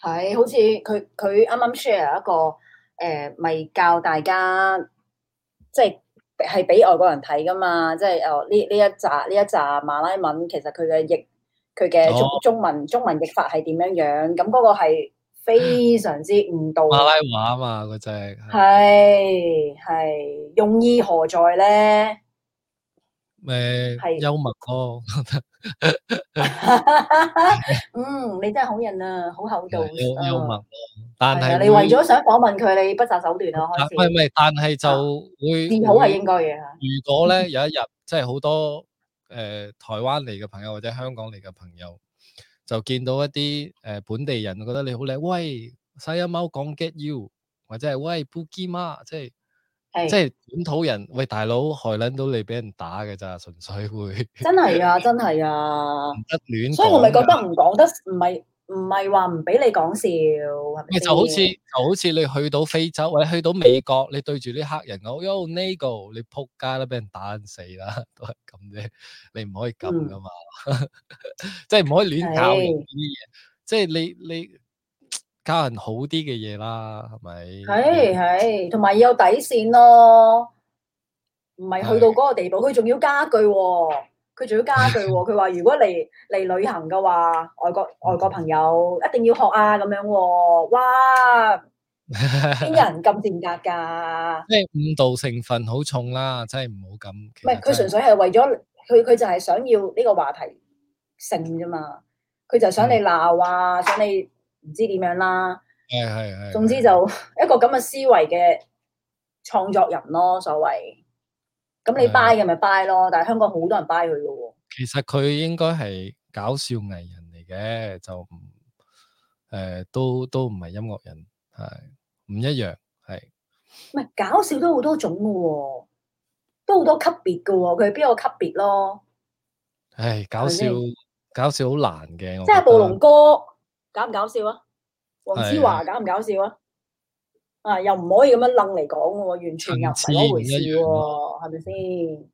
Speaker 1: 係，好似佢佢啱啱 share 一個誒，咪、呃、教大家，即係係俾外國人睇噶嘛。即係哦，呢、呃、呢一集呢一集馬拉文，其實佢嘅譯。佢嘅中中文中文譯法係點樣樣？咁嗰個係非常之誤導。馬
Speaker 2: 拉話啊嘛，嗰只
Speaker 1: 係係用意何在咧？
Speaker 2: 誒，幽默咯。嗯，
Speaker 1: 你真係好人啊，好厚道。幽默
Speaker 2: 咯，但係你為咗
Speaker 1: 想訪問佢，你不擇手段啊，開始。唔係
Speaker 2: 唔係，但係就會。變好係應該嘅吓。如果咧有一日，即係好多。誒、呃、台灣嚟嘅朋友或者香港嚟嘅朋友，就見到一啲誒、呃、本地人覺得你好叻，喂西一貓講 get you，或者係喂布基媽，即係是即係本土人，喂大佬害撚到你俾人打嘅咋，純粹會。真係啊，真係啊，唔 得亂講，所以我咪覺得唔講得，
Speaker 1: 唔係。唔係話唔俾你講笑，其實好似
Speaker 2: 就好似你去到非洲或者去到美國，你對住啲黑人講，喲 Nego，你撲街啦，俾人打死啦，都係咁啫。你唔可以咁噶嘛，嗯、 即係唔可以亂搞人，人啲嘢，即係你你教人好啲嘅嘢啦，係咪？係
Speaker 1: 係，同埋有底線咯，唔係去到嗰個地步，佢仲是要加句喎。佢仲要加句喎，佢話如果嚟嚟旅行嘅話，外國外國朋友一定要學啊咁樣啊，哇！
Speaker 2: 邊
Speaker 1: 有人咁賤格噶？即
Speaker 2: 係誤導成分好重啦，真係唔好
Speaker 3: 咁。唔係佢純粹
Speaker 1: 係為咗佢，佢就係想要呢個話題性啫嘛，佢就想你鬧啊，嗯、想你唔知點樣啦。
Speaker 4: 係係係。總之
Speaker 1: 就一個咁嘅思維嘅創作人咯，所謂。咁你 buy 嘅咪 buy 咯，但係香港好多人 buy 佢咯。
Speaker 2: 其實佢應該係搞笑藝人嚟嘅，就誒都都唔係音樂人，係唔一樣係。
Speaker 1: 唔係搞笑都好多種嘅，都好多級別嘅。佢係邊個級別咯？
Speaker 2: 唉，搞笑搞笑好難嘅。即係暴龍哥
Speaker 1: 搞唔搞笑啊？
Speaker 2: 黃子華
Speaker 1: 搞唔搞笑啊？啊！又唔可以咁樣愣嚟講嘅喎，完全又唔係嗰回事喎，啊，係咪先？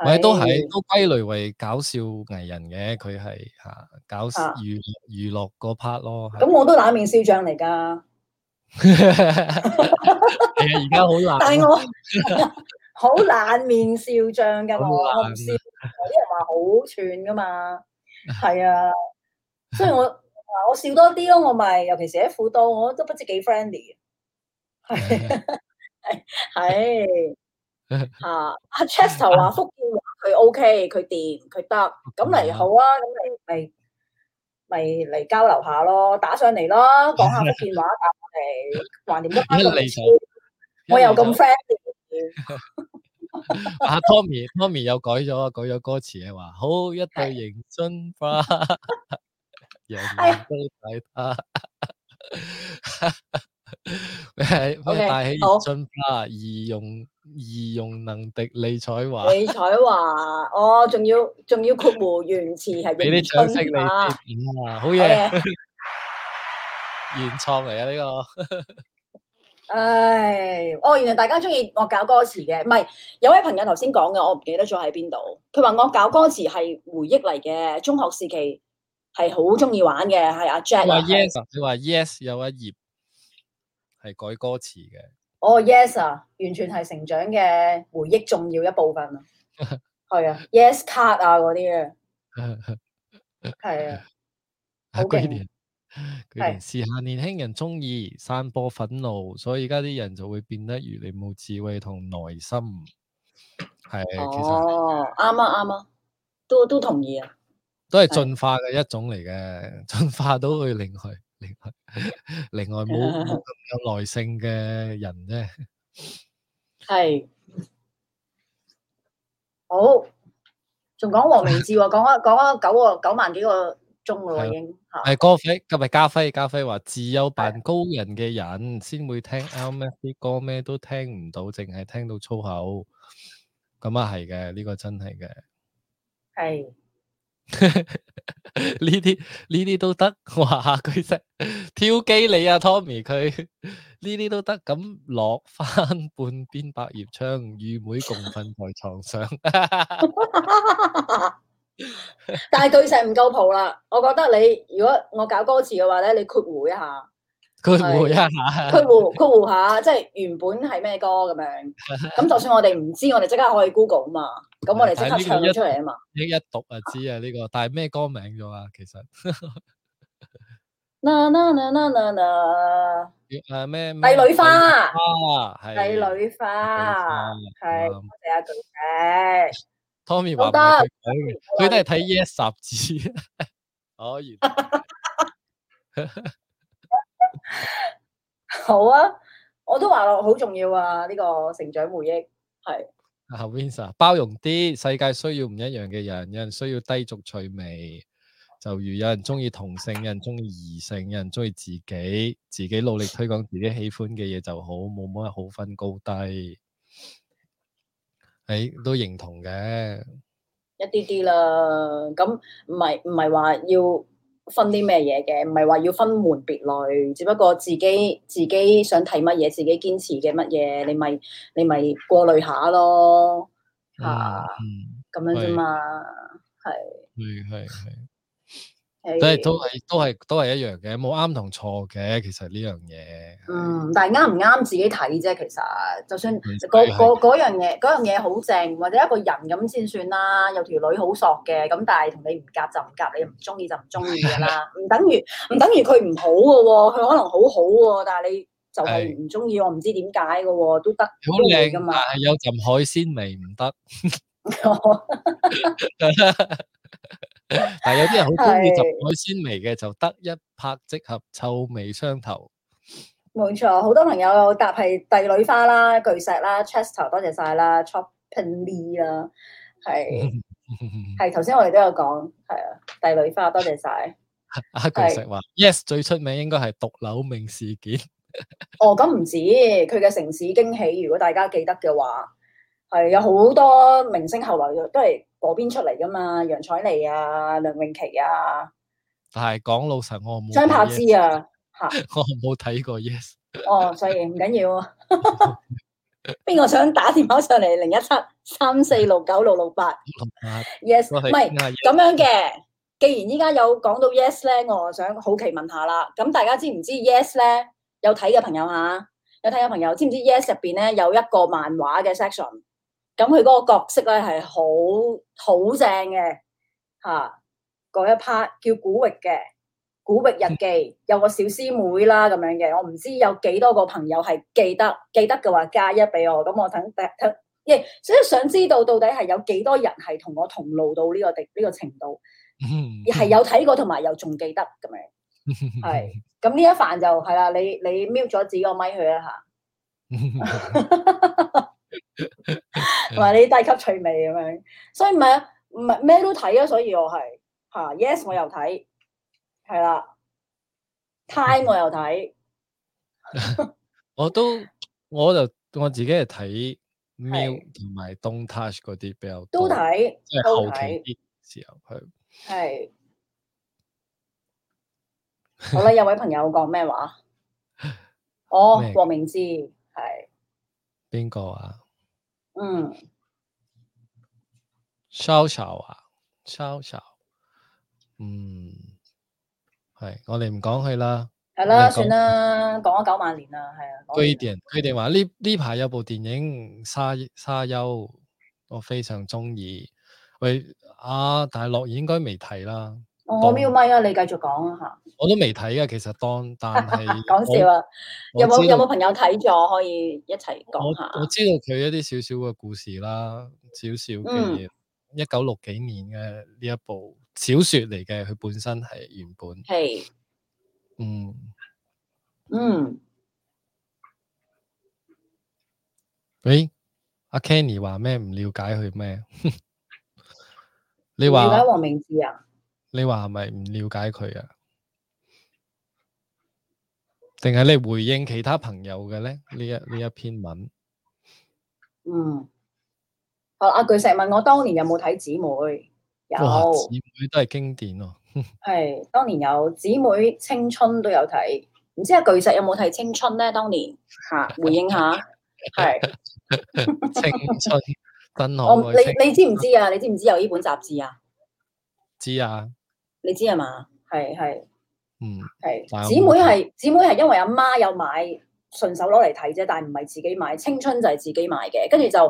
Speaker 1: 唔係都係
Speaker 2: 都歸類為搞笑藝人嘅，佢係吓搞笑娛娛樂嗰 part 咯。咁、啊、是我
Speaker 1: 都冷面笑匠嚟噶，
Speaker 2: 其實而家好冷， 但係是我
Speaker 1: 好 冷面笑匠噶，我好笑。有啲 人話好串噶嘛，係啊。所以我我笑多啲咯，我咪，尤其是喺輔導，我都不知幾 friendly。係係吓阿 Chester 話福建話佢 OK 佢掂佢得咁嚟好啊咁你咪咪嚟交流下咯打上嚟咯講下福建話但係橫掂都翻到嚟
Speaker 2: 我又咁
Speaker 3: friend
Speaker 2: 阿 Tommy Tommy 又改咗改咗歌詞嘅話好一對迎春，迎春花。風大喜，進化易容，易容能敵 李彩華。李
Speaker 1: 彩華，我仲要仲要括弧。原詞，係俾啲掌聲
Speaker 2: 你。好嘢，原創嚟啊！呢 Okay.
Speaker 1: 這個， 唉、哎，哦，原來大家中意我搞歌詞嘅，唔係有位朋友頭先講嘅，我唔記得咗喺邊度。佢話我搞歌詞係回憶嚟嘅，中學時期係好中意玩嘅，係阿、啊、Jack。說
Speaker 2: yes，是你話 Yes 有一頁。係改歌詞嘅
Speaker 1: 哦，yes 啊，完全係成長嘅回憶重要一部分 yes, 啊，係啊，yes cut 啊嗰啲啊，係啊 的，
Speaker 2: 好經典，係時下年輕人中意散播憤怒，所以而家啲人就會變得越嚟冇智慧同耐心，係其實哦啱
Speaker 1: 啊啱啊，oh, 都都同意啊，
Speaker 2: 都係進化嘅一種嚟嘅，進的化都會令佢。另外，另外冇冇咁有耐性嘅人咧，
Speaker 3: 係好
Speaker 1: 仲講黃明志，講咗講咗九個九萬幾個鐘噶
Speaker 2: 喎已經。係，加菲今日加菲加菲話，只有扮高人嘅人先會聽 LMF 啲歌咩？都聽唔到，淨係聽到粗口。咁啊係嘅，呢個真係嘅。係。呢啲呢啲都得，下巨石跳機你啊，Tommy 佢呢啲都得，咁落翻半邊百葉窗，與妹共瞓在床上。
Speaker 1: 哈哈哈哈 但係巨石唔夠譜啦，我覺得你如果我搞歌詞嘅話咧，你括弧一下。
Speaker 4: 佢糊一下，佢糊
Speaker 1: 佢糊下，即係原本係咩歌咁樣。咁就算我哋唔知，我哋即刻可以 Google 啊嘛。咁我哋即刻唱咗出嚟啊嘛。
Speaker 2: 呢一讀就知啊呢個，但係咩歌名咗啊？其實。
Speaker 1: 啦啦啦啦啦啦。
Speaker 2: 咩？帝女花。帝女花係。帝女
Speaker 1: 花係。我得。
Speaker 2: Tommy 話唔得，佢都係睇 yes 雜誌。可以。
Speaker 1: 好啊！我都話咯，好重要啊！呢、這個成長回憶係。
Speaker 2: 阿 Vincent 包容啲，世界需要唔一樣嘅人，有人需要低俗趣味，就如有人中意同性，有人中意異性，有人中意自己，自己努力推廣自己喜歡嘅嘢就好，冇乜好分高低。誒、哎，都認同嘅，
Speaker 1: 一啲啲啦。咁唔係唔係話要。分啲咩嘢嘅，唔係話要分門別類，只不過自己自己想睇乜嘢，自己堅持嘅乜嘢，你咪你咪過濾下咯，
Speaker 3: 嚇，咁樣啫嘛，係，係。都係都係
Speaker 2: 都係都係一樣嘅，冇啱同錯嘅，其實呢樣嘢。嗯，
Speaker 3: 但係啱唔啱自己
Speaker 1: 睇啫。其實，就算個嗰樣嘢，嗰樣嘢好正，或者一個人咁先算啦。有條女好索嘅，咁但係同你唔夾就唔夾，你唔中意就唔中意噶啦。唔 等於唔等於佢唔好嘅喎、哦，佢可能好好、啊、喎，但係你就係唔中意，的我唔知點解嘅喎，都得。好靚㗎嘛，但係
Speaker 2: 有浸海鮮味唔得。 但係有啲人好中意食海鮮味嘅，就得一拍即合，臭味相投。
Speaker 1: 冇錯，好多朋友答係帝女花啦、巨石啦、Chester，多謝晒啦、Chopping Lee 啦，係係頭先我哋都有講，係啊，帝女花，多謝晒。
Speaker 2: 阿、 啊、巨石話是：Yes，最出名應該係獨樓命事件。
Speaker 1: 哦，咁、嗯、唔、哦、止，佢嘅城市驚喜，如果大家記得嘅話，係有好多明星後來都係。嗰邊出嚟噶嘛？楊采妮啊，梁詠琪啊，
Speaker 2: 但係講老實，我冇張柏芝啊吓，我冇睇過 yes
Speaker 1: 哦，所以唔緊要。邊個、啊、 想打電話上嚟零 Yes, 一七三四六九六六八？Yes，唔係咁樣嘅。既然依家有講到 yes 咧，我想好奇問，問下啦。咁大家知唔知 yes 咧有睇嘅朋友吓、啊、有睇嘅朋友知唔知 yes 入邊咧有一個漫畫嘅 section？咁佢嗰個角色咧係好好正嘅嚇，嗰、啊、一 part 叫古域嘅《古域日記》，有個小師妹啦咁樣嘅。我唔知有幾多個朋友係記得記得嘅話，加一俾我。咁我等等聽，所以想知道到底係有幾多人係同我同路到呢個地呢、呢個程度，係、嗯、有睇過同埋又仲記得咁樣。係咁呢一番就係啦，你你瞄咗自己個咪去啦嚇。同埋啲低級趣味咁樣，所以唔係唔係咩都睇啊！所以我係嚇、啊，yes 我又睇，係啦，time 我又睇 ，
Speaker 2: 我都我就我自己係睇 Milk 同埋 Don't Touch 嗰啲比較多都
Speaker 1: 睇看，即係後期啲時候去。係好啦，有位朋友講咩話？哦，黃明志
Speaker 3: 係
Speaker 2: 邊個啊？嗯，收仇啊，收仇，嗯，係，我哋唔講佢啦，係啦的，算啦，
Speaker 1: 講咗九萬年
Speaker 2: 啦，係啊。佢哋佢話呢呢排有部電影《沙沙丘》，我非常鍾意。喂，啊，大陸應該未睇啦。
Speaker 1: 我瞄咪
Speaker 2: 啊，哦嗯，你繼續講下。我都未睇啊，其實當但係講， 笑啊，有冇有冇朋
Speaker 1: 友睇
Speaker 3: 咗
Speaker 1: 可
Speaker 2: 以一齊講下我？我知道佢一啲少少嘅故事啦，少少嘅嘢，一九六幾年嘅呢一部小說嚟嘅，佢本身係原本。嘿是，嗯，嗯。喂、欸，阿、啊、Kenny 話咩？唔了解佢咩？ 你話說？了解黃明志啊？你話係咪唔了解佢啊？定係你回應其他朋友嘅咧？呢一呢一篇文，
Speaker 1: 嗯，阿、啊、阿巨石問我當年有冇睇姊妹，有
Speaker 2: 姊妹都係經典哦。
Speaker 1: 係 當年有姊妹青春都有睇，唔知阿、啊、巨石有冇睇青春咧？當年吓回應下，係
Speaker 2: 是青春。我、哦、你你知唔知
Speaker 1: 啊？你知唔知，知，知有呢本雜誌啊？
Speaker 2: 知啊。
Speaker 1: 你知係嘛？係係，嗯，係姊妹，係姊哇妹，係因為阿媽有買，順手攞嚟睇啫，但係唔係自己買。青春就係自己買嘅，跟住就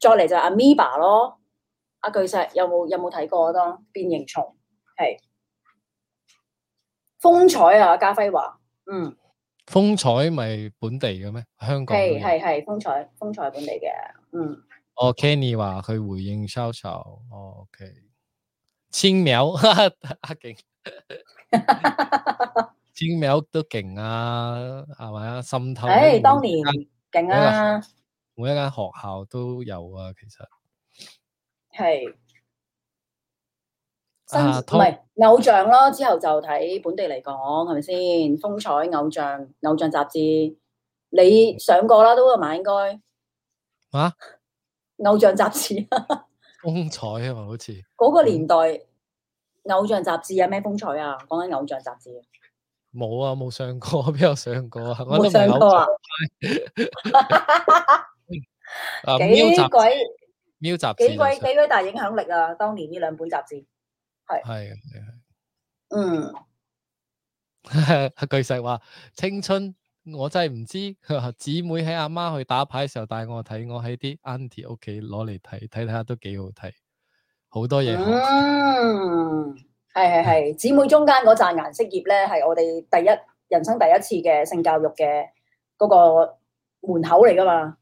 Speaker 1: 再嚟就阿 Amoeba 咯，阿巨石有冇有冇睇過？當變形蟲係風采啊！家輝話，嗯，
Speaker 2: 風采咪本地嘅咩？香港係係
Speaker 1: 係風采，風采本地嘅，嗯。
Speaker 2: 哦，Kenny 話佢回應銷售，哦，OK。千秒，阿景，千秒都勁啊，係咪啊？滲透。誒，當年勁啊！每一間學校都有啊，其實係啊，唔係
Speaker 1: 偶像咯。之後就睇本地嚟講，係咪先？風采偶像，偶像雜誌，你上過啦，都話埋應該啊？偶像雜誌。
Speaker 2: 風采啊嘛，好似
Speaker 1: 嗰個年代、嗯、偶像雜誌有咩風采啊，講緊偶像雜誌。
Speaker 2: 冇啊，冇上過，邊有上過啊？我冇上過啊。 幾鬼幾鬼幾
Speaker 1: 鬼大影響力啊！當年呢兩本雜誌係
Speaker 2: 係係嗯，巨石 話青春。我真係唔知，佢姊妹喺阿媽去打牌嘅時候帶我睇，我喺啲 uncle 屋企攞嚟睇，睇睇下都幾好睇，好多嘢。嗯，
Speaker 1: 係係姊妹中間嗰扎顏色頁咧，係我哋第一人生第一次嘅性教育嘅嗰個門口嚟噶嘛，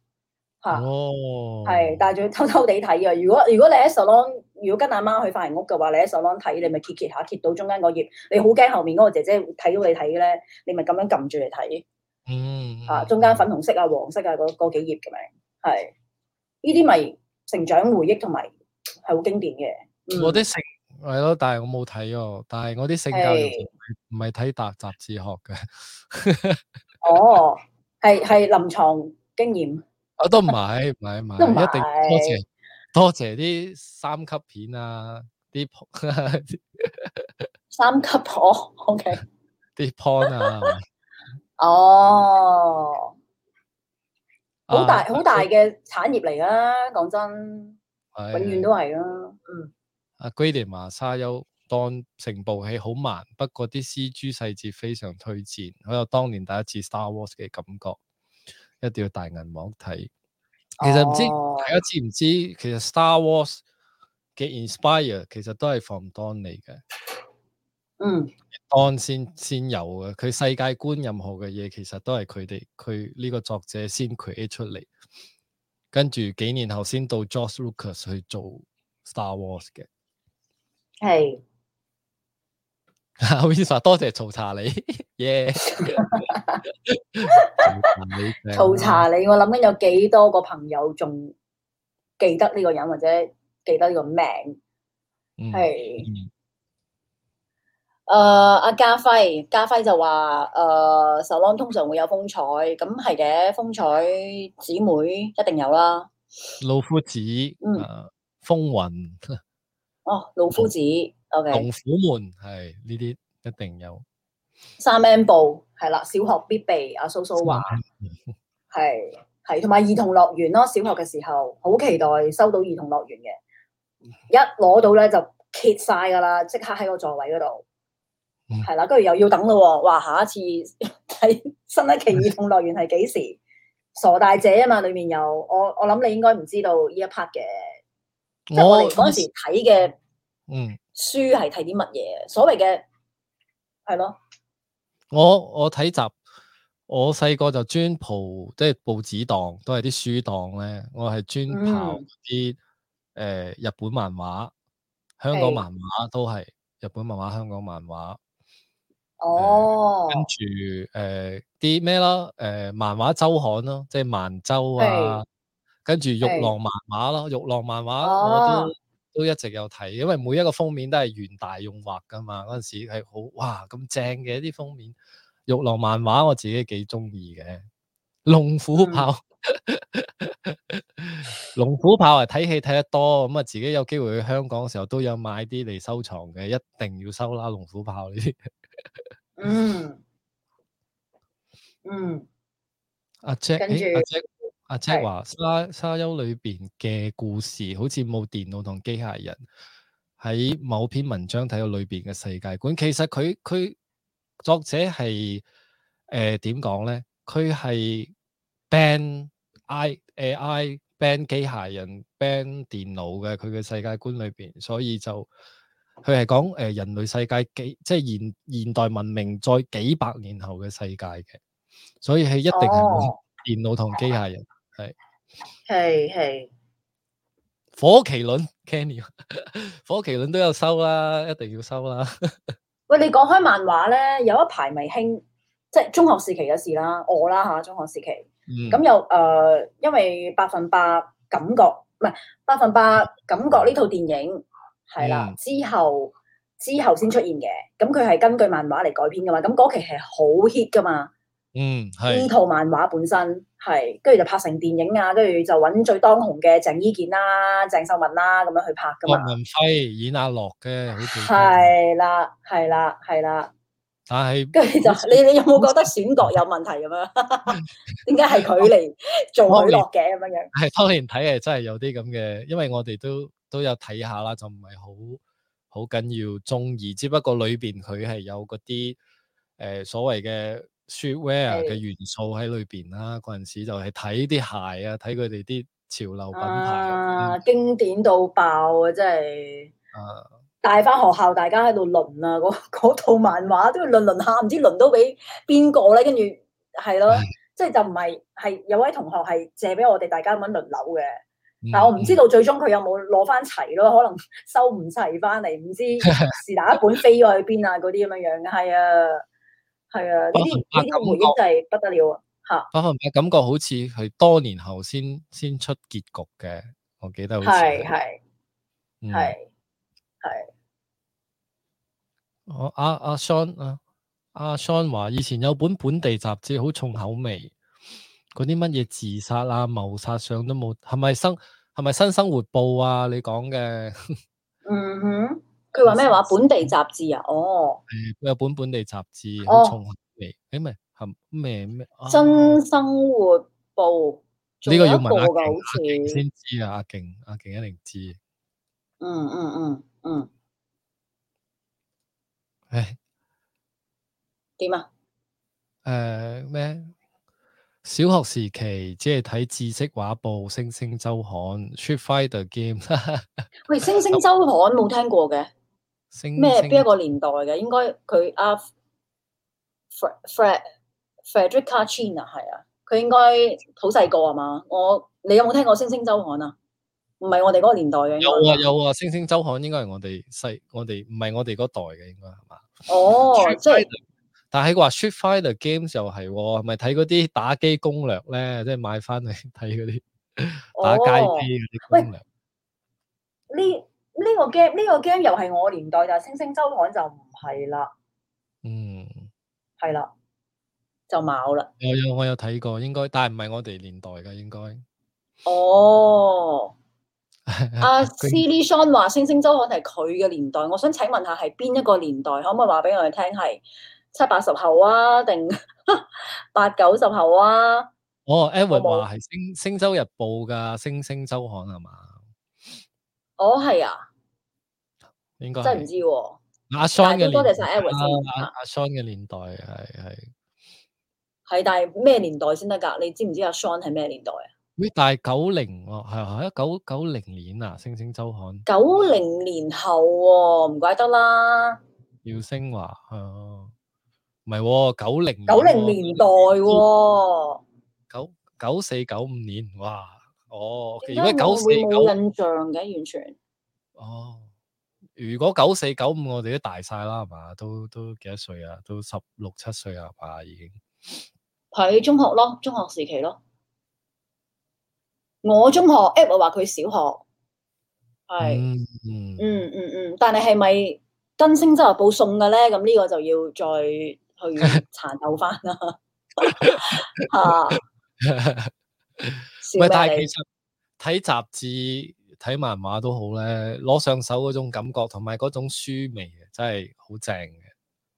Speaker 1: 嚇、啊，係、哦哦，但係仲要偷偷地睇啊！如果如果你喺 salon，如果跟阿媽去髮型屋嘅話，你喺 salon 睇，你咪揭揭下，揭到中間嗰頁，你好驚後面嗰個姐姐睇到你睇咧，你咪咁樣撳住嚟睇。嗯，啊，中間粉紅色啊、黃色啊嗰嗰幾頁嘅，係呢啲咪成長回憶同埋係好經典嘅。我啲
Speaker 2: 性係咯，但係我冇睇 哦。但係我啲性格唔係睇雜雜誌學嘅。
Speaker 1: 哦，係係臨床經驗。
Speaker 2: 我都唔係唔係都唔一定多。多謝多謝啲三級片啊，啲、那個、
Speaker 1: 三級婆，OK，
Speaker 2: 啲婆啊。哦，好、啊、大好大
Speaker 1: 嘅產業嚟啦，講、啊、
Speaker 2: 真，的永遠都係啦。阿的、嗯啊、Grady 話沙丘當成部戲好慢，不過啲 CG 細節非常推薦，好有當年第一次 Star Wars 嘅感覺，一定要大銀幕睇。其實唔知、哦、大家知唔知，其實 Star Wars 嘅 Inspire 其實都係 from Dune 嚟嘅。嗯，安先先有嘅，佢世界觀任何嘅嘢，其實都係佢哋佢呢個作者先 create 出嚟，跟住幾年後先到 Joss Lucas 去做 Star Wars 嘅，係是，好意思 s 多謝曹查理。耶，曹查
Speaker 1: 理，我諗緊有幾多個朋友仲記得呢個人或者記得呢個名，係、嗯。是嗯誒，阿家輝，家輝就話誒，手浪通常會有風采，咁係嘅，風采姊妹一定有啦。
Speaker 2: 老夫子，嗯，風雲，哦，
Speaker 1: 老夫子，OK，龍
Speaker 2: 虎門係，呢啲一定有。
Speaker 1: 三 M 布係啦，小學必備。阿蘇蘇話係係，同埋兒童樂園咯，小學嘅時候好期待收到兒童樂園嘅，一攞到咧就揭晒噶啦，即刻喺個座位嗰度。係啦，跟住、嗯、又要等咯、哦。話下一次睇新一期兒童樂園係幾時？傻大姐啊嘛，裏面有我，我諗你應該唔知道呢一 part 嘅，即係
Speaker 4: 我哋嗰時
Speaker 1: 睇嘅，嗯，書係睇啲乜嘢？所謂嘅係咯，
Speaker 2: 我我睇集，我細個就專蒲，即係報紙檔都係啲書檔咧，我係專跑啲誒日本漫畫、香港漫畫都係、嗯、日本漫畫、香港漫畫。哦，跟住誒啲咩啦？誒、呃呃、漫畫周刊咯，即係漫周啊，是跟住玉郎漫畫咯，玉郎漫畫我都、哦、都一直有睇，因為每一個封面都係袁大用畫噶嘛，嗰陣時係好哇咁正嘅一啲封面。玉郎漫畫我自己幾中意嘅，龍虎豹，嗯、 龍虎豹啊！睇戲睇得多咁啊，自己有機會去香港嘅時候都有買啲嚟收藏嘅，一定要收啦！龍虎豹呢啲。
Speaker 3: 嗯
Speaker 2: 嗯，阿、嗯啊、姐，阿着、哎啊、姐，阿、啊、姐話沙的沙丘裏邊嘅故事好似冇電腦同機械人，喺某篇文章睇到裏邊嘅世界觀。其實佢佢作者係誒點講咧？佢、呃、係 ban AI AI ban 機械人 ban 電腦嘅，佢嘅世界觀裏邊，所以就。佢係講誒人類世界幾即係現現代文明再幾百年後嘅世界嘅，所以係一定係冇電腦同機械人，係係係火麒麟 Kenny，火麒麟都有收啦，一定要收啦。
Speaker 1: 喂，你講開漫畫咧，有一排咪興，即係中學時期嘅事啦，我啦吓中學時期，咁又誒因為百分百感覺唔係百分百感覺呢套電影。
Speaker 4: 係啦 Yeah.，之
Speaker 1: 後之後先出現嘅，咁佢係根據漫畫嚟改編噶嘛，咁嗰期係好 hit 噶嘛，嗯，
Speaker 4: 呢套
Speaker 1: 漫畫本身係，跟住就拍成電影啊，跟住就揾最當紅嘅鄭伊健啦、鄭秀文啦咁樣去拍噶嘛。王
Speaker 2: 文輝演阿樂嘅，好似係
Speaker 1: 啦，係啦，係啦，
Speaker 2: 但係跟
Speaker 1: 住就 你你有冇覺得選角有問題咁樣？點解係佢嚟
Speaker 2: 做阿樂嘅咁樣樣？係 當年睇係真係有啲咁嘅，因為我哋都。都有睇下啦，就唔係好好緊要中意，只不過裏邊佢係有嗰啲誒所謂嘅 shoe wear 嘅元素喺裏邊啦。嗰陣的時就係睇啲鞋啊，睇佢哋啲潮流品
Speaker 1: 牌，啊嗯、經典到爆啊！真係帶翻學校，大家喺度輪啊！嗰套漫畫都要輪輪下，唔知輪到俾邊個咧？跟住係咯，即係的的就唔係係有位同學係借俾我哋大家咁樣輪流嘅。但我唔知道最終佢有冇攞翻齊咯，可能收唔齊翻嚟，唔知是哪一本飛咗去邊啊？嗰啲咁樣嘅係啊，係啊，啲啲回應就係不得
Speaker 2: 了啊！嚇、啊，我我感覺好似係多年後先先出結局嘅，我記得好似係係係。我阿阿 Shawn 啊，阿 Shawn 話以前有本本地雜誌好重口味。嗰啲乜嘢自殺啊、謀殺上都冇，係咪生？係咪新生活報啊？你講嘅， 嗯哼，
Speaker 1: 佢話咩話？生本地雜誌啊，
Speaker 2: 哦，佢有、嗯、本本地雜誌好重口味，誒唔係，係咩咩？啊、
Speaker 1: 新生活報，
Speaker 3: 個呢個要問阿
Speaker 2: 勁像，阿勁先知啊，阿勁，阿勁一定知嗯。嗯嗯嗯嗯，誒、嗯、點、哎、啊？誒咩、uh,？小學時期即係睇知識畫報、星星周刊、 Street Fighter Game。
Speaker 1: 喂，星星周刊冇聽過嘅，
Speaker 2: 咩星？邊
Speaker 1: 一個年代嘅？應該佢阿 Fred Frederic Cina 係啊，佢 Fre, Fre, 應該好細個啊嘛。我你有冇聽過星星周刊啊？唔係我哋嗰個年代嘅、啊，有啊有
Speaker 2: 啊。星星周刊應該係我哋細我哋唔係我哋嗰代嘅，應該係
Speaker 3: 嘛？哦，即係。
Speaker 2: 但係話 Street Fighter games 又係、哦，咪睇嗰啲打機攻略咧，即係買翻嚟睇嗰啲打街機啲攻略。
Speaker 3: 呢
Speaker 1: 呢、哦這個 game 呢個 game 又係我年代，但係星星周刊就唔係啦。嗯，係啦，就冇啦、
Speaker 2: 嗯。我有我有睇過，應該，但係唔係我哋年代嘅，應該。
Speaker 1: 哦，阿 Celine 話星星周刊係佢嘅年代，我想請問下係邊一個年代，可唔可以話俾我哋聽係？七八十後啊，定八九十後啊？
Speaker 2: 哦，Edward 話係《星洲日報》噶《星星周刊》係嘛？
Speaker 1: 哦，係啊，應該真係唔
Speaker 2: 知。阿 Sun 嘅多謝晒 Edward。阿阿 Sun 嘅年代係係
Speaker 1: 係，但係咩年代先得噶？你知唔知阿 Sun 係咩年代啊？
Speaker 2: 喂，但係九零哦，係係一九九零年啊，《星星周刊》
Speaker 1: 九零年後喎，唔怪得啦。
Speaker 2: 要昇華哦。唔係，九零九零年代喎，九九四九五年，哇，哦，如果九四有印
Speaker 1: 象嘅完全，
Speaker 2: 哦，如果九四九五我哋都大晒啦，係嘛，都都幾多歲啊，都十六七歲啊，係嘛，已經
Speaker 1: 喺中學咯，中學時期咯，我中學 app 話佢小學，係，
Speaker 2: 嗯嗯
Speaker 3: 嗯，但係係
Speaker 1: 咪跟星洲日報送嘅咧？咁呢個就要再。 去殘斗翻
Speaker 2: 啦！唔 係、啊，但係其實睇雜誌、睇漫畫都好咧，攞上手嗰種感覺，同埋嗰種書味啊，真係好正嘅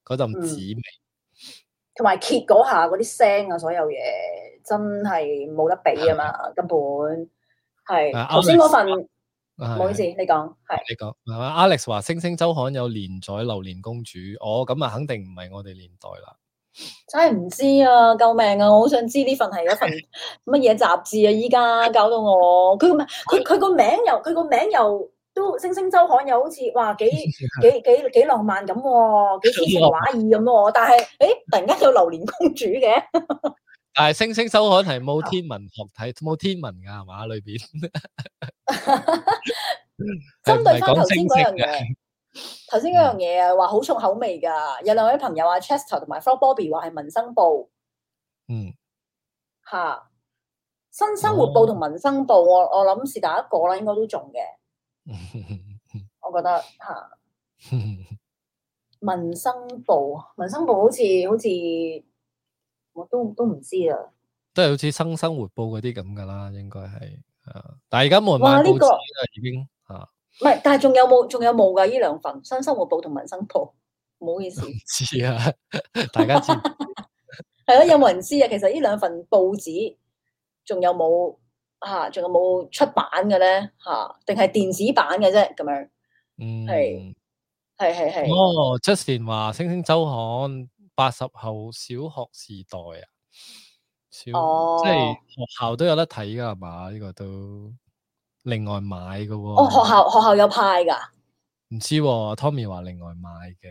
Speaker 2: 嗰陣紙味，
Speaker 1: 同埋、嗯、揭嗰下嗰啲聲啊，所有嘢真係冇得比啊嘛！的根本係頭先嗰份。啊啊啊啊啊唔好意思，你講係，你
Speaker 2: 講，阿 Alex 話星星周刊有連載《榴蓮公主》，哦，咁啊肯定唔係我哋年代啦，
Speaker 1: 真係唔知啊，救命啊，我好想知呢份係一份乜嘢雜誌啊，依家搞到我，佢唔係，佢佢個名又，佢個名又都星星周刊又好似，話幾 幾幾幾浪漫咁喎，啊，幾詩情畫意咁咯，但係，誒、欸，突然間有榴蓮公主嘅。
Speaker 2: 但係星星收刊係冇天文學睇，冇天文噶，係嘛？裏邊針對翻頭先嗰樣嘢，
Speaker 1: 頭先嗰樣嘢啊，話好重口味噶。有兩位朋友啊，Chester 同埋 Flo Bobby 話係民生報，嗯，吓新生活報同民生報，我我諗是第一個啦，應該都中嘅，我覺得吓民生報，民生報好似好似。
Speaker 2: 我都都唔知啊，都係好似《新生活報》嗰啲咁噶啦，應該係啊。但係而家冇人知呢個已經啊，
Speaker 1: 唔係，但係仲有冇仲有冇噶呢兩份《新生活報》同《民生報》？唔好意思，
Speaker 2: 唔知啊，
Speaker 4: 大家知
Speaker 1: 係咯？有冇人知啊？其實呢兩份報紙仲有冇啊？仲有冇出版嘅咧？吓、啊，定係電子版嘅啫？咁樣，
Speaker 2: 係係係係哦。出善華《星星週刊》哦。八十後小學時代啊，小、oh. 即係學校都有得睇噶係嘛？呢、這個都另外買噶喎。哦，oh, 學校
Speaker 1: 學校有派噶？
Speaker 2: 唔知、啊，Tommy 話另外買嘅。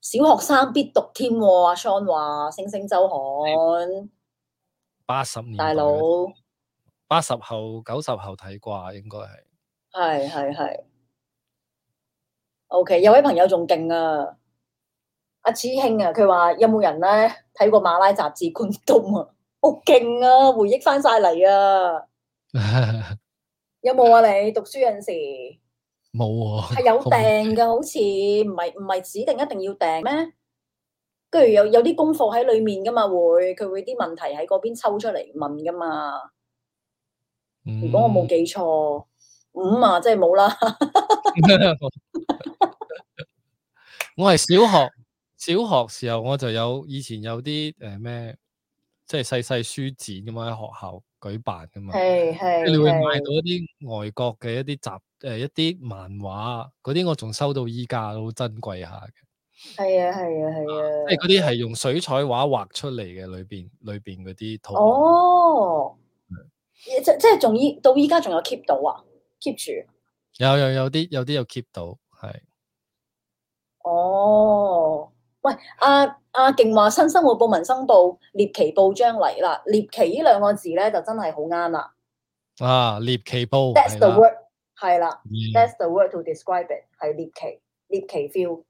Speaker 1: 小學生必讀添，阿 Sean 話《星星週刊》。
Speaker 2: 八十年代，大佬。八十後、九十後睇啩，應該係。
Speaker 1: 係係係。O、okay, K，有位朋友仲勁啊！阿師兄啊，佢話有冇人咧睇過《馬拉雜誌》官東啊？好勁啊，回憶翻晒嚟啊！有冇啊？你讀書嗰陣時
Speaker 2: 冇喎，係有
Speaker 1: 訂嘅，好似唔係唔係指定一定要訂咩？跟住有有啲功課喺裏面噶嘛，會佢會啲問題喺嗰邊抽出嚟問噶嘛？
Speaker 2: 如
Speaker 1: 果我冇記錯，五啊，即係冇啦。
Speaker 2: 我係小學。小學時候我就有以前有啲誒咩，即係細細書展咁啊，喺學校舉辦噶嘛。係
Speaker 3: 係。你會買到
Speaker 2: 啲外國嘅一啲雜誒一啲漫畫嗰啲，我仲收到依家都好珍貴下嘅。
Speaker 3: 係啊係啊係啊。即係嗰啲係
Speaker 2: 用水彩畫畫出嚟嘅，裏邊裏邊嗰啲圖。
Speaker 1: 哦。對即即係仲依到依家仲有 keep 到啊？keep 住。
Speaker 2: 有有有啲有啲有 keep 到，係。
Speaker 1: 哦。喂，阿阿勁話新生活報民生報獵奇報將嚟啦，獵奇呢兩個字咧就真係好啱啦。
Speaker 2: 啊，獵奇報，That's the word，
Speaker 1: 係啦，嗯，That's the word to describe it，係獵奇，獵奇 feel，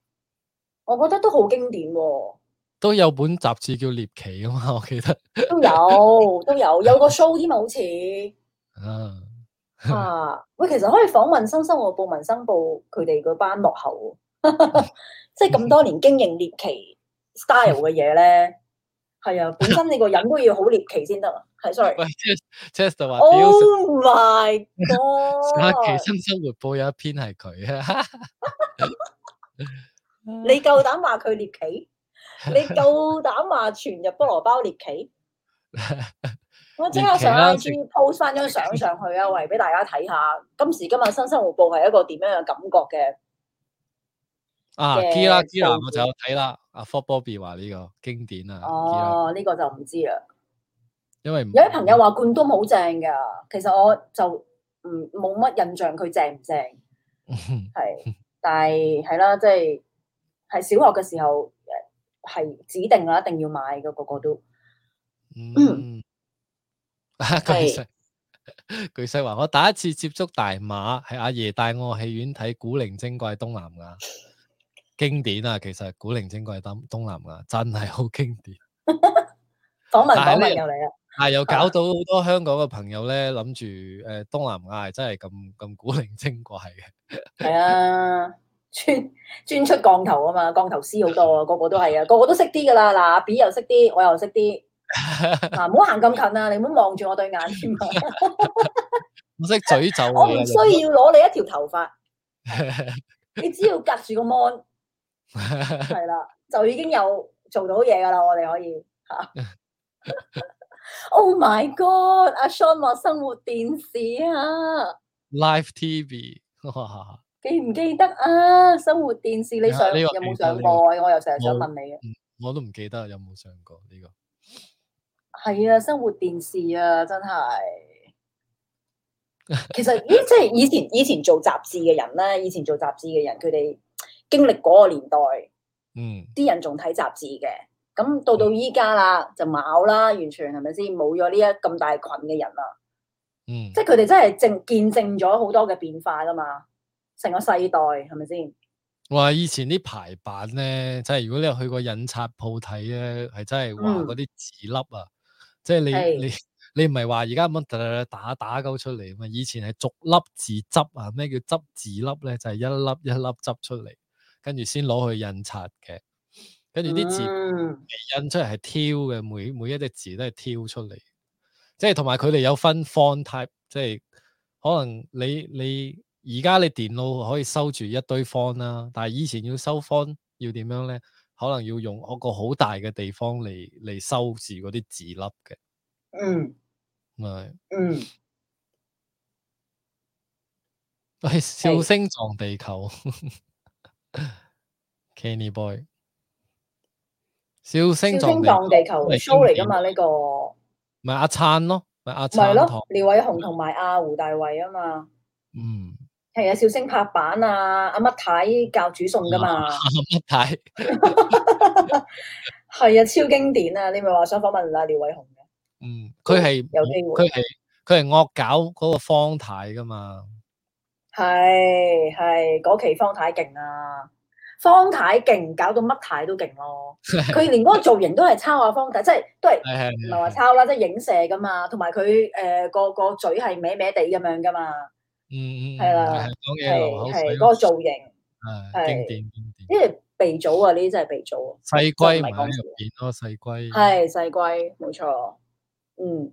Speaker 1: 我覺得都好經典喎，
Speaker 2: 啊。都有本雜誌叫獵奇啊嘛，我記得
Speaker 1: 都有都有 有個 show 添啊，好似啊啊， 喂，其實可以訪問新生活報民生報佢哋嗰班幕後。 即係咁多年經營獵奇 style 嘅嘢咧，係 啊，本身你個人都要好獵奇先得啊。係
Speaker 2: ，sorry。Chester 話
Speaker 1: ：Oh my God！新
Speaker 2: 生活報有一篇係佢，啊。
Speaker 1: 你夠膽話佢獵奇？你夠膽話全入菠蘿包獵奇？ 奇拉我即刻上 I G post 翻張相上去啊，嚟俾大家睇下，今時今日新生活報係一個點樣嘅感覺嘅。
Speaker 2: 啊，Gila Gila 我就有睇啦。阿 Fort Bobby 話呢個經典啊，哦，
Speaker 1: 呢拉個就唔知啦，
Speaker 2: 因為有
Speaker 1: 啲朋友話冠東好正噶，其實我就唔冇乜印象佢正唔正，係， 但係係啦，即係係小學嘅時候係指定啦，一定要買嘅，個個都。
Speaker 2: 係、嗯，巨西話我第一次接觸大馬係阿爺帶我戲院睇古靈精怪東南亞。 經典啊，其實古靈精怪，東東南亞真係好經典。
Speaker 3: 訪問訪問又嚟
Speaker 2: 啦，啊又搞到好多香港嘅朋友咧，諗住誒東南亞真係咁咁古靈精怪嘅。係
Speaker 1: 啊，專專出降頭啊嘛，降頭師好多，個個都係啊，個個都識啲噶啦。嗱，阿 B 又識啲，我又識啲。嗱，唔好行咁近啊，你唔好望住我對眼添。
Speaker 2: 我識咀咒。我唔需
Speaker 1: 要攞你一條頭髮，你只要隔住個 mon。係啦， 就已經有做到嘢噶啦，我哋可以吓。啊、 oh my God！阿 Sean 話生活電視啊
Speaker 2: Live TV，
Speaker 1: 記唔記得啊？生活電視、啊、你上、這個、有冇上過？這個、我，我又成日想問你嘅。
Speaker 2: 我都唔記得有冇上過呢、這
Speaker 1: 個。係 啊，生活電視啊，真係。其實呢，即係以前以前做雜誌嘅人咧，以前做雜誌嘅人佢哋。經歷嗰個年代，嗯，啲人仲睇雜誌嘅，咁到到依家啦，嗯、就冇啦，完全係咪先冇咗呢一咁大群嘅人啦，
Speaker 2: 嗯，
Speaker 1: 即係佢哋真係證見證咗好多嘅變化噶嘛，成個世
Speaker 3: 代係咪先？是是
Speaker 2: 哇，以前啲排版咧，即係如果你有去過印刷鋪睇咧，係真係話嗰啲字粒啊，嗯、即係你是你你唔係話而家咁樣打打勾出嚟啊嘛，以前係逐粒字執啊，咩叫執字粒咧？就係、是、一粒一粒執出嚟。跟住先攞去印刷嘅，跟住啲字印出嚟係挑嘅，每每一隻字都係挑出嚟，即係同埋佢哋有分 font type 即係可能你你而家你電腦可以收住一堆 font 啦，但係以前要收 font，要點樣咧？可能要用一個好大嘅地方嚟嚟收住嗰啲字粒嘅。嗯，係，嗯，喂， 笑聲撞地球。 Cany Boy，小星撞地球 show 嚟噶嘛？呢個咪阿燦咯，咪阿燦咯，
Speaker 1: 廖偉雄同埋阿胡大為啊嘛。
Speaker 2: 嗯，
Speaker 1: 係啊，小星拍板啊，阿乜太教主送噶嘛，阿乜、啊、太，係 啊，超經典啊！你咪話想訪問啦、啊，廖偉雄嘅，嗯，
Speaker 2: 佢係有機會，佢係佢係惡搞嗰個方太噶嘛。
Speaker 1: 係係，嗰期方太勁啊！方太勁搞到乜太都勁咯，佢連嗰個造型都係抄下方太，即係都係唔係話抄啦，即係影射噶嘛。同埋佢誒個個嘴係歪歪地咁樣噶嘛。嗯嗯，係啦，係係嗰個造型，
Speaker 3: 係經典
Speaker 1: 經典。因為鼻祖啊，呢啲真係鼻祖啊，細
Speaker 3: 龜唔係
Speaker 2: 講字咯，細龜
Speaker 1: 係細龜，冇錯，嗯。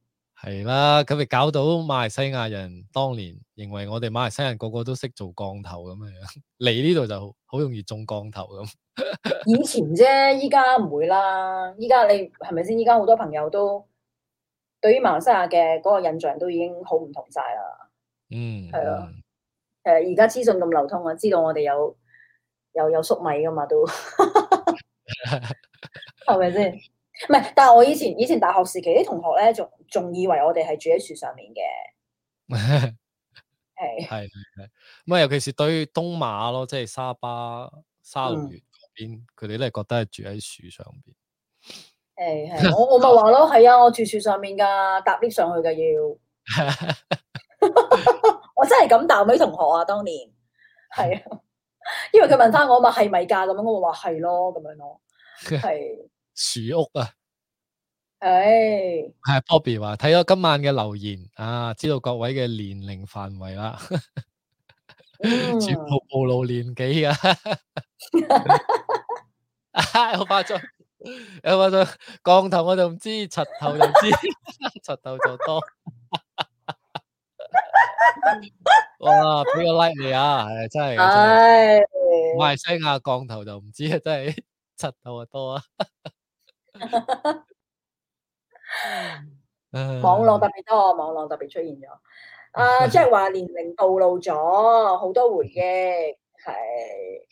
Speaker 2: 係啦，咁咪搞到馬來西亞人當年認為我哋馬來西亞人個個都識做降頭咁樣樣，嚟呢度就好容易中降頭咁。
Speaker 1: 以前啫，依家唔會啦。依家你係咪先？依家好多朋友都對於馬來西亞嘅嗰個印象都已經好唔同晒啦。
Speaker 3: 嗯，
Speaker 1: 係啊的。誒、嗯，而家資訊咁流通啊，知道我哋有有有粟米噶嘛？都係咪先？唔 係，但係我以前以前大學時期啲同學咧就。仲以為我哋係住喺樹上面嘅，
Speaker 2: 係係係，咁啊，尤其是對於東馬咯，即係沙巴、沙撈越嗰邊，佢哋、嗯、都係覺得係住喺樹上邊。
Speaker 1: 誒，係，我我咪話咯，係啊，我住樹上面噶，搭 lift 上去噶要， 我真係咁答畀同學啊，當年係啊，因為佢問翻我咪係咪噶咁樣，我話係咯，咁樣咯，
Speaker 2: 係樹屋啊。係，係 Bobbi 話睇咗今晚嘅留言啊，知道各位嘅年齡範圍啦，全部暴露年紀噶，好誇張，有我就降頭我就唔知，柒頭就知，柒 頭就多， 哇俾個 like 你啊，係真係，係，馬來西亞啊，降頭就唔知真係柒頭就多啊。 嗯、
Speaker 1: 網絡特別多，網絡特別出現咗啊！即係話年齡暴露咗，好多回憶係。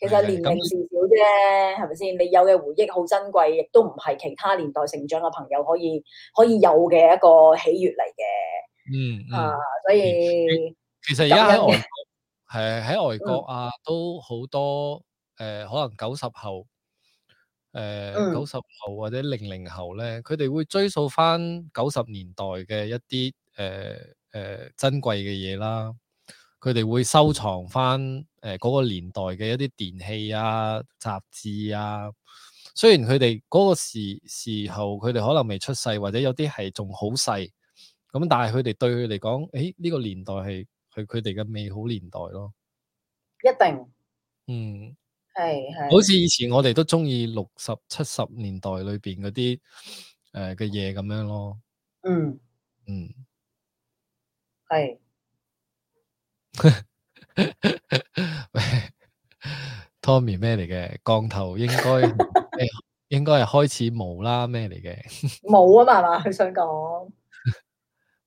Speaker 1: 其實年齡少少啫，係咪先？你，嗯、有嘅回憶好珍貴，亦都唔係其他年代成長嘅朋友可以可以有嘅一個喜
Speaker 2: 悅嚟嘅。嗯啊，
Speaker 3: 所以，嗯嗯、
Speaker 2: 其實而家喺外係喺、 嗯、外國啊，都好多誒、呃，可能九十後。誒，九十後或者零零後咧，佢哋會追溯翻九十年代嘅一啲誒誒珍貴嘅嘢啦。佢哋會收藏翻誒嗰個年代嘅一啲電器啊、雜誌啊。雖然佢哋嗰個時時候，佢哋可能未出世，或者有啲係仲好細。咁但係佢哋對佢嚟講，誒呢個年代係係佢哋嘅美好年代咯。
Speaker 3: 一定。嗯。係，好似以
Speaker 2: 前我哋都中意六十七十年代裏邊嗰啲誒嘅嘢咁樣咯。嗯，嗯，係是。 Tommy 咩嚟嘅？降頭應該 應該係開始毛啦咩嚟嘅？
Speaker 1: 毛 啊嘛嘛，佢想講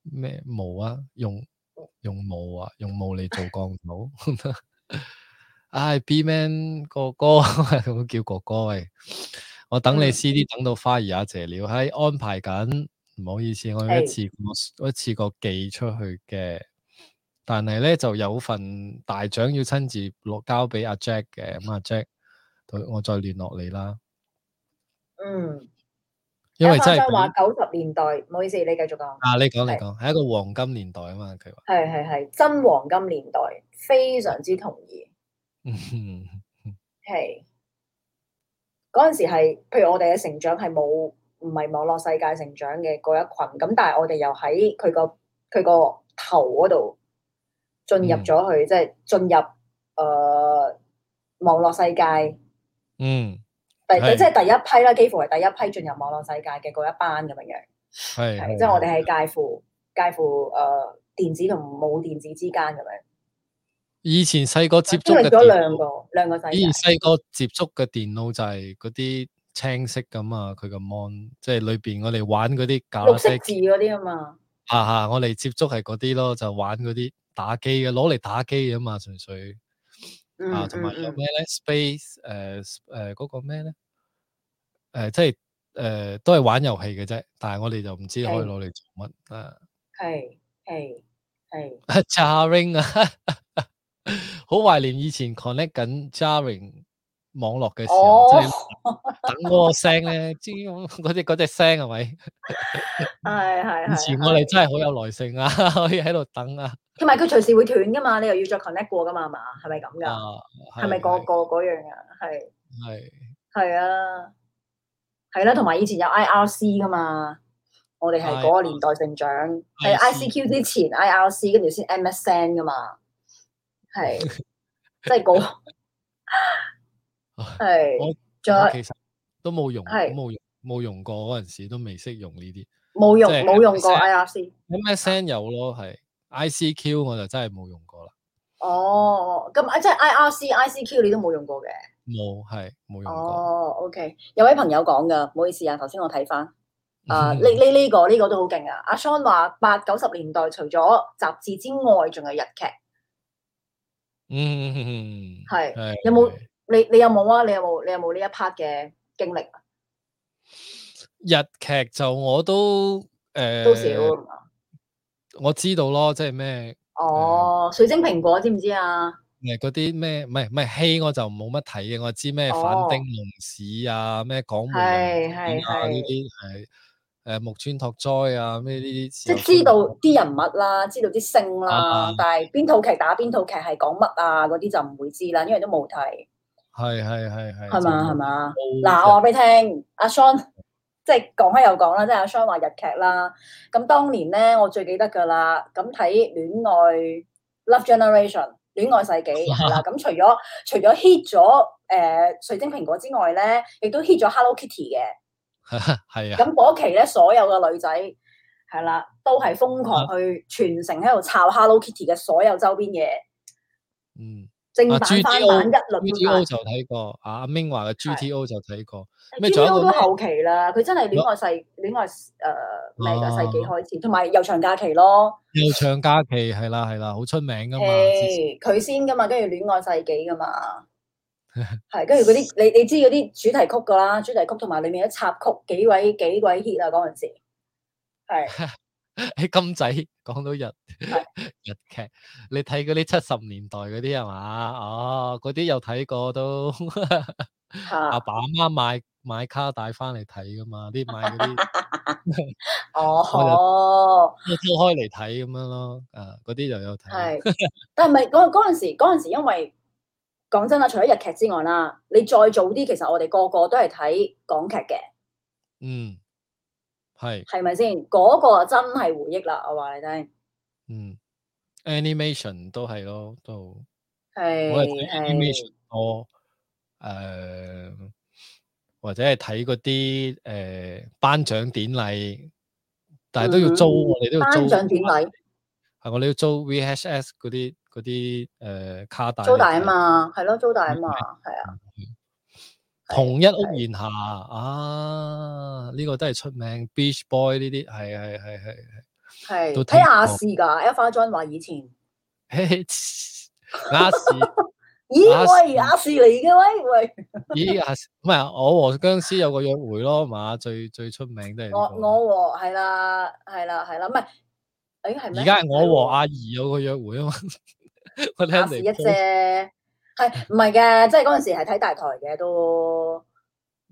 Speaker 2: 咩？毛啊，用用毛啊，用毛嚟做降頭。 唉、啊、B man 我叫哥哥，咁叫哥哥喂，我等你 CD 等到花兒阿、啊、謝了，喺、哎、安排緊，唔好意思，我有一次個，是一次過寄出去嘅，但係咧就有份大獎要親自落交俾阿 Jack 嘅，咁、嗯、阿 Jack，我再聯絡你啦。嗯，因為真係，即係話九十
Speaker 1: 年代，唔好意思，你繼續講。啊，你講你講，
Speaker 2: 係是一個黃金年代啊嘛，佢話。係
Speaker 1: 係係，真黃金年代，非常之同意。嗯，係嗰陣時係，譬如我哋嘅成長係冇唔係網絡世界成長嘅嗰一群，咁但係我哋又喺佢個佢個頭嗰度進入咗去，嗯、即係進入誒、uh, 網絡世界。
Speaker 4: 嗯，第即係第
Speaker 1: 一批啦，是幾乎係第一批進入網絡世界嘅嗰一班咁樣樣。
Speaker 2: 係，即係我哋
Speaker 1: 係介乎介乎誒、uh, 電子同冇電，電子之間咁樣。
Speaker 2: 以前細個接觸嘅，經歷咗兩個
Speaker 1: 兩個細。以前細個
Speaker 2: 接觸嘅電腦就係嗰啲青色咁啊，佢個 mon 即係裏邊我哋玩嗰啲。綠色字嗰啲啊嘛。啊啊，我哋接觸係嗰啲咯，就玩嗰啲打機嘅，攞嚟打機啊嘛，純粹。啊，同埋有咩咧？Space，誒誒嗰個咩咧？誒、呃，即係誒、呃、都係玩遊戲嘅啫，但係我哋就唔知可以攞嚟做乜是啊。係係係。c 啊！ 好懷念以前 connect 緊 Jaring 網絡嘅時候，即係、
Speaker 3: oh、等嗰、 嗰個
Speaker 2: 聲咧，即係嗰隻嗰隻聲係咪？係係係。以前我哋真係好有耐性啊，可以喺度等啊。
Speaker 1: 同埋佢隨時會斷噶嘛，你又要再 connect 過噶嘛，係嘛？係咪咁噶？係咪個
Speaker 3: 個嗰樣？係係啊，係係
Speaker 1: 係啊，係啦，同埋以前有 IRC 噶嘛，我哋係嗰個年代成長，係、uh, ICQ 之前，IRC 跟住先 MSN 噶嘛。Uh
Speaker 2: 係，即係嗰係， 是我再都冇用，冇是用冇用過嗰陣時都未識用呢啲，冇用冇用過，過 IRC，MSN 有咯，係 ICQ 我就真係冇用過啦。
Speaker 3: 哦，
Speaker 1: 咁啊，即係 IRC、ICQ 你都冇用過嘅，
Speaker 2: 冇係冇用
Speaker 1: 過。哦，OK，有位朋友講噶，唔好意思啊，頭先我睇翻啊，呢呢呢個呢個都好勁啊，阿 Sean 話八九十年代除咗雜誌之外有，仲係日劇。嗯，係，有冇你你有冇啊？你有冇你有冇呢一 part 嘅經歷？
Speaker 2: 日劇就我都誒，呃、都少，我知道咯，即係咩？哦，嗯、
Speaker 1: 水晶蘋果知唔知啊？
Speaker 2: 誒，嗰啲咩？唔係唔係戲，我就冇乜睇嘅。我知咩反町隆史啊，咩、哦、港妹啊呢啲係。哦誒，木村拓哉啊，咩呢啲？即係知
Speaker 1: 道啲人物啦，知道啲星啦，但係邊套劇打邊套劇係講乜啊？嗰啲就唔會知啦，因為都冇睇。
Speaker 3: 係係係係。係嘛係嘛？嗱，我話俾
Speaker 1: 你聽，阿 Sean，即係講開又講啦，即係阿 Sean 話日劇啦。咁當年咧，我最記得噶啦，咁睇《戀愛 Love Generation》《戀愛世紀》係啦。咁除咗除咗 hit 咗誒水晶蘋果之外咧，亦都 hit 咗 Hello Kitty 嘅。係 啊，咁嗰期咧，所有嘅女仔係啦，都係瘋狂去全城喺度抄 Hello Kitty 嘅所有周邊嘢。嗯，正版翻版一律、啊。G T O
Speaker 2: 就睇過，阿阿明華嘅 G T O 就睇過。咩是 G T O 都後期
Speaker 1: 啦，佢真係戀愛世戀、啊、愛誒，第、呃、個世紀開始，同埋悠長假期咯。
Speaker 2: 悠長假期係啦係啦，好出名噶嘛。
Speaker 1: 佢、哎、先噶嘛，跟住戀愛世紀噶嘛。係、 哎，跟住嗰啲你你知嗰啲主題曲噶啦，主題曲同埋裏面一插曲，幾位幾位 hit 啊！嗰陣時
Speaker 2: 係，你 金仔講到日是日劇，你睇嗰啲七十年代嗰啲係嘛？哦，嗰啲又睇過都呵呵，阿爸阿媽買買卡帶翻嚟睇噶嘛，啲買嗰啲，哦，
Speaker 1: 我
Speaker 2: 開嚟睇咁樣咯，誒，嗰啲又有睇，
Speaker 1: 係，但係唔係嗰嗰陣時，嗰陣時因為。講真啦，除咗日劇之外啦，你再早啲，其實我哋個個都係睇港劇嘅。
Speaker 2: 嗯，係
Speaker 1: 係咪先？嗰、嗰個真係回憶啦，我話你聽。嗯
Speaker 2: ，animation 都係咯，都
Speaker 1: 係。animation，、
Speaker 2: 哎、我誒 anim、哎呃、或者係睇嗰啲誒頒獎典禮，但係都要租，嗯、我哋都要租頒獎
Speaker 3: 典禮。
Speaker 2: 係我哋要租 VHS 嗰啲。嗰啲誒卡大租大啊嘛，
Speaker 3: 係咯，租大啊嘛，係
Speaker 2: 啊。同一屋檐下啊，呢個都係出名。Beach Boy 呢啲係係係係係。睇亞視
Speaker 1: 㗎 Elton John 話以
Speaker 2: 前。亞視，咦喂，
Speaker 1: 亞視嚟嘅喂
Speaker 2: 喂。咦阿，唔係，我和僵屍有個約會咯。嘛最最出名都係我，
Speaker 1: 我和係啦係啦係啦，唔係，誒係而家我和
Speaker 2: 阿儀有個約會啊嘛。亞視一啫，
Speaker 1: 係唔係嘅？即係嗰陣時係睇大台嘅都，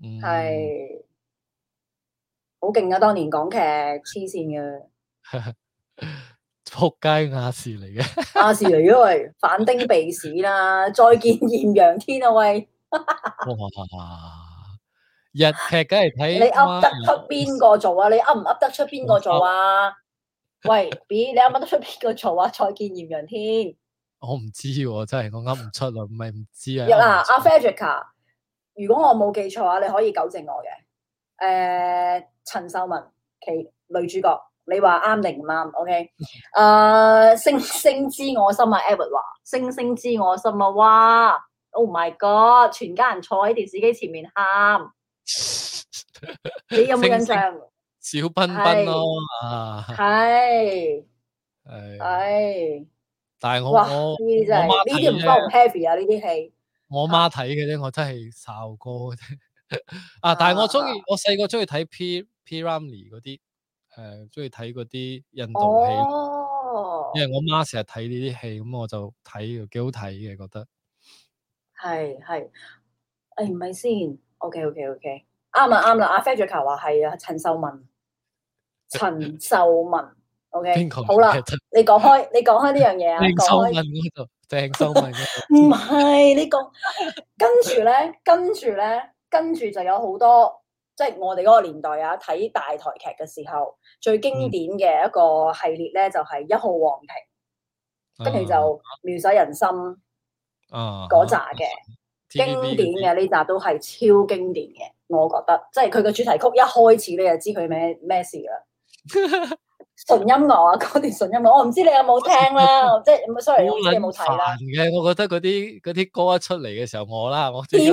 Speaker 1: 係好勁啊！當年港劇黐綫嘅，
Speaker 2: 撲街亞視嚟
Speaker 1: 嘅，亞視嚟嘅喂，反丁美屎啦，《再見艷陽天》啊喂，
Speaker 2: 哇！ 日劇梗係睇你噏得出
Speaker 1: 邊個做啊？你噏唔噏得出邊個做啊？ 喂，B，你噏唔得出邊個做啊？《再見艷陽陽天》
Speaker 2: 我唔知喎，真係我啱唔出唔係唔知 啊。嗱，
Speaker 1: 阿 Frederica，r 如果我冇記錯啊，你可以糾正我嘅。誒、呃，陳秀雯，其女主角，你話啱定唔啱？OK、呃。誒、啊，星星知我心啊 Edward 話星星知我心啊，哇，Oh my God，全家人坐喺電視機前面喊，
Speaker 2: 你有
Speaker 1: 冇印象星
Speaker 2: 星？小彬彬咯，啊，係，係，係。但係我我，呢啲真係呢啲唔得唔 happy 啊！
Speaker 1: 呢啲戲，
Speaker 2: 我媽睇嘅啫，我真係受過嘅。啊！但係我中意我細個中意睇 P P Ramlee 嗰啲，誒，中意睇嗰啲印度戲，因為我媽成日睇呢啲戲，咁我就睇，幾好睇嘅，覺得。係係，誒唔係先？OK OK OK，啱啦啱啦。阿
Speaker 1: Federica 話係啊，陳秀文，陳秀文。O K，好啦，你講開，你講開呢樣嘢啊，鄭秀文
Speaker 4: 嗰度，正， 收
Speaker 1: 文，唔係你講，跟住咧，跟住咧，跟住就有好多，即、就、係、是、我哋嗰個年代啊，睇大台劇嘅時候，最經典嘅一個系列咧，嗯、就係、是、一號皇庭，
Speaker 4: 跟住、啊、就
Speaker 1: 妙手仁心，啊，
Speaker 4: 啊，嗰扎
Speaker 1: 嘅經典嘅呢扎都係超經典嘅，我覺得，即係佢嘅主題曲一開始你就知佢咩咩事啦。 純音樂啊，嗰段純
Speaker 2: 音樂，我唔知你有冇聽啦， 即係咁啊，sorry，很很你有冇睇啦？煩嘅，我覺得
Speaker 1: 嗰啲啲歌一出嚟嘅時候我啦，我點會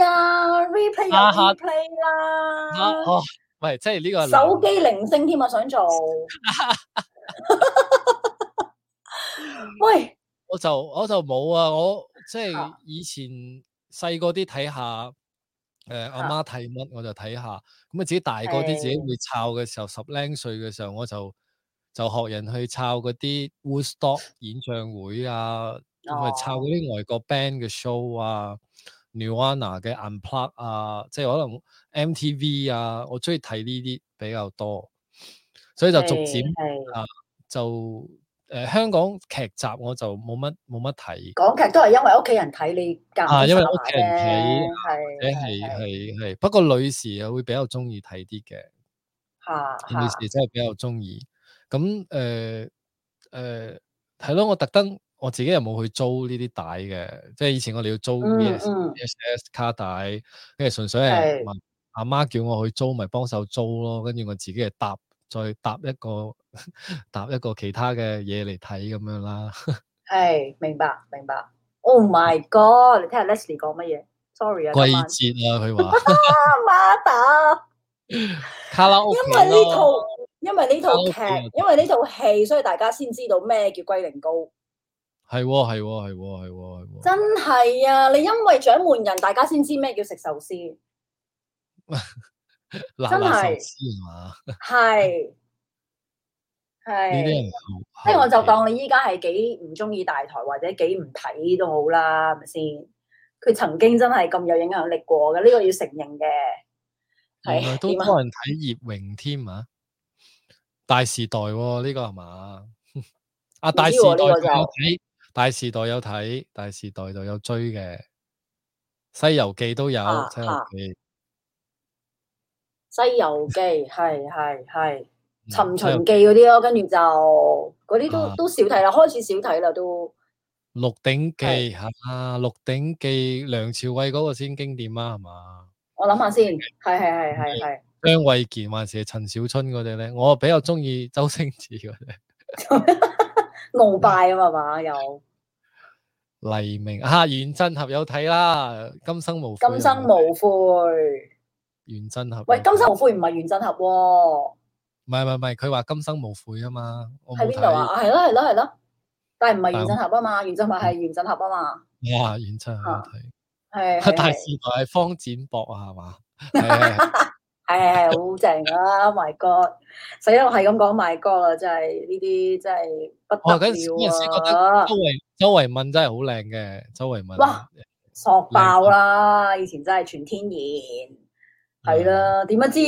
Speaker 1: 啊 replay 有 replay
Speaker 2: 啦。喂，即係呢個手
Speaker 1: 機鈴聲添啊，想做。
Speaker 2: 喂我，我就我就冇啊，我即係以前細個啲睇下。啊啊誒，阿、呃、媽睇乜我就睇下，咁、嗯、啊自己大個啲是自己會抄嘅時候，十零歲嘅時候我就就學人去抄嗰啲 Woodstock 演唱會啊，同埋抄嗰啲外國 band 嘅 show 啊，Nirvana 嘅 Unplug 啊，即係可能 MTV 啊，我中意睇呢啲比較多，所以就逐漸是啊就。誒、呃，香港劇集我就冇乜冇乜睇，
Speaker 1: 港劇都係因為屋企人睇你夾唔到
Speaker 2: 手嘅，係係係係。不過女士啊會比較中意睇啲嘅，
Speaker 1: 吓、
Speaker 2: 啊，啊、女士真係比較中意。咁誒誒係咯，我特登我自己又冇去租呢啲帶嘅，即係以前我哋要租 V H、嗯嗯、S 卡帶，跟住純粹係問阿媽叫我去租，咪幫手租咯，跟住我自己係搭。再搭一個，搭一個其他嘅嘢嚟睇咁樣啦。
Speaker 3: 係、哎，明白，明白。Oh
Speaker 1: my god！你聽下，Leslie 講乜嘢？Sorry 啊，季
Speaker 2: 節啊，佢話。
Speaker 1: 媽打，
Speaker 2: 卡拉 OK。因為呢套，
Speaker 1: 因為呢套劇，因為呢套，套戲，所以大家先知道咩叫龜苓膏。
Speaker 2: 係、哦，係、哦，係、哦，係、
Speaker 1: 哦，係、哦。真係啊！你因為《掌門人》，大家先知咩叫食壽司。真係係係呢啲人，
Speaker 3: 即係我就當你
Speaker 1: 依家係幾唔中意大台，或者幾唔睇都好啦，係咪先？佢曾經真係咁有影響力過嘅，呢、這個要承認嘅。係都多
Speaker 2: 人睇葉榮添啊！大時代呢、啊這個係嘛？ 啊、這個就是大，大時代有睇，大時代有睇，大時代就有追嘅《西遊記》都有《西遊記，啊、西遊記》。
Speaker 1: 《西遊記》係係係，《尋 秦記》嗰啲咯，跟住就嗰啲都、啊、都少睇啦，開始少睇啦都。
Speaker 2: 《鹿鼎記》係嘛是，啊《鹿鼎記》梁朝偉嗰個先經典啊，係嘛？
Speaker 1: 我諗下先，係係係係
Speaker 2: 係。張衛健還是陳小春嗰隻咧？我比較中意周星馳嗰隻。
Speaker 1: 鰲 拜啊嘛嘛、啊、有。
Speaker 2: 黎明啊，《原振俠》有睇啦，《今生無今生無
Speaker 1: 悔》。
Speaker 2: 元振合喂，
Speaker 1: 今生無悔唔係元振合
Speaker 2: 喎，唔係唔係，佢話今生無悔啊嘛，喺邊度啊，係
Speaker 1: 啦係啦係啦，但係唔係元振合啊嘛，元振合係元振合啊嘛，
Speaker 2: 哇，元振合係，
Speaker 1: 係，但係大時
Speaker 2: 代係方展博啊嘛，
Speaker 1: 係係係好正啊，my god，死我係咁講，my god 啦，真係呢啲真係不得了啊，周周
Speaker 2: 周慧敏真係好靚嘅，周慧敏
Speaker 1: 哇，索爆啦，以前真係全天然。係啦，點樣知？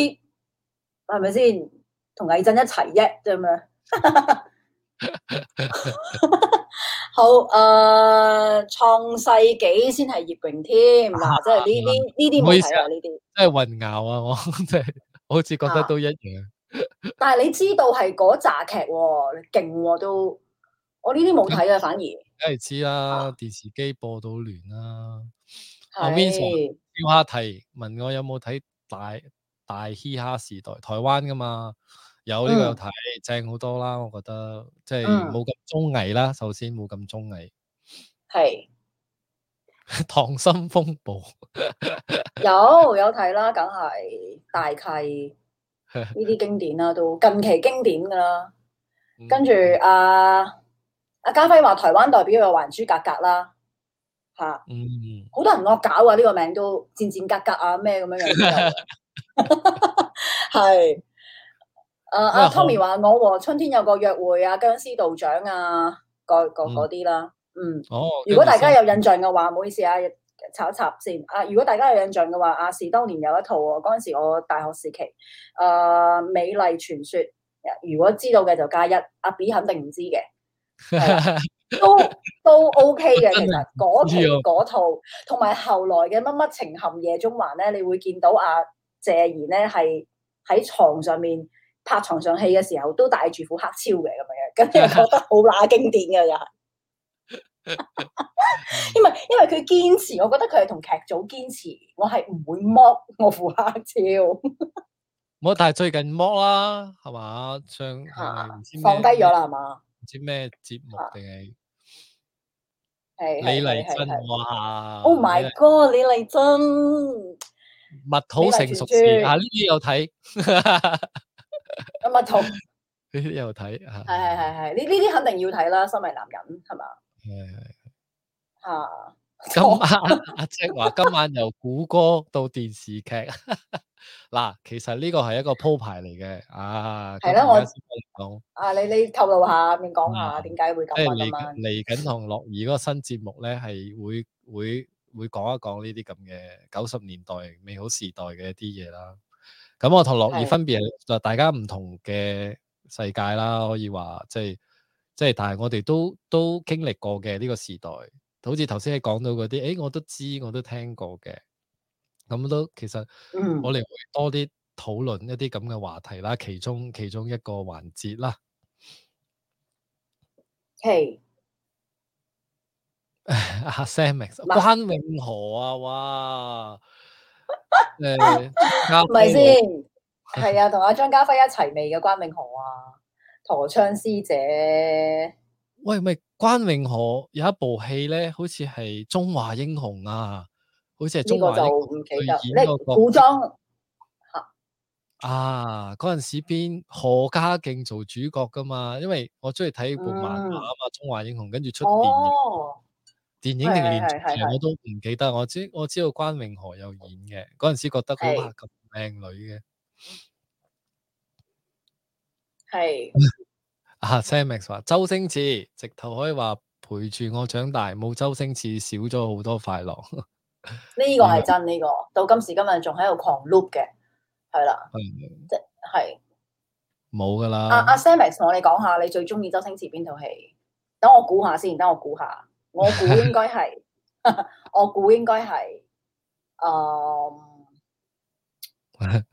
Speaker 1: 係咪先同魏震一齊啫？啫嘛？ 好誒，創、呃、世紀先係葉榮添嗱，即係呢啲，呢啲冇睇啊，呢啲、啊、
Speaker 2: 即係混淆啊！我即係 好似覺得都一樣、啊，
Speaker 1: 但係你知道係嗰集劇喎，勁、啊、都我呢啲冇睇啊，反而梗
Speaker 2: 係知啦，啊、電視機播到亂啦。我 Winsel 跳下題，問我有冇睇。大大嘻哈時代，台灣噶嘛有呢個有睇、嗯、正好多啦，我覺得即係冇咁綜藝啦，嗯、首先冇咁綜藝。
Speaker 3: 係是
Speaker 2: 《溏心風暴》
Speaker 1: 有有睇啦，梗係大契呢啲經典啦， 都近期經典噶啦。
Speaker 3: 跟
Speaker 1: 住阿阿家輝話，輝，台灣代表又還珠格格啦。
Speaker 3: 吓，
Speaker 1: 好多人惡搞啊！呢個名都戰戰格格啊，咩咁樣樣？係，阿阿 Tommy 話我和春天有個約會啊，僵屍道長啊，嗰啲啦，嗯。
Speaker 4: 哦。如果大家有印
Speaker 1: 象嘅話，唔好意思啊，插一插先。啊，如果大家有印象嘅話，亞視當年有一套啊，嗰陣時我大學時期，誒，美麗傳說，如果知道嘅就加一，阿 B 肯定唔知嘅。都都 OK 嘅，其實嗰套套，同埋後來嘅乜乜情陷夜中環咧，你會見到阿、啊、謝賢咧係喺床上面拍床上戲嘅時候，都戴住副黑超嘅咁樣，咁就覺得好乸經典嘅人， 因為因為佢堅持，我覺得佢係同劇組堅持，我係唔會剝我副黑超，
Speaker 2: 我 但係最近剝啦，係嘛，將放低咗啦，係嘛。唔知咩節目定係
Speaker 1: 李麗珍
Speaker 2: 哇，哇？Oh my
Speaker 1: god！李麗珍
Speaker 2: 蜜桃成熟時啊，呢啲又睇啊蜜桃又睇啊，係係係係
Speaker 1: 呢呢啲肯定要睇啦，身為男人係嘛，係係啊。
Speaker 2: 錯今晚阿，即係話，今晚由古歌到電視劇嗱， 其實呢個係一個鋪排嚟嘅啊。係咯的，我講啊，你你透
Speaker 1: 露下面講下點解、嗯、會咁樣啊？嚟
Speaker 2: 緊同樂兒嗰個新節目咧，係會會會講一講呢啲咁嘅九十年代美好時代嘅一啲嘢啦。咁我同樂兒分別就的大家唔同嘅世界啦，可以話即係即係，即但係我哋都都經歷過嘅呢個時代。好似頭先你講到嗰啲，誒我都知，我都聽過嘅，咁都其實我哋會多啲討論一啲咁嘅話題啦，其中其中一個環節啦。Hey 阿 Sammy 關詠荷啊，哇，誒、 呃，係咪先？
Speaker 1: 係啊，同阿、 啊、張家輝一齊未？嘅關詠荷啊，陀槍師姐。
Speaker 2: 喂，咪關詠荷有一部戲咧，好似係《中華英雄》啊，好似係《中華英雄》去演嗰個古裝啊，嗰陣時邊何家勁做主角噶嘛？因為我中意睇部漫畫啊嘛，嗯，《中華英雄》跟住出電影，哦、電影定連續劇我都唔記得。我知我知道關詠荷有演嘅嗰陣時，覺得佢哇咁靚女嘅，係。阿 Sammy 話：周星馳直頭可以話陪住我長大，冇周星馳少咗好多快樂。
Speaker 1: 呢 個係真呢、呢個，到今時今日仲喺度狂碌嘅，係啦，即係
Speaker 2: 冇噶啦。阿
Speaker 1: 阿 Sammy 同我哋講下，你最中意周星馳邊套戲？等我估下先，等我估下，我估應該係， 我估應該係，嗯、呃，
Speaker 2: 《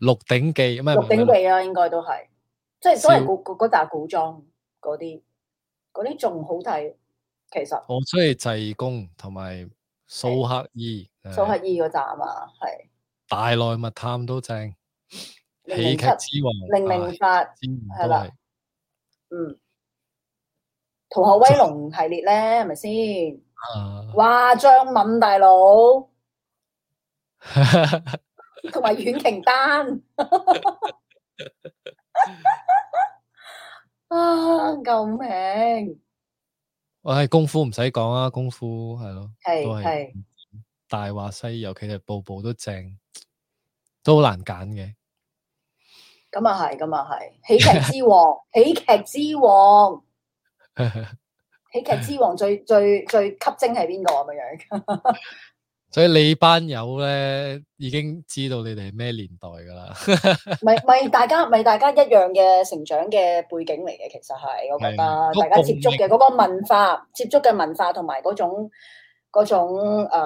Speaker 2: 鹿鼎記》咩《鹿鼎記》
Speaker 1: 啊，應該都係。 即係都係古古嗰紮古裝嗰啲，嗰啲仲好睇。其實
Speaker 2: 我中意濟公同埋蘇乞兒。蘇乞
Speaker 1: 兒嗰扎啊，係
Speaker 2: 大內密探都正，喜劇之王零零
Speaker 1: 發，係啦，嗯，逃學威龍系列咧，係咪先？啊、哇，張敏大佬，同埋阮瓊丹。 啊！救命！
Speaker 2: 喂、哎，功夫唔使講啊，功夫係咯，係係的大話西遊，其實步步都正，都好難揀嘅。
Speaker 1: 咁啊係，咁啊係，喜劇之, 之王，喜劇之王， 喜劇之王最最最吸睛係邊個咁樣？
Speaker 2: 所以你班友咧，已經知道你哋係咩年代噶啦。
Speaker 1: 咪 咪大家咪大家一樣嘅成長嘅背景嚟嘅，其實係我覺得大家接觸嘅嗰個文化，接觸嘅文化同埋嗰種嗰種誒，呃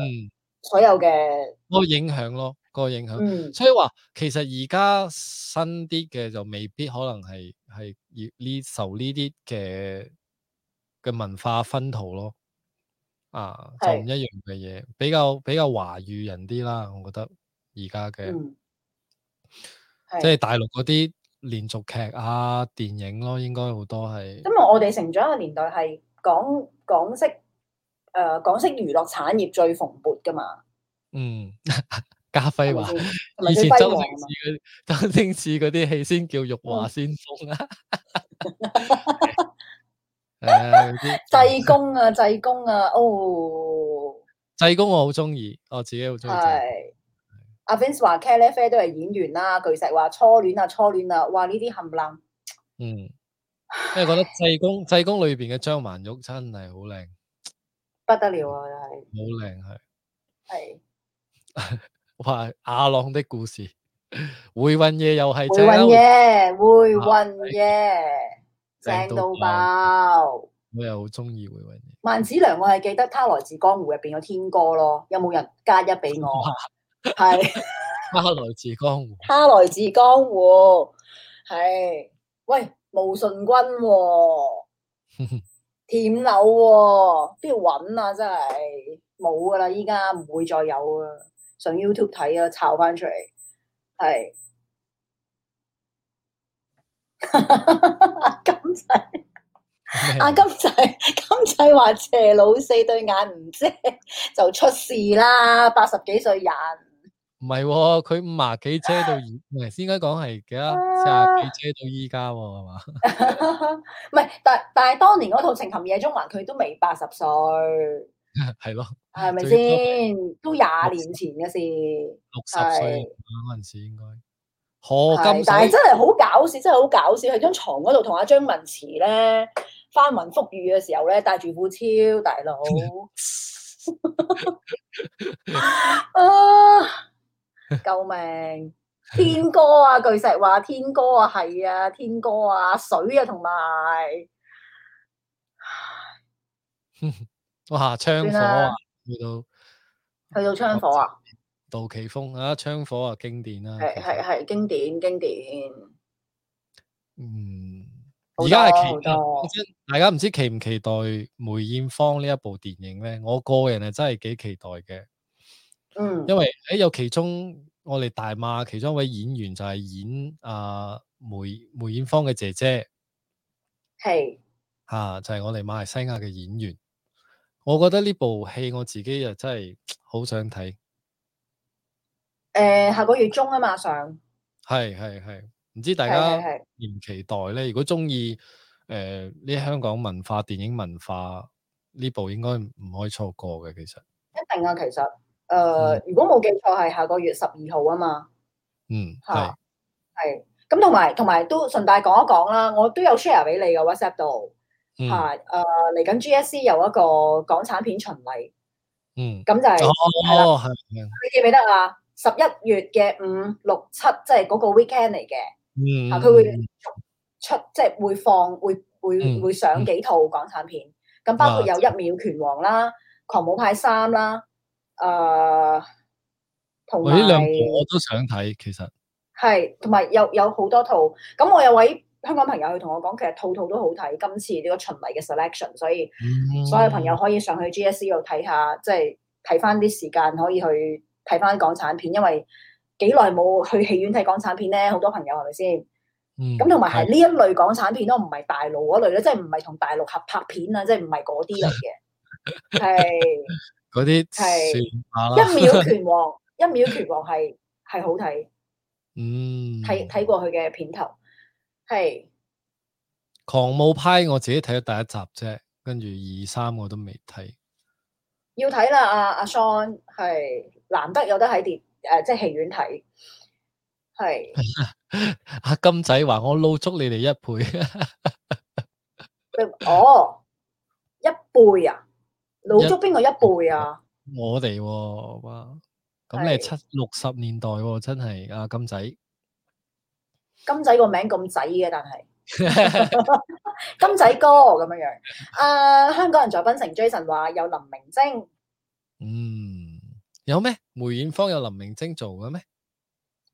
Speaker 1: 嗯、所有嘅個
Speaker 2: 影響咯，個影響。嗯、所以話其實而家新啲嘅就未必可能係係呢受呢啲嘅嘅文化熏陶咯。啊，是就唔一樣嘅嘢，比較比較華語人啲啦，我覺得而家嘅，嗯、
Speaker 1: 即係大
Speaker 2: 陸嗰啲連續劇啊、電影咯，應該好多係。因
Speaker 1: 為我哋成長嘅年代係講港式，誒港式娛樂產業最蓬勃噶嘛。嗯，
Speaker 2: 家輝話，是是以前周星馳嗰啲戲先叫玉華先鋒啊、嗯。
Speaker 1: 濟公 啊，濟公啊，哦，
Speaker 2: 濟公我好中意，我自己好中
Speaker 1: 意。係，阿 Vince 話 Cat 和 Fei 都係演員啦，巨石話初戀啊，初戀啊，哇呢啲冚唪唥。嗯，
Speaker 2: 因為覺得濟公濟公裏邊嘅張曼玉真係好靚，
Speaker 3: 不得了啊，又係
Speaker 2: 美，好靚係，係，話阿郎的故事，回魂夜又係，回魂夜，
Speaker 1: 回魂夜。 對
Speaker 2: 正到爆！我又好中意回你
Speaker 1: 萬梓良，我係記得他來自江湖入邊有天歌咯。有冇人加一俾我？係
Speaker 3: 他來自江湖。
Speaker 1: 他來自江湖。係喂，毛舜筠，舔樓、 啊，邊度揾啊？真係冇噶啦，依家唔會再有啦。上 YouTube 睇啊，抄翻出嚟。
Speaker 3: 係。
Speaker 1: 阿 金仔，阿 金仔， 金仔話：謝老四對眼唔遮就出事啦。八十幾歲人
Speaker 2: 唔係，佢五廿幾車到而家唔係，先應該講係幾多？四廿幾車到依家係嘛？
Speaker 1: 唔係，但但係當年嗰套《情琴夜中環》，佢都未八十歲，
Speaker 2: 係咯，
Speaker 1: 係咪先？都廿年前嘅事，六十歲
Speaker 2: 嗰陣時應該。哦，但係真
Speaker 1: 係好搞笑，真係好搞笑，喺張床嗰度同阿張文慈咧翻雲覆雨嘅時候咧，戴住副超大佬， 啊，救命！天哥啊，巨石話天哥啊，係啊，天哥啊，水啊，
Speaker 3: 同埋
Speaker 2: 哇，窗火啊，去到
Speaker 3: 了去到窗火啊！
Speaker 2: 杜琪峰啊，槍火啊，經典啊，係
Speaker 1: 係係經典經典。
Speaker 2: 經典。嗯，而家係期待，多大家唔知期唔期待梅艷芳呢一部電影咧？我個人係真係幾期待嘅。嗯，
Speaker 3: 因為
Speaker 2: 喺有其中，我哋大馬其中一位演員就係演阿、啊、梅梅艷芳嘅姐姐，
Speaker 3: 係
Speaker 2: 吓是、啊、就係、是、我哋馬來西亞嘅演員。我覺得呢部戲我自己又真係好想睇。
Speaker 1: 誒，下個月中啊嘛，上
Speaker 2: 係係係，唔知大家係唔期待咧？如果中意誒，呢、呃、香港文化、電影文化呢部，應該唔可以錯過嘅。其實
Speaker 1: 一定啊，其實誒，呃嗯、如果冇記錯，係下個月十二號啊嘛。嗯，
Speaker 2: 係
Speaker 1: 係咁，同埋同埋都順帶講一講啦。我都有 share 俾你嘅 WhatsApp 度。
Speaker 3: 係
Speaker 1: 誒、嗯，嚟緊 GSC 有一個港產片巡禮。嗯，
Speaker 3: 咁就係係係係，
Speaker 1: 你記唔記得啊？十一月嘅五、六、嗯、七、啊，即係嗰個 weekend 嚟嘅，
Speaker 3: 啊佢會
Speaker 1: 出即係會放，會會會上幾套港產片，咁、嗯嗯、包括有《一秒拳王》啦、呃，《狂舞派三》啦，誒同埋呢兩部我都想睇，其實係同埋有有好多套，咁我有位香港朋友去同我講，其實套套都好睇，今次呢個巡禮嘅 selection，所以、嗯、所有朋友可以上去 GSC 度睇下，即係睇翻啲時間可以去。睇翻港產片，因為幾耐冇去戲院睇港產片咧，好多朋友係咪先？
Speaker 3: 咁
Speaker 1: 同埋係呢一類港產片都唔係大陸嗰類咧，即係唔係同大陸合拍片啊， 即係唔係嗰啲嚟嘅。係嗰啲係一秒拳王， 一秒拳王係係好睇。嗯，
Speaker 2: 睇
Speaker 1: 睇過佢嘅片頭。係
Speaker 2: 狂舞派，我自己睇咗第一集啫，跟住二三我都未睇。
Speaker 1: 要睇啦，阿、啊、阿 Sean 係。難得有得喺電誒，即係戲院睇，係。
Speaker 2: 阿金仔話：我撈足你哋一倍。
Speaker 1: 哦，一倍啊！
Speaker 2: 撈足邊
Speaker 1: 個一倍啊？
Speaker 2: 我哋哇！咁你係七六十年代喎，真係阿金仔。
Speaker 1: 金仔個名咁仔嘅，但係金仔哥咁樣樣。誒，香港人在檳城 Jason 話有林明禎。嗯。
Speaker 2: 有咩？梅艷芳有林明晶做嘅咩？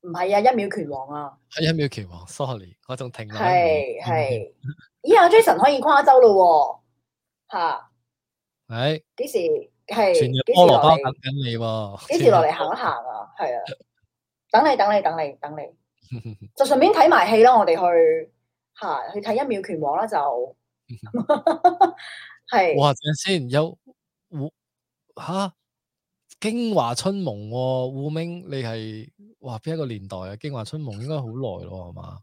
Speaker 1: 唔係啊！一秒拳王啊！
Speaker 2: 係一秒拳王，sorry，我仲停落。係
Speaker 1: 係，咦？阿 Jason 可以跨州咯？吓，
Speaker 2: 係
Speaker 1: 幾時？係。全個菠蘿包等
Speaker 2: 緊你，幾時落嚟行一
Speaker 1: 行啊？係啊，等你，等你，等你，等你，就順便睇埋戲囉。我哋去吓去睇一秒拳王啦，就係。或
Speaker 2: 者先有吓？京華春夢、哦，胡明、um，你係哇？邊一個年代啊？京華春夢應該好耐咯，係嘛？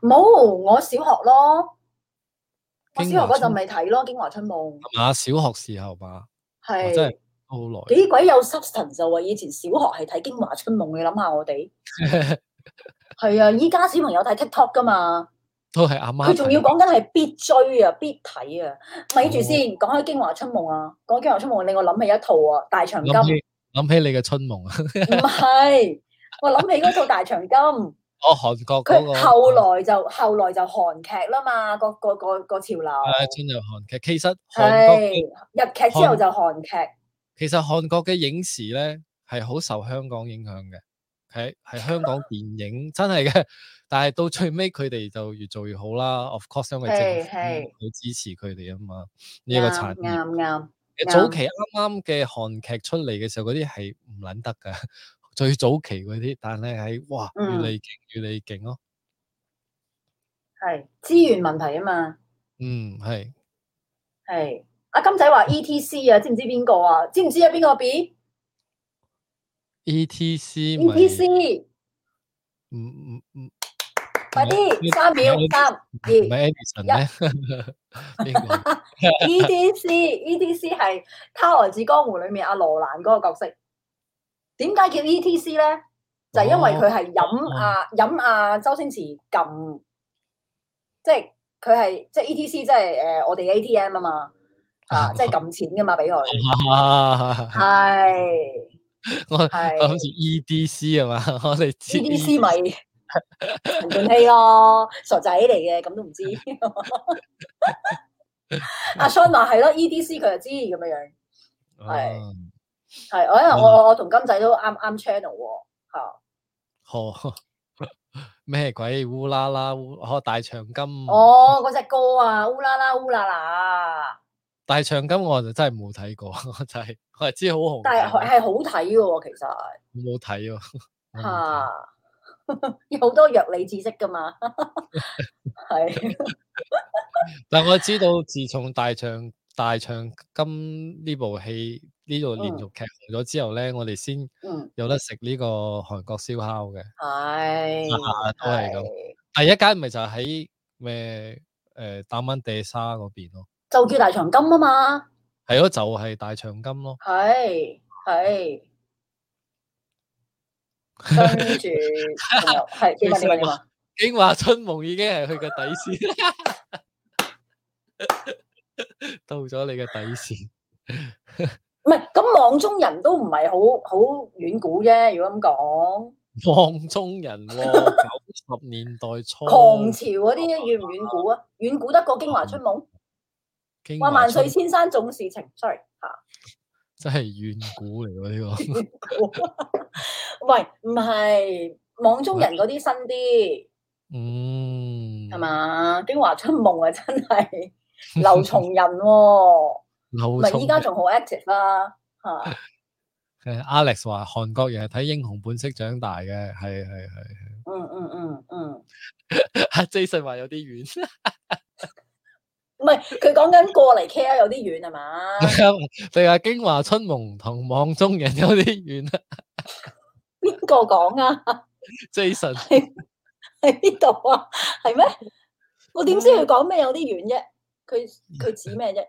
Speaker 1: 冇，我小學咯，我
Speaker 2: 小學嗰陣咪睇咯，
Speaker 1: 京華《京華春夢》。
Speaker 2: 係啊，小學時候吧。係是、哦，真係好耐。幾
Speaker 1: 鬼有 substance 就話以前小學係睇《京華春夢》，你諗下我哋，係 啊，依家小朋友睇 TikTok 噶嘛？
Speaker 2: 都係阿媽，佢仲要講
Speaker 1: 緊係必追啊、必睇啊。咪住先，講開、哦《京華春夢》啊，講《京華春夢》令我諗起一套啊，《大長今》。
Speaker 2: 諗起你嘅春夢啊？
Speaker 1: 唔 係，我諗起嗰套《大長今》。
Speaker 2: 哦，韓國佢、嗰個、後
Speaker 1: 來就、啊、後來就韓劇啦嘛，個個個個潮流。
Speaker 2: 係進、啊、入韓劇，其實係
Speaker 1: 日劇之後就韓劇。
Speaker 2: 其實韓國嘅影視咧係好受香港影響嘅。係香港電影 真係嘅，但係到最尾佢哋就越做越好啦。Of course，香港政府好支持佢哋啊嘛。呢一是個產業啱啱，早期啱啱嘅韓劇出嚟嘅時候，嗰啲係唔捻得嘅，最早期嗰啲。但係喺哇，越嚟勁越嚟勁咯，係
Speaker 3: 資
Speaker 1: 源問題啊嘛。
Speaker 2: 嗯，係
Speaker 1: 係阿金仔話 E T C 啊，知唔知邊個啊？知唔知有邊個 B？
Speaker 2: E.T.C.，E.T.C. 唔唔唔，快啲三秒三，唔係 Edison 咩
Speaker 1: ？E.T.C.，E.T.C. 係《他來自江湖》裏面阿羅蘭嗰個角色。點解叫 E.T.C. 咧？就因為佢係飲阿飲阿周星馳撳，即係佢係即係 E.T.C. 即係誒，我哋 A.T.M. 啊嘛，啊即係撳錢噶嘛，俾我係。
Speaker 2: 我係好似 E D C 啊嘛，我哋知 E D C 咪唔
Speaker 1: 斷氣咯，傻仔嚟嘅，咁都唔知。 啊、 阿 s o n e 話係咯，E D C 佢就知咁樣樣，係係我因為我我同金仔都啱啱 channel 喎，吓、啊，
Speaker 2: 哦、啊，咩鬼烏啦啦大長今？哦，
Speaker 1: 嗰隻歌啊烏啦啦烏啦啦。烏拉拉烏拉拉
Speaker 2: 大長今我就真係冇睇過，我真係，我係知好紅，但
Speaker 1: 係係好睇嘅，其實
Speaker 2: 我冇睇喎，吓、
Speaker 1: 啊、 有好多藥理知識噶嘛，係。
Speaker 2: 但我知道，自從大長大長今呢部戲呢度連續劇出咗之後咧，嗯、我哋先有得食呢個韓國燒烤嘅，
Speaker 1: 係，
Speaker 2: 都係咁。是第一間咪就喺咩誒打蚊地沙嗰邊咯。
Speaker 1: 就叫大長金啊嘛，
Speaker 2: 係咯，就係、是、大長金咯，
Speaker 3: 係係跟住係京
Speaker 2: 華，京華 春夢已經係佢個底線， 到咗你嘅底線。
Speaker 1: 唔係咁網，中人都唔係好好遠古啫，如果咁講，
Speaker 2: 網中人喎，九十年代初狂
Speaker 1: 潮嗰啲遠唔遠古啊？遠 古， 古得過京華春夢？
Speaker 2: 話萬水千
Speaker 1: 山總是情 Sorry,、啊、是情，sorry 吓，
Speaker 2: 真係遠古嚟喎呢個，
Speaker 1: 喂唔係網中人嗰啲新啲，嗯係嘛，京華春夢啊真係，劉松仁、啊，
Speaker 2: 咪依家仲好
Speaker 3: active 啦、啊、
Speaker 2: 吓，誒、啊、 Alex 話韓國人係睇英雄本色長大嘅，係係係係，
Speaker 3: 嗯嗯
Speaker 2: 嗯嗯，阿 Jason 話有啲遠。
Speaker 1: 唔係，佢講緊過嚟 care 有啲遠係嘛？
Speaker 2: 對啊，京華 春夢同網中人有啲遠啊。
Speaker 1: 邊個講啊
Speaker 2: ？Jason 喺
Speaker 1: 邊度啊？係咩 Jason、 啊？我知點、啊啊、我點知佢講咩有啲遠啫？佢佢指咩啫？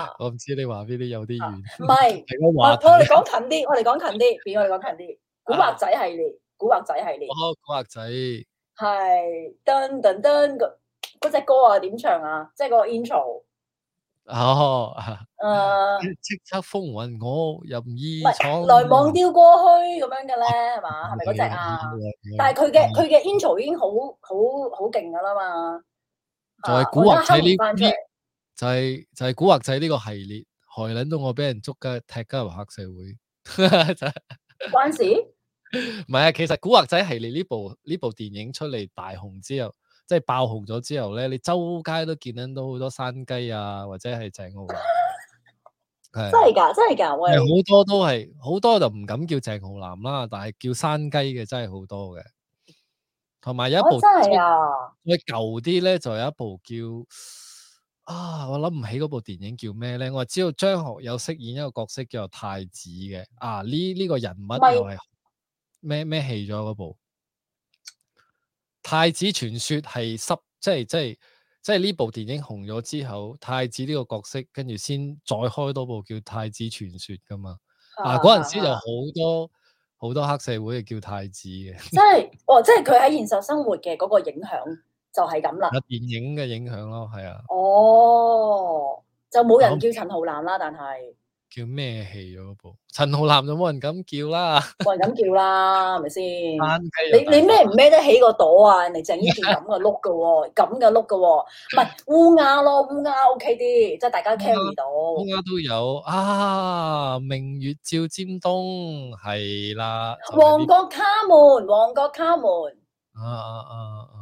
Speaker 1: 啊
Speaker 2: 啊、我唔知你話邊啲有啲遠。唔係 我我哋講
Speaker 1: 近啲，我哋講近啲，俾我哋講近啲。古惑仔系列，古惑仔系列。好、哦，古惑仔係噔噔噔。
Speaker 2: 嗰隻歌啊，點唱啊？即係個 intro。哦。誒，叱咤風雲，我任意闖。來忘掉
Speaker 1: 過去咁樣嘅咧，係嘛？係咪嗰隻啊？
Speaker 2: 但係佢嘅佢嘅 intro
Speaker 1: 已經好好好勁噶啦嘛。
Speaker 2: 就係古惑仔呢？就係就係古惑仔呢個系列，害捻到我俾人捉嘅，踢加入黑社會。關事？唔係啊，其實古惑仔系列呢部呢部電影出嚟大紅之後。即係爆紅咗之後咧，你周街都見到好多山雞啊，或者係鄭浩南，係、啊啊、真
Speaker 1: 係噶，真係噶，好
Speaker 2: 多都係好多就唔敢叫鄭浩南啦，但係叫山雞嘅真係好多嘅，同埋有，有一部真
Speaker 3: 係
Speaker 2: 啊，喂舊啲咧就有一部叫啊，我諗唔起嗰部電影叫咩咧，我知道張學友飾演一個角色叫做太子嘅啊，呢呢、呢個人物又係咩咩戲咗嗰部。太子傳說係濕，即係即係即係呢部電影紅咗之後，太子呢個角色，跟住先再開多部叫《太子傳說》㗎嘛。嗱、啊，嗰陣、啊、時就好多好、啊、多黑社會嘅叫太子
Speaker 1: 嘅。即係、啊，啊、 哦，即係佢喺現實生活嘅嗰個影響就係咁啦。
Speaker 2: 電影嘅影響咯，係啊。
Speaker 1: 哦，就冇人叫陳浩南啦，但係。
Speaker 2: 叫咩戲嗰部？陳浩南就冇人敢叫啦，冇
Speaker 1: 人敢叫啦，係咪先？你你孭唔孭得起個朵啊？人哋整一件咁嘅碌㗎喎，咁嘅碌㗎喎，唔係烏鴉咯，烏鴉 OK 啲，即係大家 carry、啊、到。
Speaker 2: 烏鴉都有啊！明月照尖東係啦，旺、就、
Speaker 1: 角、是、卡門，旺角卡門
Speaker 2: 啊啊啊啊！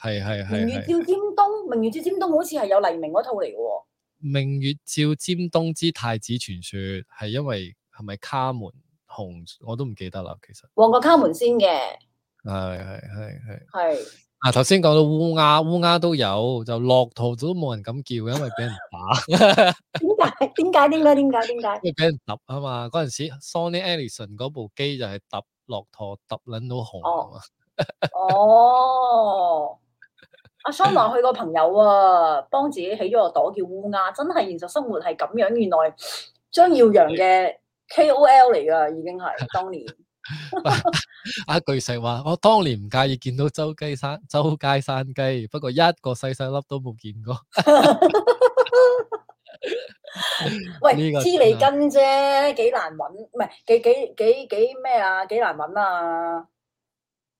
Speaker 2: 係係係。明、啊啊、月照
Speaker 1: 尖東，明月照尖東好似係有黎明嗰套嚟嘅。
Speaker 2: 明月照尖東之太子傳說，係因為係咪卡門紅我都唔記得啦，其實旺
Speaker 1: 角卡門先嘅，
Speaker 2: 係係係
Speaker 1: 係
Speaker 2: 係啊！頭先講到烏鴉，烏鴉都有就駱駝，都冇人噉叫，因為俾人打點解點解點解點解？解？ 因為俾人揼啊嘛！嗰陣時 Sony Ericsson 嗰部機就係揼駱駝，揼捻到紅啊！哦。 哦
Speaker 1: 阿生話佢個朋友啊，幫自己起咗個朵叫烏鴉，真係現實生活係咁樣。原來張耀揚嘅 K O L 嚟噶，已經係當年。
Speaker 2: 一、 啊、句實話，我當年唔介意見到周街山周街山雞，不過一個細細粒都冇見過。 喂，知你根
Speaker 1: 啫，難幾難揾？唔係幾幾幾幾咩啊？幾難揾啊？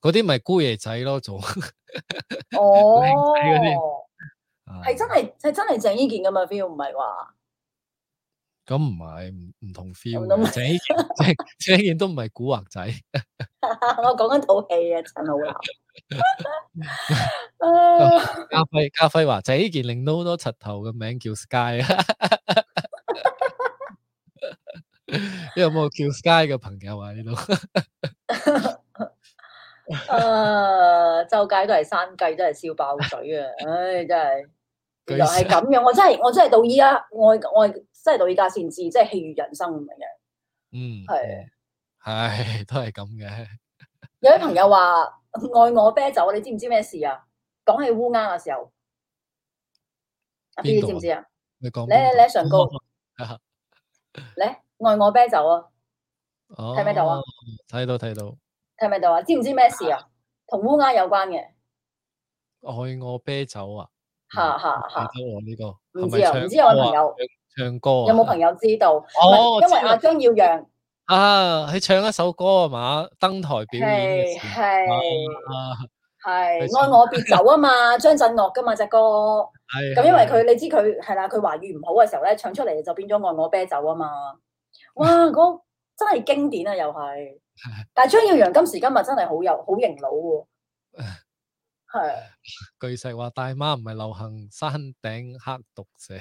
Speaker 2: 嗰啲咪姑爺仔咯，仲
Speaker 1: 哦，係真係係真係鄭伊健㗎嘛？feel 唔
Speaker 2: 係話咁唔係唔同 feel，鄭伊健鄭伊健都唔係古惑仔。
Speaker 1: 我講緊套戲啊，陳浩
Speaker 2: 南。阿輝阿輝話：鄭伊健令到好多柒頭嘅名叫 Sky 啊！你有冇叫 Sky 嘅朋友啊？呢度？
Speaker 1: 誒，uh, 周街都係山雞，都係燒爆水啊！唉、哎，真係又來係咁樣，我真係我真係到依家，我我真係到依家先知，即係戲如人生咁樣。
Speaker 2: 嗯，係係是、哎、都係咁嘅。
Speaker 1: 有啲朋友話愛我啤酒，你知唔知咩事啊？講起烏鴉嘅時候，
Speaker 2: 邊知唔知啊？知知你講，你嚟嚟，上高
Speaker 1: 你 愛我啤酒啊！
Speaker 2: 睇唔睇到啊？睇到睇到。
Speaker 1: 係咪就話知唔知咩事啊？同烏鴉有關嘅
Speaker 2: 《愛我啤酒》啊，吓
Speaker 1: 吓吓，唔
Speaker 2: 知我呢個，唔知啊，唔知有冇朋友唱歌啊？有冇朋
Speaker 1: 友知道？哦，因為阿張耀揚
Speaker 2: 啊，佢唱一首歌啊嘛，登台表演，
Speaker 1: 係係係《愛我別走》啊嘛，張震岳噶嘛隻歌，
Speaker 2: 咁因為佢，
Speaker 1: 你知佢係啦，佢華語唔好嘅時候咧，唱出嚟就變咗《愛我啤酒》啊嘛，哇，嗰個真係經典啊，又係。但係張耀揚今時今日真係好有好型佬喎，係
Speaker 2: 是。據實話，大媽唔係流行山頂黑毒蛇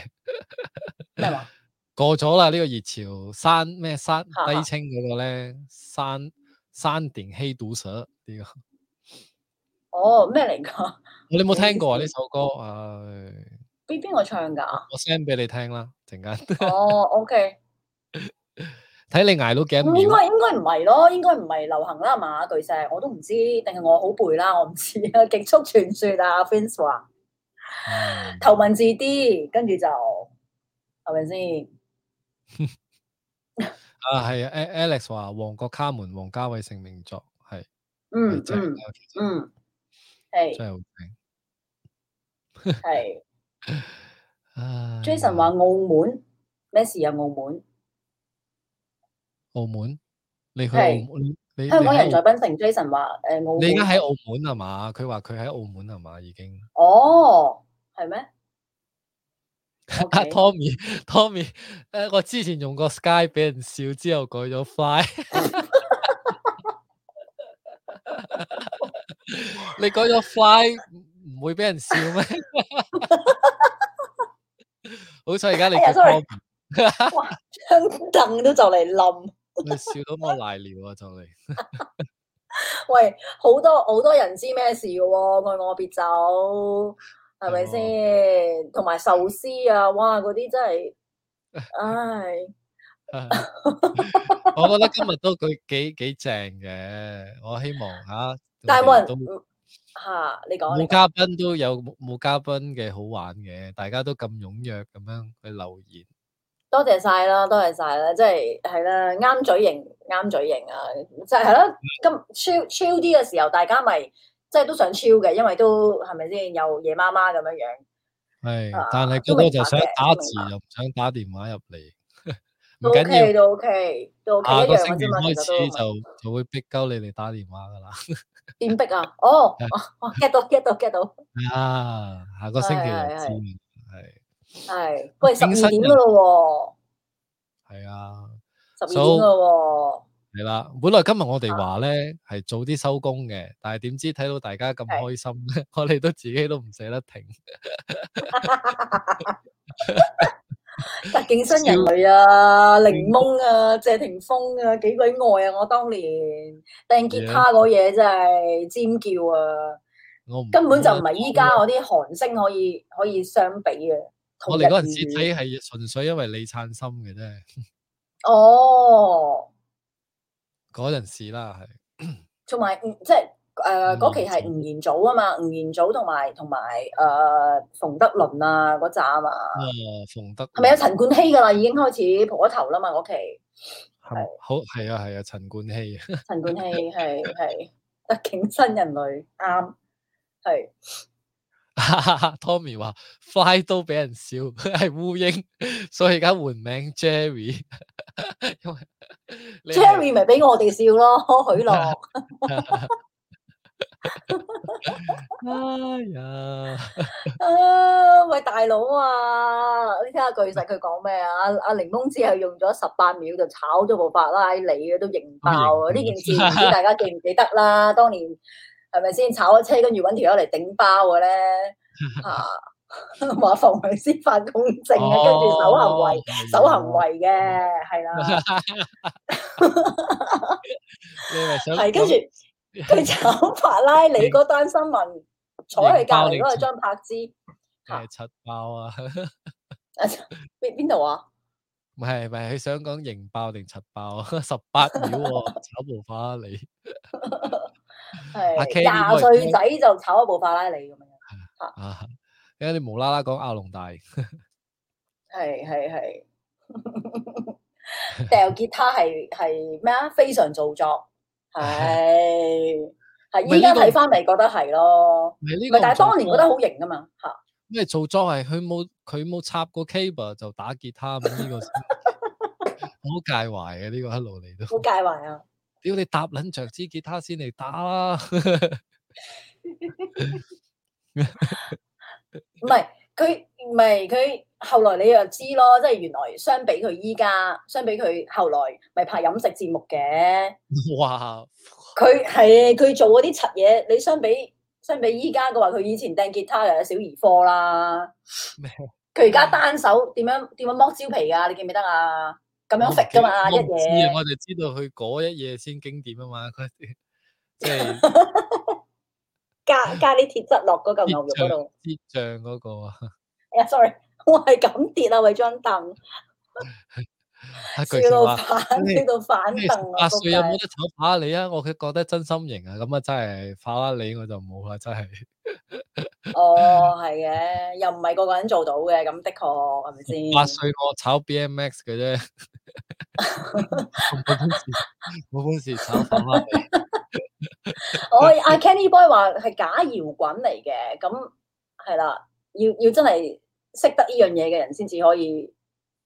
Speaker 2: 咩 話？過咗啦，呢、這個熱潮山咩山低清嗰、那個咧哈山山田希毒蛇呢、這
Speaker 1: 個？哦，咩嚟噶？你有冇聽過呢、啊、首歌啊？俾邊個唱噶？
Speaker 2: 我 send 俾你聽啦，陣間。
Speaker 1: 哦，OK。
Speaker 2: 睇你挨到幾？應該
Speaker 1: 應該唔係咯，應該唔係流行啦，係嘛？句石我都唔知，定係我好背啦，我唔知極啊！極速傳說啊，阿 Finn 話頭文字 D，跟住就係咪先？
Speaker 2: 啊，係啊！Alex 話《旺角卡門》，王家衛成名作，係嗯是嗯係是真
Speaker 1: 係好正，係 是。啊、Jason 話澳門咩事啊？澳門？
Speaker 2: 澳門，你去澳門？你香港人在檳
Speaker 1: 城，Jason 話誒，澳門。你而家喺澳
Speaker 2: 門係嘛？佢話佢喺澳門係嘛？已經。
Speaker 1: 哦，係
Speaker 3: 咩
Speaker 2: ？Tommy，Tommy，誒，我之前用個 Sky 俾人笑之後改咗 Fly，你改咗 Fly 唔會俾人笑咩？好彩而家你去。哇，
Speaker 1: 張凳都就嚟冧。
Speaker 2: 你笑到我瀨尿啊！就嚟，
Speaker 1: 喂，好多好多人知咩事嘅喎，愛我別走，係咪先？同埋壽司啊，哇，嗰啲真係，唉，
Speaker 2: 我覺得今日都幾幾幾正嘅，我希望吓，
Speaker 1: 但係冇人吓，你講冇嘉
Speaker 2: 賓都有冇嘉賓嘅好玩嘅，大家都咁踴躍咁樣去留言。
Speaker 1: 多謝晒啦，多謝晒啦，即係係啦，啱嘴型，啱嘴型啊，就係、係、咯。咁超超啲嘅時候，大家咪即係都想超嘅，因為都係咪先，有夜媽媽咁樣樣。
Speaker 2: 係，但係咁多就想打字又唔想打電話入嚟。OK，都 OK，都 OK。要
Speaker 1: 要一個下個星期開始就
Speaker 2: 就會逼鳩你哋打電話噶啦。
Speaker 1: 點逼啊？哦哦 get 到 get 到 get 到。
Speaker 2: 啊，下個星期。
Speaker 1: 係，喂，十二點噶咯喎。係
Speaker 2: 啊，十二
Speaker 3: 點
Speaker 2: 噶喎。係啦以，本來今日我哋話咧係早啲收工嘅，但係點知睇到大家咁開心，的 我哋都自己都唔捨得停。特
Speaker 1: 警新人類啊，
Speaker 2: 檸
Speaker 1: 檬啊，嗯、謝霆鋒啊，幾鬼愛啊！我當年掟吉他嗰嘢真係尖叫啊！我根本就唔係依家嗰啲韓星可以可以相比啊！
Speaker 2: 我哋嗰陣時睇係純粹因為李燦森嘅啫。哦，嗰陣時啦，係。
Speaker 1: 同埋，嗯，即係誒，嗰期係吳彥祖啊嘛，吳彥祖同埋同埋誒馮德倫啊嗰扎啊嘛。
Speaker 2: 誒，馮德係咪有陳
Speaker 1: 冠希噶啦？已經開始蒲咗頭啦嘛，嗰期
Speaker 2: 係好係啊係啊，陳冠希。
Speaker 1: 陳冠希係係《特警新人類》啱係。
Speaker 2: 哈哈 Tommy 話 fly 都俾人笑，係烏蠅， 所以而家換名 Jerry, 有 Jerry。因為 Jerry
Speaker 1: 咪俾我哋笑咯，許樂。哎呀 喂，喂大佬啊，你聽下巨實佢講咩啊？阿阿檸檬芝係用咗十八秒就炒咗部法拉利嘅，都型爆
Speaker 3: 啊！呢件事唔 知大家
Speaker 1: 記唔記得啦，當年。係咪先炒咗車，跟住揾條友嚟頂包嘅咧？吓，話防衛司法公正啊，跟住守行為守行為嘅，
Speaker 3: 係啦。
Speaker 1: 係跟住佢炒法拉利嗰單新聞坐喺隔籬嗰個張柏芝
Speaker 2: 係？柒爆啊？
Speaker 1: 邊邊度啊？
Speaker 2: 唔係唔係，佢想講型爆定柒爆？十八,十八， 十八秒，炒無法你！係廿歲仔
Speaker 1: 就炒一部法拉利咁樣，吓，
Speaker 2: 因為無啦啦講阿龍大，
Speaker 3: 係係係
Speaker 1: 掉吉他係係咩啊？非常做作，係係依家睇翻咪覺得係咯，咪呢、這個？這個、但係當年覺得好型㗎嘛，吓，因
Speaker 2: 為做作係佢冇佢冇插過 cable 就打吉他咁呢 個，好介懷嘅呢個一路嚟都好介懷啊。屌你搭捻着支吉他先嚟打啦、
Speaker 1: 啊！ 唔係佢，唔係佢。後來你又知咯，即係原來相比佢依家，相比佢後來飲，咪拍飲食節目嘅。哇！佢係佢做嗰啲柒嘢，你相比相比依家嘅話，佢以前掟吉他又有小兒科啦。佢而家單手點樣點 樣剝蕉皮啊？你記唔記得啊？咁樣食噶嘛，一嘢。而我哋
Speaker 2: 知道佢嗰一嘢夜先經典啊嘛，佢即係
Speaker 1: 加加啲鐵質落嗰嚿牛肉嗰
Speaker 2: 度。鐵醬嗰個啊？
Speaker 1: 哎呀 sorry 我係咁跌啊，為張凳。
Speaker 2: 笑到反，笑到反凳啊！八歲有冇得炒法拉利啊？我佢覺得真心型啊，咁啊真係法拉利，法拉利我就冇啦，真係。
Speaker 1: 哦，係嘅，又唔係個個人做到嘅，咁的確係咪先？八歲、嗯、我
Speaker 2: 炒 B M X 嘅啫， 我當時炒法拉利。 我阿
Speaker 1: Candy Boy 話係假搖滾嚟嘅，咁係啦，要要真係識得呢樣嘢嘅人先至可以。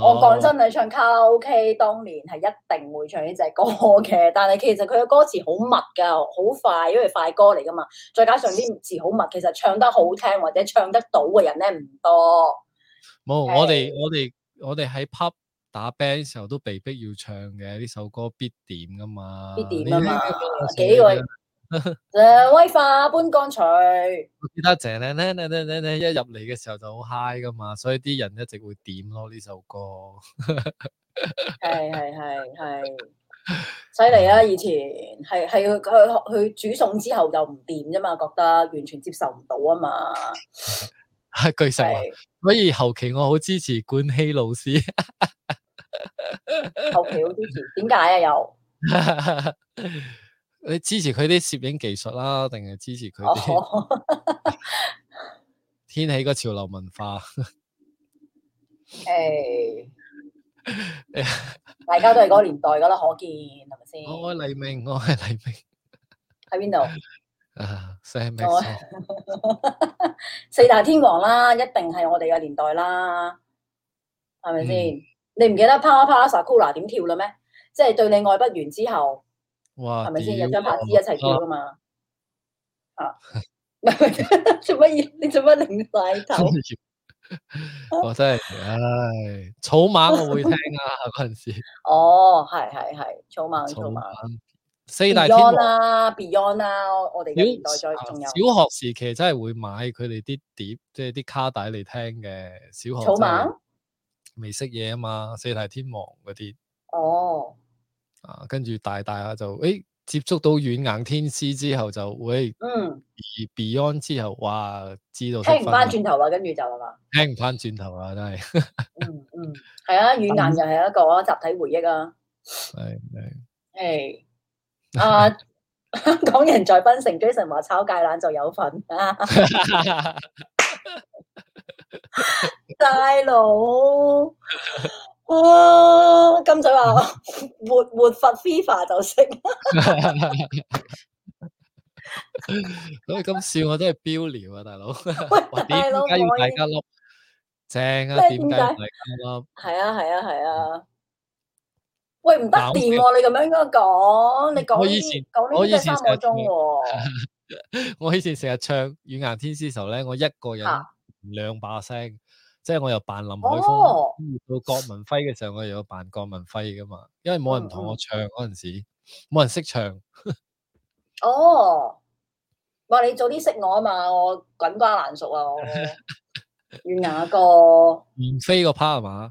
Speaker 1: Oh. 我講真你唱卡拉 OK，當年係一定會唱呢隻歌嘅。但係其實佢嘅歌詞好密㗎，好快，因為快歌嚟㗎嘛。再加上啲詞好密，其實唱得好聽或者唱得到嘅人咧唔多。
Speaker 2: 冇沒 Okay.，我哋我哋我哋喺 pub 打 band 時候都被逼要唱嘅呢首歌必點㗎嘛，
Speaker 1: 必點啊嘛，幾個？威化般乾脆，
Speaker 2: 我記得謝靚靚靚靚靚一入嚟嘅時候就好 high 噶嘛，所以啲人一直會點咯呢首歌。
Speaker 1: 係係係係犀利啊！以前係係佢佢佢煮餸之後就唔掂啫嘛，覺得完全接受唔到啊嘛。係
Speaker 2: 巨石，所以後期我好支持冠希老師。
Speaker 1: 後期好支持，點解啊？又？
Speaker 2: 你支持佢啲攝影技術啦，定係支持佢啲掀起個潮流文化？
Speaker 3: 誒 ，Hey,
Speaker 1: 大家都係嗰個年代噶啦， 可見係咪先？我愛
Speaker 2: 黎明，我愛黎明，
Speaker 1: 喺邊度？啊，
Speaker 2: 四美，
Speaker 1: 四大天王啦，一定係我哋嘅年代啦，係咪先？嗯、你唔記得《趴啦趴啦》《薩庫拉》點跳啦咩？即係對你愛不完之後。
Speaker 4: 哇，係咪先，有
Speaker 1: 張拍子一齊跳啊嘛？啊，做乜嘢？ 你做乜擰晒
Speaker 2: 頭？ 我真係，唉、哎，草蜢我會聽啊，嗰陣時。哦，
Speaker 1: 係係係，草蜢草
Speaker 2: 蜢，四大天
Speaker 1: 王啊，Beyond 啊，我哋年代再仲有小、就是。小
Speaker 2: 學時期真係會買佢哋啲碟，即係啲卡帶嚟聽嘅。小學草蜢未識嘢啊嘛，四大天王嗰啲。哦。啊，跟住大大下就，誒、哎，接觸到軟硬天師之後就，喂、
Speaker 3: 哎，嗯，而
Speaker 2: Beyond 之後，哇，知道聽唔翻轉頭
Speaker 1: 啦，跟住就係嘛，
Speaker 2: 聽唔翻轉頭、嗯嗯、 啊，真
Speaker 1: 係，嗯嗯，係啊，軟硬就係一個集體回憶啊，
Speaker 2: 係係、哎，誒、哎
Speaker 1: 哎，啊，香港人在檳城，Jason 話炒芥蘭就有份啊，大佬哇！金仔話，活活佛
Speaker 2: FIFA 就識。你咁笑我都係飆聊啊，大佬。喂，點解要大家碌？也正啊，點解什麼 大家碌？
Speaker 1: 係啊，係啊，係啊,啊。喂，唔得掂，你咁樣應該講，你講。我以前個個、啊、
Speaker 2: 我以前成日唱《雨夜天師》時候咧，我一個人兩把聲。啊即係我又扮林海峰，oh, 到葛民輝嘅時候，我又有扮葛民輝㗎嘛？因為冇人同我唱嗰陣時，冇、oh, 人識唱。
Speaker 1: 哦、 oh,，話你早啲識我啊嘛，我滾瓜爛熟啊，我
Speaker 2: 粵
Speaker 3: 語歌。
Speaker 2: 王菲個 part 係嘛？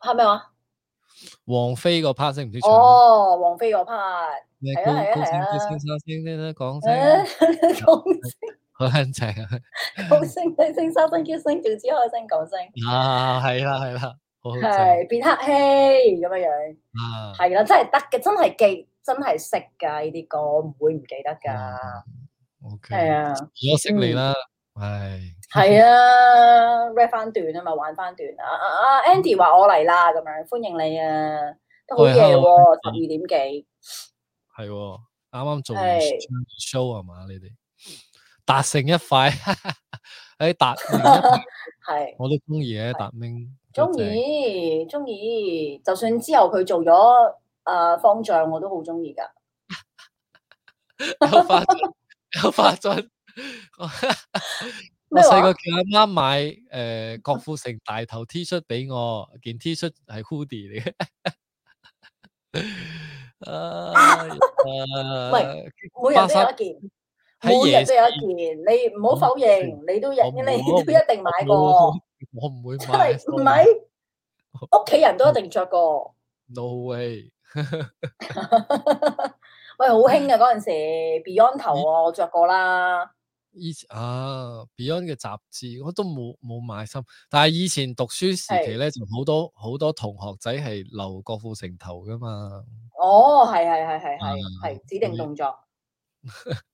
Speaker 1: part 咩話？
Speaker 2: 王菲個 part 識唔識
Speaker 1: 唱？哦、啊，王菲個 part。
Speaker 2: 係啊係先生先先先講。好安靜啊！
Speaker 1: 好聲聲聲，收聲叫聲叫之開聲講聲
Speaker 2: 啊！係啦係啦，係
Speaker 1: 別客氣咁樣樣啊！係啦，真係得嘅，真係記，真係識噶呢啲歌，唔會唔記得噶。OK，係啊，
Speaker 3: 我識你啦，
Speaker 1: 係係啊，rap 翻段啊嘛，玩翻段啊啊！Andy 話我嚟啦，咁樣歡迎你啊，都好夜喎，十二點幾，
Speaker 2: 係啱啱做完 show 啊嘛？你哋。達成一塊，誒達
Speaker 3: 係，
Speaker 2: 我都中意嘅達明，中意
Speaker 3: 中意，
Speaker 1: 就算之後佢做咗誒方丈，我都好中意噶。
Speaker 4: 有花有花樽，我細個
Speaker 2: 啱啱買誒郭富城大頭 T 恤俾我，件 T 恤係 Cody 嚟
Speaker 1: 嘅，
Speaker 2: 唔係每人都有一件。每日都有一件，
Speaker 1: 你唔好否認，你都一你都一定買過。
Speaker 2: 我唔會買，唔
Speaker 1: 係， 屋企 人都一定着過。
Speaker 2: No way！
Speaker 1: 喂，好興啊！嗰陣時，Beyond 頭我着過啦。
Speaker 2: 以前啊，Beyond 嘅雜誌我都冇冇買衫，但係以前讀書時期咧，是就好多好多同學仔係留郭富城頭噶嘛。
Speaker 1: 哦，係係係係係係指定動作。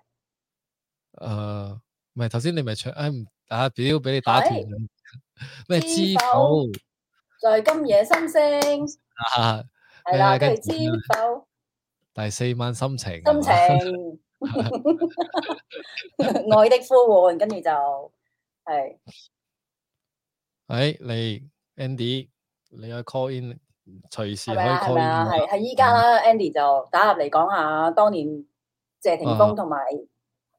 Speaker 2: 誒，唔係頭先你咪唱，誒唔打表俾你打斷，咩知否？
Speaker 1: 在今夜心聲，
Speaker 2: 係啦，佢知否？第四晚心情，心
Speaker 1: 情，愛的呼喚，跟住就
Speaker 2: 係，誒，你 Andy，你可 call in，隨時可以 call in，係
Speaker 1: 係依家啦，Andy 就打入嚟講下當年謝霆鋒同埋。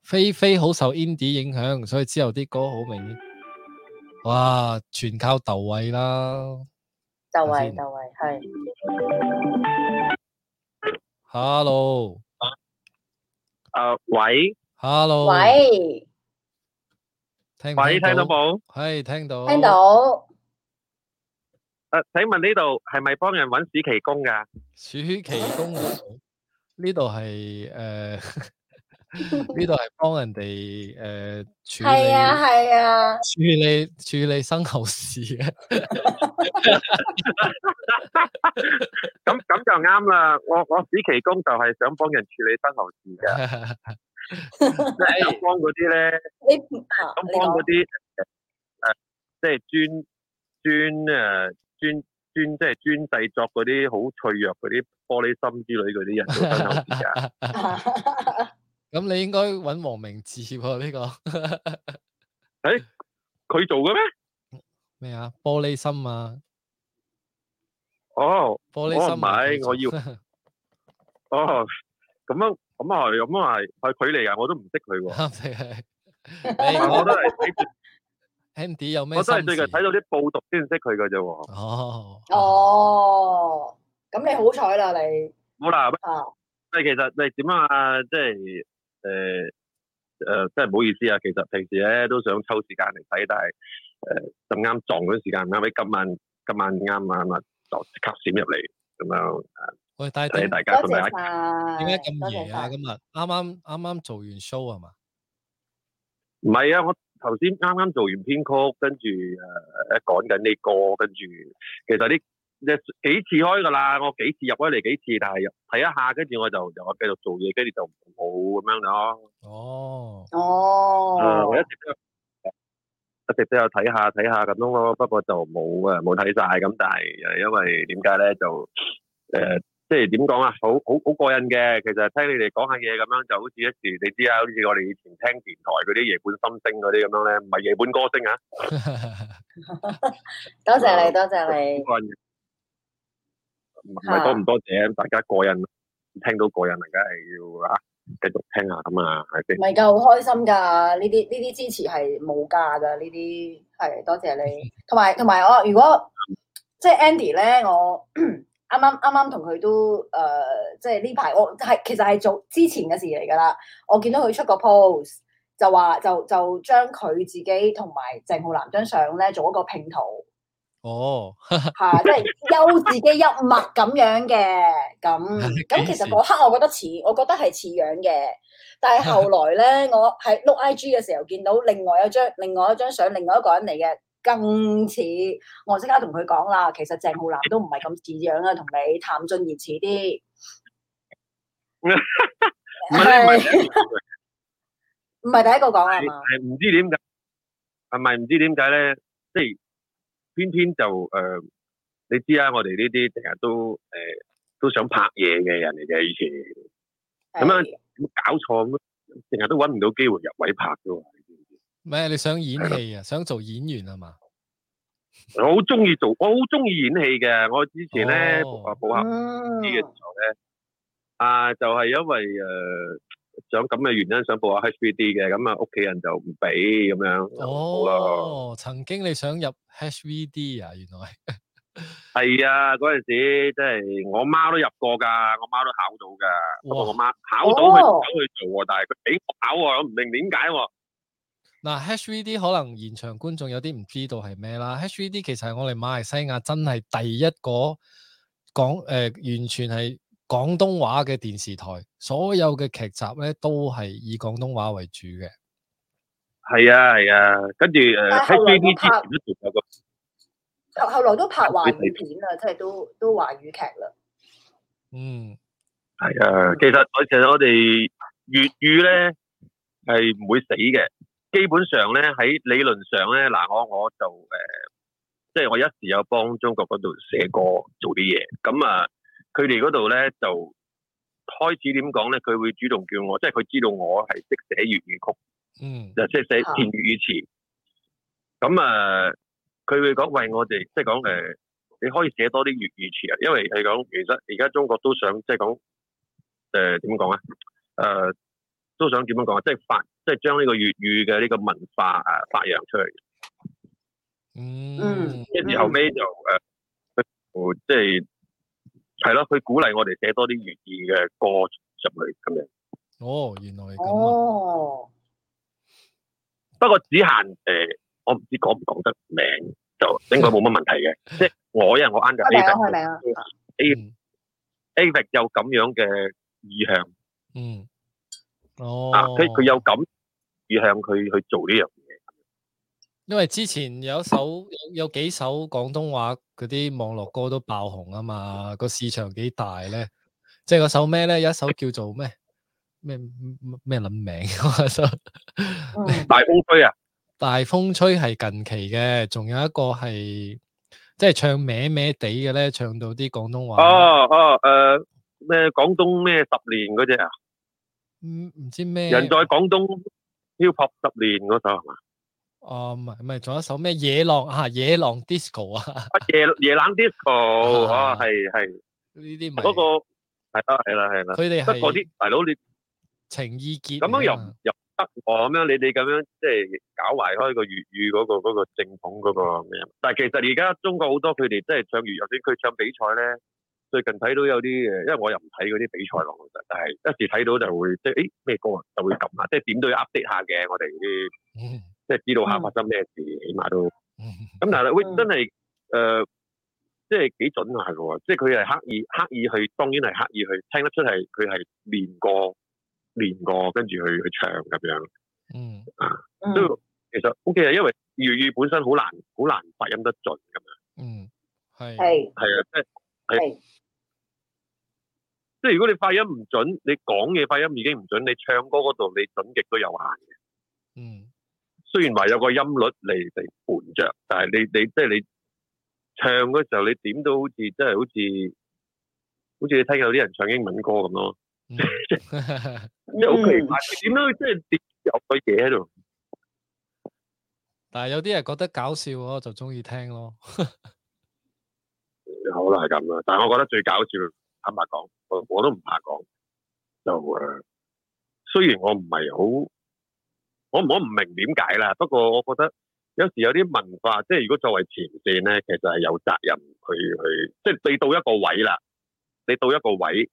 Speaker 2: 菲菲好受 Indie 影響，所以之後啲歌好明顯。哇，全靠竇唯啦，
Speaker 3: 竇唯竇唯
Speaker 2: 係。Hello，
Speaker 5: 啊喂，Hello，喂，喂，聽到冇？係聽到，聽到。誒，請問呢度係咪幫人搵暑期工噶？暑期
Speaker 2: 工呢度係誒。呢度係幫人哋誒、呃、處理，係啊係啊處理處理身後事
Speaker 5: 啊。咁咁就啱啦！我我暑期工就係想幫人處理身後事嘅，咁幫嗰啲咧，
Speaker 3: 咁幫嗰
Speaker 5: 啲誒即係專專誒專專即係專製作嗰啲好脆弱嗰啲玻璃心之類嗰啲人做身
Speaker 2: 後事啊！ 咁你應該揾黃明志喎呢個，
Speaker 5: 誒，佢做嘅咩？
Speaker 2: 咩啊？玻璃心啊？
Speaker 5: 哦，玻璃心，我唔係，我要。哦，咁樣，咁啊，咁啊，係佢嚟啊？我都唔識佢喎。我都係睇，Andy 有咩？我都係最近睇到啲報道先識佢嘅啫。哦，
Speaker 2: 哦，
Speaker 1: 咁你好彩啦，你冇啦。
Speaker 5: 啊，誒，其實你點啊？即係。誒誒，真係唔好意思啊！其實平時咧都想抽時間嚟睇，但係誒咁啱撞咗時間唔啱，你今晚今晚啱啱啊，就即刻閃入嚟咁樣。我哋多謝大家，多謝晒。
Speaker 2: 點解咁夜啊？今日啱啱啱啱做完 show 係嘛？
Speaker 5: 唔係啊，我頭先啱啱做完編曲，跟住誒講緊啲歌，跟住其實啲。就幾次開噶啦，我幾次入開嚟幾次，但係睇一下，跟住我就就繼續做嘢，跟住就冇咁樣咯。哦，哦，一直都有，一直都有睇下睇下咁樣咯。不過就冇啊，冇睇晒咁。但係誒，因為點解咧？就誒，即係點講啊？好好好過癮嘅。其實聽你哋講下嘢咁樣，就好似一時你知啦，好似我哋以前聽電台嗰啲夜半心聲嗰啲咁樣咧，唔係夜半歌聲啊。
Speaker 3: 多謝你，多
Speaker 5: 謝你。唔係多唔多謝，大家過癮聽到過癮，大家係要啊，繼續聽下咁啊，係咪夠
Speaker 1: 開心噶，呢啲呢啲支持係冇價噶，呢啲係多謝你。同埋同埋我，如果即係 Andy 咧，我啱啱啱啱同佢都誒、呃，即係呢排我係其實係做之前嘅事嚟噶啦。我見到佢出個 post，就話就就將佢自己同埋鄭浩南張相咧做一個拼圖。哦，吓，即係憂自己憂物咁樣嘅，咁咁其實嗰刻我覺得似，我覺得係似樣嘅，但係後來咧，我喺碌 IG 嘅時候見到另外一張另外一張相，另外一個人嚟嘅，更似，我即刻同佢講啦，其實鄭浩南都唔係咁似樣啊，同你譚俊彥似啲，
Speaker 5: 係，唔
Speaker 3: 係第一個講係
Speaker 5: 嘛？係唔知點解，係咪唔知點解咧？即係。偏偏就誒，你知啦，我哋呢啲成日都誒都想拍嘢嘅人嚟嘅，以前咁樣搞錯咯，成日都搵唔到機會入位拍噶喎。
Speaker 2: 咩？你想演戲啊？想做
Speaker 5: 演員啊嘛？我好中意做，我好中意演戲嘅。我之前咧做補習呢個時候咧，啊，就係因為誒。想咁嘅原因想報下 HVD 嘅，咁啊屋企人就唔俾咁樣。哦，嗯、
Speaker 2: 哦曾經你想入 HVD 啊？原來
Speaker 5: 係 啊，嗰陣時即係我媽都入過噶，我媽都考到噶。不過哇我媽考到佢唔肯去做，哦、但係佢俾我考，我唔明點解。
Speaker 2: 嗱、呃、HVD 可能現場觀眾有啲唔知道係咩啦。HVD 其實係我哋馬來西亞真係第一個講誒、呃，完全係，廣東話嘅電視台，所有嘅劇集咧都係以廣東話為主
Speaker 5: 嘅。係啊，係啊，跟住誒，喺 B B 之前都仲有個後後來都拍華語片啦，即
Speaker 1: 係都都華語劇啦。嗯，
Speaker 5: 係啊。其實我其實我哋粵語咧係唔會死嘅。基本上咧喺理論上咧，嗱我我就誒，即係我一時有幫中國嗰度寫歌做啲嘢咁啊。佢哋嗰度咧就開始點講咧，佢會主動叫我，即係佢知道我係識寫粵語曲，嗯，就識寫填粵語詞。咁啊，佢、呃、會講：喂、就是，我哋即係講誒，你可以寫多啲粵語詞啊，因為係講其實而家中國都想即係講誒點講啊，誒、就是呃呃、都想點樣講啊，即、就、係、是、發即係將呢個粵語嘅呢個文化誒、啊、發揚出嚟。嗯，
Speaker 2: 跟住、嗯、
Speaker 5: 後尾就誒，即、呃、係。就是係咯，佢鼓勵我哋寫多啲粵語嘅歌入去咁樣。
Speaker 2: 哦，原來係咁。哦。
Speaker 5: 不過只限誒，我唔知講唔講得明，就應該冇乜問題嘅。即係我因為我啱就 A，A，A 有咁樣嘅意向。
Speaker 2: 嗯。哦。啊，所以佢
Speaker 5: 有咁意向，佢去做呢樣。
Speaker 2: 因為之前有首有有幾首廣東話嗰啲網絡歌都爆紅啊嘛，個市場幾大咧？即係嗰首咩咧？有一首叫做咩咩咩諗名嗰首？大風吹啊？大風吹係近期嘅，仲有一個係即係唱歪歪地嘅咧，唱到啲廣東話。哦
Speaker 5: 哦，誒咩廣東咩十年嗰隻啊？唔
Speaker 2: 唔知咩人
Speaker 5: 在廣東漂泊十年嗰首係嘛？
Speaker 2: 哦，唔係唔係，仲有一首咩野狼啊，野狼 disco
Speaker 5: 啊，野狼 disco 啊，係係呢啲唔係嗰個係啊係啦係啦，佢哋得過啲大佬你情意結咁樣又又得過咁樣，你哋咁樣即係搞壞開個粵語嗰個嗰個正統嗰個咩？但係其實而家中國好多佢哋即係唱粵，就算佢唱比賽咧，最近睇到有啲誒，因為我又唔睇嗰啲比賽咯，其實但係一時睇到就會即係誒咩歌啊，就會撳下，即係點都要 update 下嘅，我哋啲 即係知道下發生咩事，mm. 起碼都咁。但係、mm. 喂，真係誒，即係幾準下嘅喎。即係佢係刻意刻意去，當然係刻意去聽得出係佢係練過練過，跟住去去唱咁樣。嗯、mm. 啊、都其實 O K 啊，okay, 因為粵語本身好難好難發音得準咁樣。嗯、mm.
Speaker 3: 是，
Speaker 5: 係係係啊，即係係，即係如果你發音唔準，你講嘢發音已經唔準，你唱歌嗰度你準極都有限嘅。嗯。Mm. 雖然話有個音律嚟嚟伴着，但係你你即係你唱嗰時候，你點都好似真係好似好似你聽有啲人唱英文歌咁咯，即係好奇怪，點樣即係有個嘢喺度？但係有啲人
Speaker 2: 覺得搞笑咯，就中意聽咯。
Speaker 5: 好啦，係咁啦，但係我覺得最搞笑，坦白講，我我都唔怕講，就誒，雖然我唔係好。我唔好唔明點解啦，不過我覺得有時有啲文化，即係如果作為前線咧，其實係有責任去去，即係你到一個位啦，你到一個位，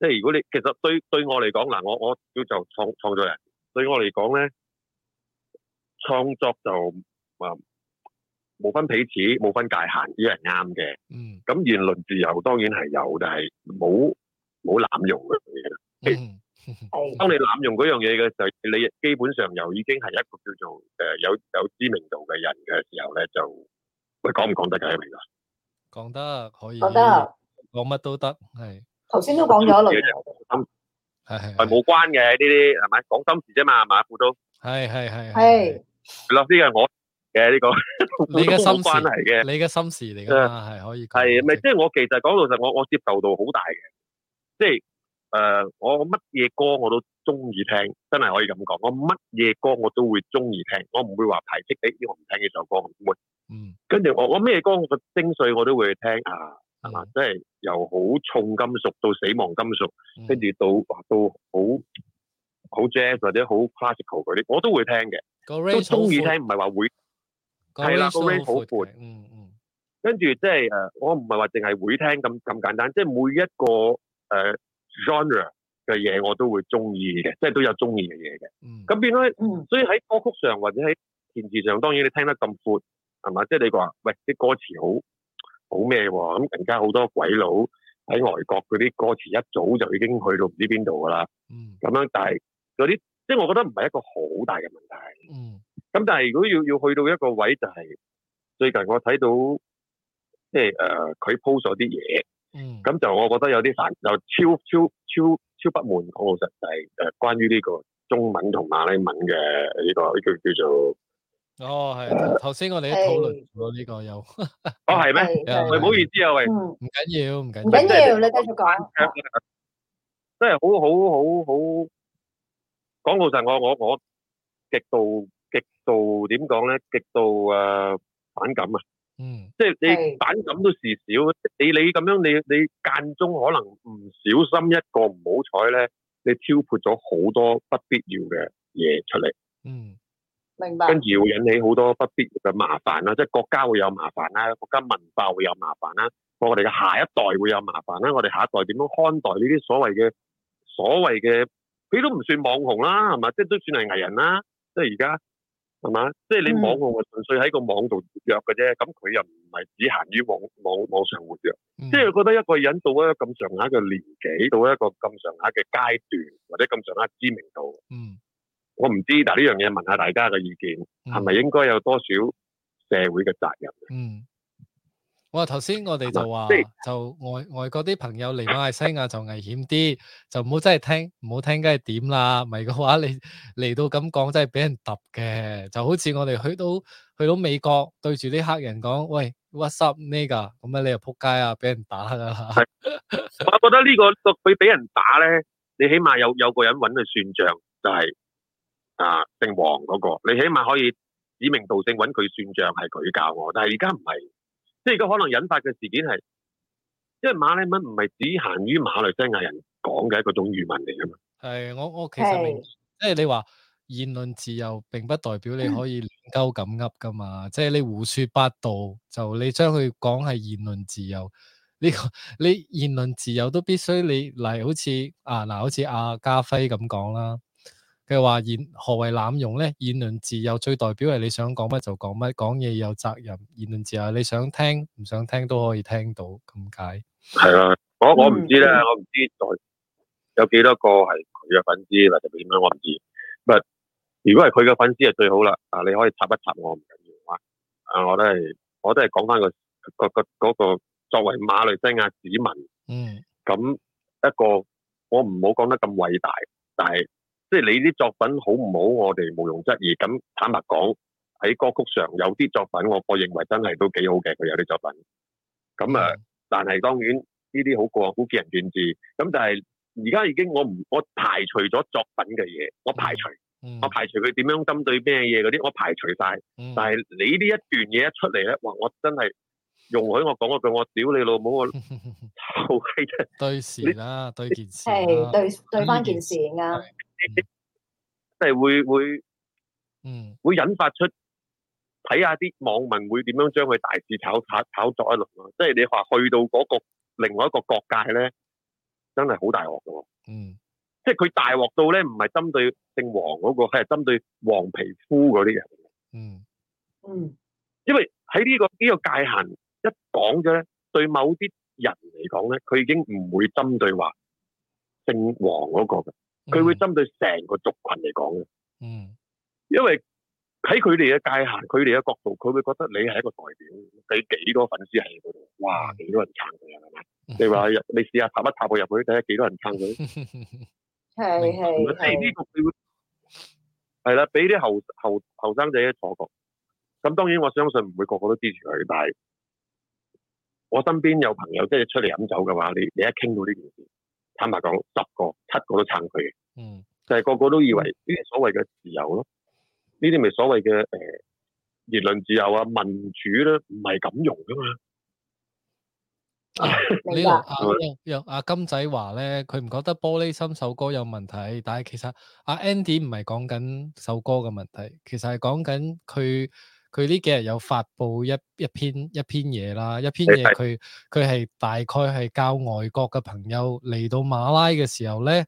Speaker 5: 即係如果你其實對對我嚟講嗱，我我叫做創創作人，對我嚟講咧，創作就冇分彼此，冇分界限，呢樣係啱嘅。嗯。咁言論自由當然係有，但係冇冇濫用嘅。嗯。當你濫用嗰樣嘢嘅時候，你基本上又已經係一個叫做誒有有知名度嘅人嘅時候咧，就喂講唔講得嘅？明啊，
Speaker 2: 講得可以，講得講乜都得係。
Speaker 5: 頭先都講咗啦，係係係冇關嘅呢啲係咪？講心事啫嘛，係咪？副都
Speaker 2: 係係係
Speaker 5: 係落啲嘅，我嘅呢個你嘅心事嚟嘅，
Speaker 2: 你嘅心事嚟嘅係
Speaker 5: 可以係咪？即係我其實講老實，我我接受到好大嘅，即係。誒，我乜嘢歌我都中意聽，真係可以咁講。我乜嘢歌我都會中意聽，我唔會話排斥。誒，呢個唔聽呢首歌，冇。嗯。跟住我，我咩歌個精髓我都會聽啊，係嘛？即係由好重金屬到死亡金屬，跟住到話都好好 jazz 或者好 classical 嗰啲，我都會聽嘅，
Speaker 2: 都中意聽，唔係話會係啦。個 range 好
Speaker 5: 闊，嗯嗯。跟住即係誒，我唔係話淨係會聽咁咁簡單，即係每一個誒。genre 嘅嘢我都會中意嘅，即係都有中意嘅嘢嘅。咁變咗，所以喺歌曲上或者喺電視上，當然你聽得咁闊，係嘛？即係你話喂，啲歌詞好好咩喎？咁突然間好多鬼佬喺外國嗰啲歌詞一早就已經去到唔知邊度噶啦。咁樣，但係嗰啲，即係我覺得唔係一個好大嘅問題。咁但係如果要要去到一個位，就係最近我睇到，即係誒佢 post 咗啲嘢。咁就我覺得有啲煩，又超超超超不滿。講老實就係誒，關於呢個中文同馬來文嘅呢個叫叫做
Speaker 2: 哦，係頭先我哋都討論過呢個，又
Speaker 5: 哦係咩？唔好意思啊，喂，
Speaker 2: 唔緊要，唔緊要，唔緊要，
Speaker 3: 你繼續講。
Speaker 5: 真係好好好好講老實，我我我極度極度點講咧？極度誒反感啊！嗯，即係你反感都事少，你你咁樣你你間中可能唔小心一個唔好彩咧，你挑撥咗好多不必要嘅嘢出嚟。嗯，
Speaker 3: 明白。跟住會引
Speaker 5: 起好多不必要嘅麻煩啦，即係國家會有麻煩啦，國家文化會有麻煩啦，我哋嘅下一代會有麻煩啦，我哋下一代點樣看待呢啲所謂嘅所謂嘅，佢都唔算網紅啦，係嘛，即係都算係藝人啦，即係而家。係嘛？即係你網紅啊，純粹喺個網度活躍嘅啫。咁佢又唔係只限於網網網上活躍，嗯、即係覺得一個人到一個咁上下嘅年紀，到一個咁上下嘅階段，或者咁上下知名度，嗯、我唔知。但係呢樣嘢問下大家嘅意見，係咪、嗯、應該有多少社會嘅責任？嗯嗯
Speaker 2: 哦、我頭先我哋就話是就外外國啲朋友嚟馬來是西亞就危險啲，就唔好真係聽唔好聽，梗係點啦？唔係嘅話你嚟到咁講，真係俾人揼嘅。就好似我哋去到去到美國，對住啲黑人講，喂 what’s up 呢？噶咁啊，你又扑街啊，俾人打啊！
Speaker 5: 是 我覺得呢、這個個佢俾人打咧，你起碼有有個人揾佢算賬，就係、是、啊姓黃嗰、那個，你起碼可以以名道姓揾佢算賬，係佢教我，但係而家唔係。即係而家可能引發嘅事件係，因為馬來文唔係只限於馬來西亞人講嘅一個種語文嚟噶嘛。
Speaker 2: 係，我我其實明是即係你話言論自由，並不代表你可以亂鳩咁噏噶嘛。嗯、即係你胡説八道，就你將佢講係言論自由呢個，你言論自由都必須你嚟，好似啊嗱、啊，好似阿家輝咁講啦。佢話言何為濫用咧？言論自由最代表係你想講乜就講乜，講嘢有責任。言論自由你想聽唔想聽都可以聽到咁解。
Speaker 5: 係啦，我、嗯、我唔知咧，嗯、我唔知在有幾多個係佢嘅粉絲或者點樣，我唔知。唔如果係佢嘅粉絲就最好啦。啊，你可以插一插我唔緊要啊。啊，我都係我都係講翻個、嗰個、嗰個作為馬來西亞市民。
Speaker 4: 嗯。
Speaker 5: 咁一個我唔好講得咁偉大，但係。即係你啲作品好唔好，我哋毋庸置疑。咁坦白講，喺歌曲上有啲作品，我我認為真係都幾好嘅。佢有啲作品，咁啊、mm hmm.，但係當然呢啲好過好，見仁見智。咁但係而家已經我唔我排除咗作品嘅嘢，我排除，mm hmm. 我排除佢點樣針對咩嘢嗰啲，我排除晒。Mm hmm. 但係你呢一段嘢一出嚟咧，哇！我真係～容許我講一句，我屌你老母！我後繼對事啦，對件事係對
Speaker 3: 對翻件事噶，
Speaker 5: 即係會會嗯會引發出睇下啲網民會點樣將佢大肆炒炒炒作一輪咯。即係你話去到嗰個另外一個國界咧，真係好大鑊噶。嗯，即係佢大鑊到咧，唔係針對姓黃嗰個，係針對黃皮膚嗰啲人。嗯嗯，因為喺呢個呢個界限。一講咗咧，對某啲人嚟講咧，佢已經唔會針對話姓黃嗰個嘅，佢會針對成個族群嚟講嘅。嗯，因為喺佢哋嘅界限、佢哋嘅角度，佢會覺得你係一個代表，你幾多粉絲喺嗰度？哇，幾多人
Speaker 3: 撐佢啊？
Speaker 5: 你話入，你試下踏一踏我入去睇下幾多人撐佢。
Speaker 3: 係係，即係呢
Speaker 5: 個叫係啦，俾啲後後後生仔錯覺。咁當然我相信唔會個個都支持佢，但係。我身邊有朋友即係出嚟飲酒嘅話，你你一傾到呢件事，坦白講，十個七個都撐佢，嗯，就係個個都以為呢啲所謂嘅自由咯，呢啲咪所謂嘅誒言論自由啊民主咧，唔係咁用噶嘛。阿阿
Speaker 2: 阿金仔話咧，佢唔覺得玻璃心首歌有問題，但係其實阿 Andy 唔係講緊首歌嘅問題，其實係講緊佢。佢呢幾日有發布一篇一篇一篇嘢啦，一篇嘢佢佢係大概係教外國嘅朋友嚟到馬拉嘅時候咧，誒、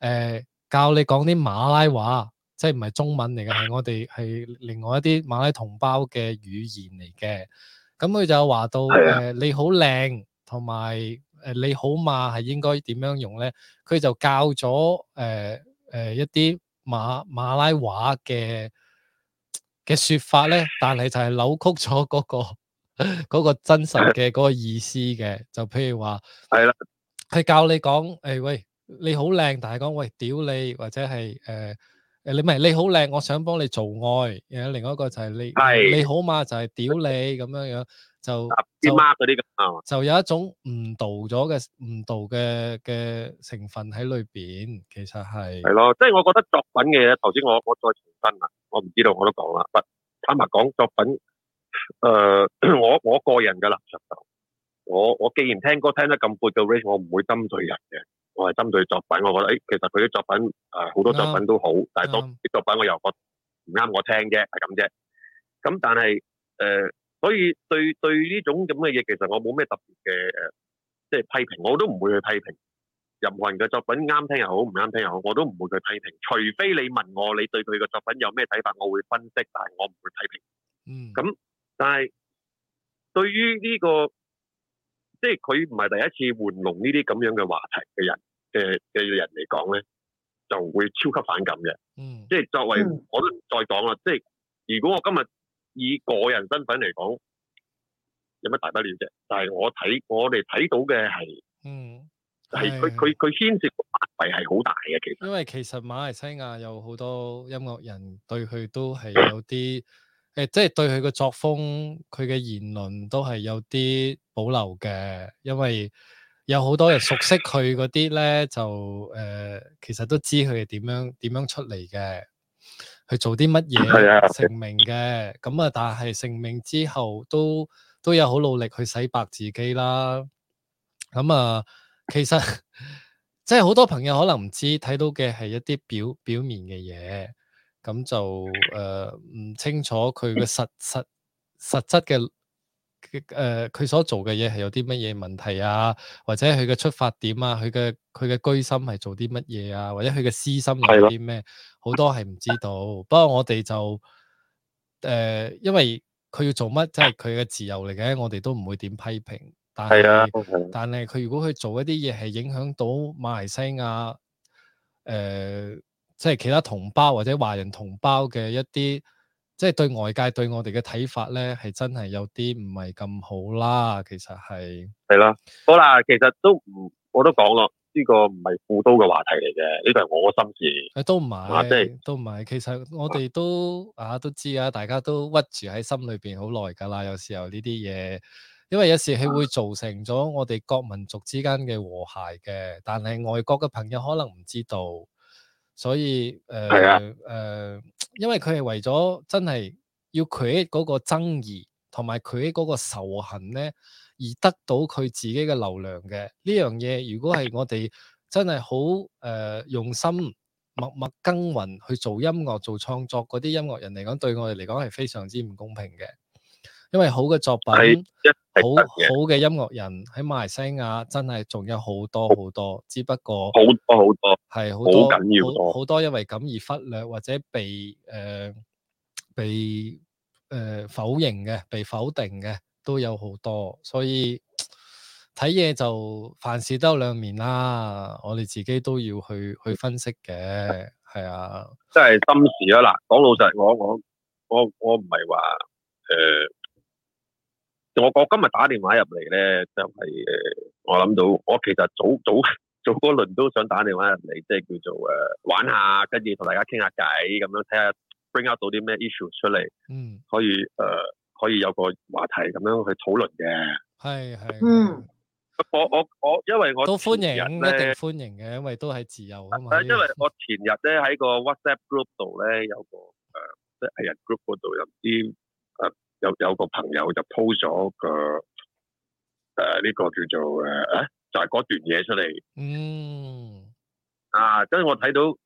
Speaker 2: 呃、教你講啲馬拉話，即係唔係中文嚟嘅，係的我哋係另外一啲馬拉同胞嘅語言嚟嘅。咁、嗯、佢就話到誒的、呃、你好靚，同埋誒你好嘛係應該點樣用咧？佢就教咗誒誒一啲馬馬拉話嘅。嘅說法咧，但係就係扭曲咗嗰，那個、 個真實嘅嗰的個意思嘅，就譬如話，係啦的，佢教你講，誒、哎、喂，你好靚，但係講喂屌你，或者係誒誒你唔係你好靚，我想幫你做愛，又另外一個就係，是、你，的你好嘛，就係，是、屌你咁樣樣。就 D.M. 嗰啲咁，就有一種誤導咗嘅誤導嘅嘅成分喺裏邊，其實係係
Speaker 5: 咯，即係我覺得作品嘅嘢，頭先我我再重申啊，我唔知道我都講啦，坦白講作品，誒，我我個人嘅立場就，我我既然聽歌聽得咁闊嘅 range，我唔會針對人嘅，我係針對作品，我覺得誒，其實佢啲作品誒好多作品都好，但係都啲作品我又覺唔啱我聽啫，係咁啫，咁但係誒。所以對對呢種咁嘅嘢，其實我冇咩特別嘅誒，即係批評，我都唔會去批評任何人嘅作品，啱聽又好，唔啱聽又好，我都唔會去批評。除非你問我你對佢嘅作品有咩睇法，我會分析，但係我唔會批評。嗯，咁但係對於呢個即係佢唔係第一次玩弄呢啲咁樣嘅話題嘅人，誒嘅人嚟講咧，就會超級反感嘅。嗯，即係作為我都唔再講啦，即係如果我今日。以個人身份嚟講，有乜大不了啫？但係我睇，我哋睇到嘅係，嗯，係佢佢佢牽涉範圍係好大嘅，其實。
Speaker 2: 因為其實馬來西亞有好多音樂人對佢都係有啲，誒、 呃，即係對佢嘅作風、佢嘅言論都係有啲保留嘅，因為有好多人熟悉佢嗰啲咧，就誒、呃，其實都知佢係點樣點樣出嚟嘅。去做啲乜嘢成名嘅，咁啊，但係成名之後都都有好努力去洗白自己啦。咁、嗯、啊，其實即係好多朋友可能唔知睇到嘅係一啲表表面嘅嘢，咁就誒唔、呃、清楚佢嘅實實實質嘅誒，佢、呃、所做嘅嘢係有啲乜嘢問題啊，或者佢嘅出發點啊，佢嘅佢嘅居心係做啲乜嘢啊，或者佢嘅私心有啲咩？好多係唔知道，不過我哋就誒、呃，因為佢要做乜，即係佢嘅自由嚟嘅，我哋都唔會點批評。係啊，okay. 但係佢如果去做一啲嘢，係影響到馬來西亞誒，即係其他同胞或者華人同胞嘅一啲，即係對外界對我哋嘅睇法咧，係真係有啲唔係咁好啦。其實係
Speaker 5: 係啦，好啦，其實都唔，我都講咯。呢個
Speaker 2: 唔係副刀嘅話題嚟嘅，呢個係我嘅心事。誒，都唔係，都唔係。其實我哋都啊都知啊，大家都屈住喺心裏邊好耐㗎啦。有時候呢啲嘢，因為有時佢會造成咗我哋各民族之間嘅和諧嘅，但係外國嘅朋友可能唔知道，所以誒誒、呃係啊呃，因為佢係為咗真係要佢嗰個爭議同埋佢嗰個仇恨咧。而得到佢自己嘅流量嘅呢樣嘢，如果係我哋真係好誒用心默默耕，耕耘去做音樂、做創作嗰啲音樂人嚟講，對我哋嚟講係非常之唔公平嘅。因為好嘅作品，好好嘅音樂人喺馬來西亞真係仲有好多好多，只不過好多
Speaker 5: 好多係好多
Speaker 2: 好多因為咁而忽略或者被誒、呃、被誒、呃、否認嘅，被否定嘅。都有好多，所以睇嘢就凡事都有兩面啦。我哋自己都要去去分析嘅，
Speaker 5: 係啊，即係心事啊。嗱，講老實，我我我我唔係話誒，我我，我，、呃、我今日打電話入嚟咧，就係誒，我諗到我其實早早早嗰輪都想打電話入嚟，即係叫做誒、呃、玩下，跟住同大家傾下偈，咁樣睇下 bring up 到啲咩 issue 出嚟，嗯，可以誒。呃可以有個話題咁樣去討論嘅，係係，嗯，我我我，因為我都歡迎，一定
Speaker 2: 歡迎嘅，因為都係自由啊嘛。因為
Speaker 5: 我前日咧喺個 WhatsApp group 度咧有個誒，即係人 group 度有啲誒，有有個朋友就 post 咗個誒呢個叫做誒啊，就係嗰段嘢出嚟。嗯，啊，跟住我睇到，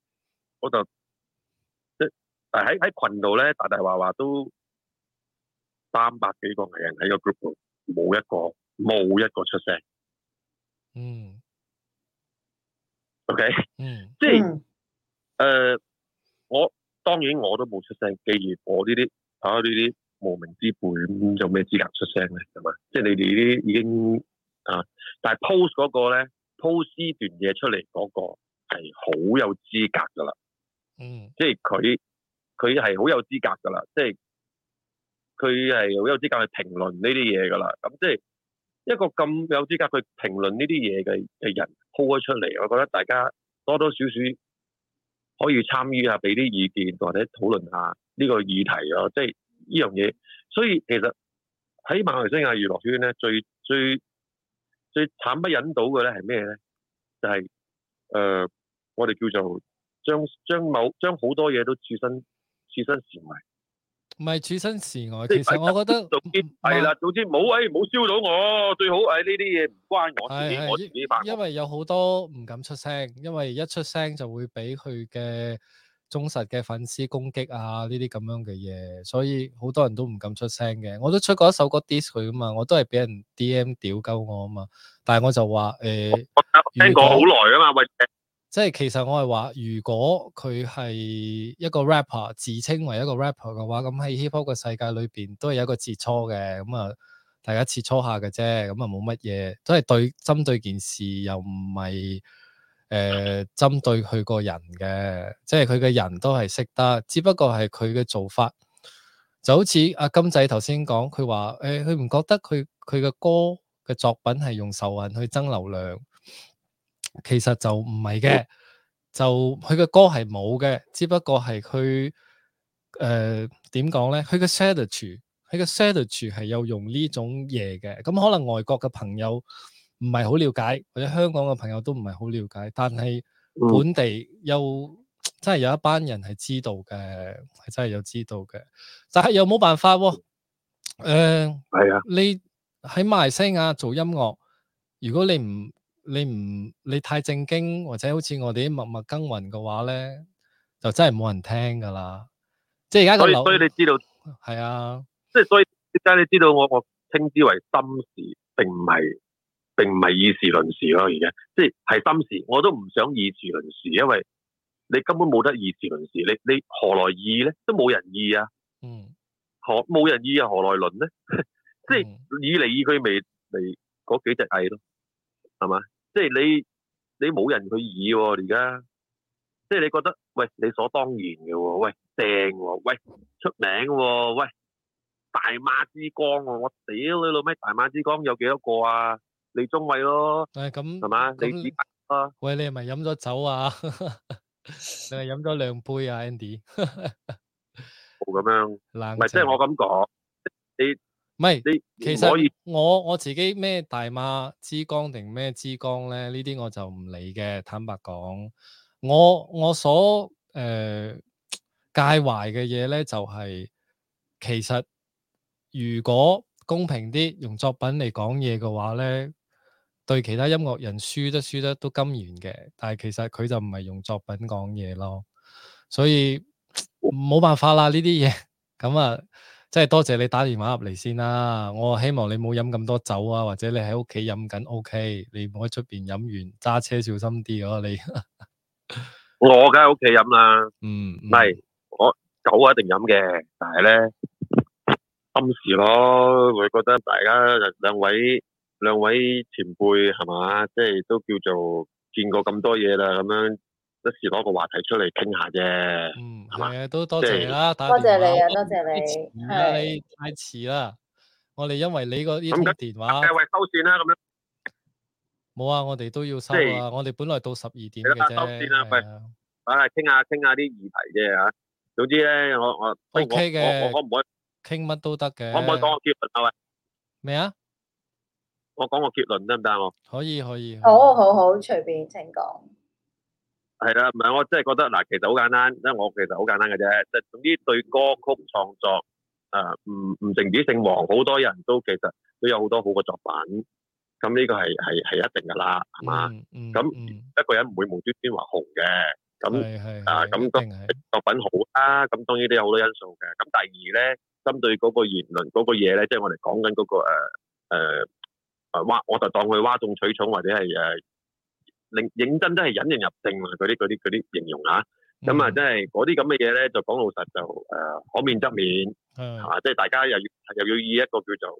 Speaker 5: 我就即係喺喺群度咧大大話話都。三百幾個藝人喺個 group 度，冇一個冇一個出聲。嗯。OK。嗯。即係誒、嗯呃，我當然我都冇出聲。既然我呢啲啊呢啲無名之輩，咁有咩資格出聲咧？咁啊，即係你哋呢啲已經啊，但係 post 嗰個咧，post 段嘢出嚟嗰個係好有資格噶啦。嗯。即係佢佢係好有資格噶啦。即係。佢係好有資格去評論呢啲嘢噶啦，咁即係一個咁有資格去評論呢啲嘢嘅嘅人拋咗出嚟，我覺得大家多多少少可以參與下，俾啲意見或者討論下呢個議題咯。即係呢樣嘢，所以其實喺馬來西亞娛樂圈咧，最最最慘不忍睹嘅咧係咩咧？就係、是、誒、呃，我哋叫做將將某將好多嘢都置身置身事外。
Speaker 2: 唔係處身事外，其實我覺得
Speaker 5: 係啦，總之唔好，誒、哎，唔好燒到我最好，誒，呢啲嘢唔關我事，的。係，
Speaker 2: 因為有好多唔敢出聲，因為一出聲就會俾佢嘅忠實嘅粉絲攻擊啊，呢啲咁樣嘅嘢，所以好多人都唔敢出聲嘅。我都出過一首歌 dis 佢噶嘛，我都係俾人 DM 屌鳩我啊嘛，但係我就話，誒、欸，
Speaker 5: 聽過好耐啊嘛，
Speaker 2: 即係其實我係話，如果佢係一個 rapper，自稱為一個 rapper 嘅話，咁喺 hiphop 嘅世界裏邊都係有一個切磋嘅，咁、嗯、啊大家切磋下嘅啫，咁啊冇乜嘢，都係對針對件事，又唔係誒針對佢個人嘅，即係佢嘅人都係識得，只不過係佢嘅做法就好似阿金仔頭先講，佢話誒，佢、哎、唔覺得佢佢嘅歌嘅作品係用仇恨去爭流量。其實就唔係嘅，就佢嘅歌係冇嘅，只不過係佢誒點講咧？佢嘅 setage，佢嘅 setage 係有用呢種嘢嘅。咁、嗯嗯、可能外國嘅朋友唔係好了解，或者香港嘅朋友都唔係好了解，但係本地又真係有一班人係知道嘅，係真係有知道嘅。但係又冇辦法喎。誒、呃，係啊的，你喺馬來西亞做音樂，如果你唔，你唔，你太正經，或者好似我哋啲默默耕耘嘅話咧，就真係冇人聽噶啦。
Speaker 5: 即係而家，所以你知道係啊，即係所以點解你知道我我稱之為心事，並唔係，並唔係以事論事咯。而家即係係心事，我都唔想以事論事，因為你根本冇得以事論事。你你何來意咧？都冇人意啊。嗯，何冇人意啊？何來論咧？ 即係以嚟以佢、未、未嗰幾隻蟻咯。係嘛？即係你你冇人去議，而家，即係你覺得喂理所當然嘅喎，喂正喎，喂出名喎，喂大馬之光喎，我屌你老咩！大馬之光有幾多個啊？李宗偉咯，係咁係嘛？你喂你
Speaker 2: 係咪飲咗酒啊？你係飲咗兩杯啊，Andy
Speaker 5: 咁樣，唔係即係我咁講，即係你。唔係，其實
Speaker 2: 我我自己咩大馬之光定咩之光咧，呢啲我就唔理嘅。坦白講，我我所誒介、呃、懷嘅嘢咧，就係、是、其實如果公平啲用作品嚟講嘢嘅話咧，對其他音樂人輸都輸得都甘願嘅。但係其實佢就唔係用作品講嘢咯，所以冇辦法啦。呢啲嘢咁啊～即係多謝你打電話入嚟先啦，啊，我希望你冇飲咁多酒啊，或者你喺屋企飲緊 OK，你唔好喺出邊飲完揸車小心啲咯，啊。你
Speaker 5: 呵呵，我梗係屋企飲啦，唔係，嗯嗯、我酒一定飲嘅，但係咧今時咯，會覺得大家兩位兩位前輩係嘛，即係都叫做見過咁多嘢啦，咁樣。一時攞個話題出嚟傾下啫，係啊，都多謝啦，多謝你啊，多謝你。你
Speaker 2: 太遲啦，我哋因為你個呢通電話，喂，
Speaker 5: 收線啦，咁樣。
Speaker 2: 冇啊，我哋都要收啊。我哋本來到十二點嘅啫。收線
Speaker 5: 啦，係。唉，傾下傾下啲議題啫吓。總之咧，我我 OK 嘅。我可唔可
Speaker 2: 以傾乜都得嘅？可唔可以講
Speaker 5: 個結論啊？喂，咩啊？我講個結論得唔得？我
Speaker 2: 可以可以。好
Speaker 3: 好好，隨便請講。
Speaker 5: 係啦，唔係我真係覺得嗱，其實好簡單，因為我其實好簡單嘅啫。即係總之對歌曲創作，誒唔唔淨止姓黃，好多人都其實都有好多好嘅作品。咁呢個係係係一定嘅啦，係嘛？咁一個人唔會無端端話紅嘅。咁啊咁個作品好啦，咁當然都有好多因素嘅。咁第二咧，針對嗰個言論嗰個嘢咧，即係我哋講緊嗰個誒誒誒，我我就當佢嘩眾取寵或者係誒。另認真真係引人入勝啊！嗰啲嗰啲啲形容嚇、啊，咁啊真係嗰啲咁嘅嘢咧，就講老實就誒可免則免，係、嗯、即係大家又要又要以一個叫做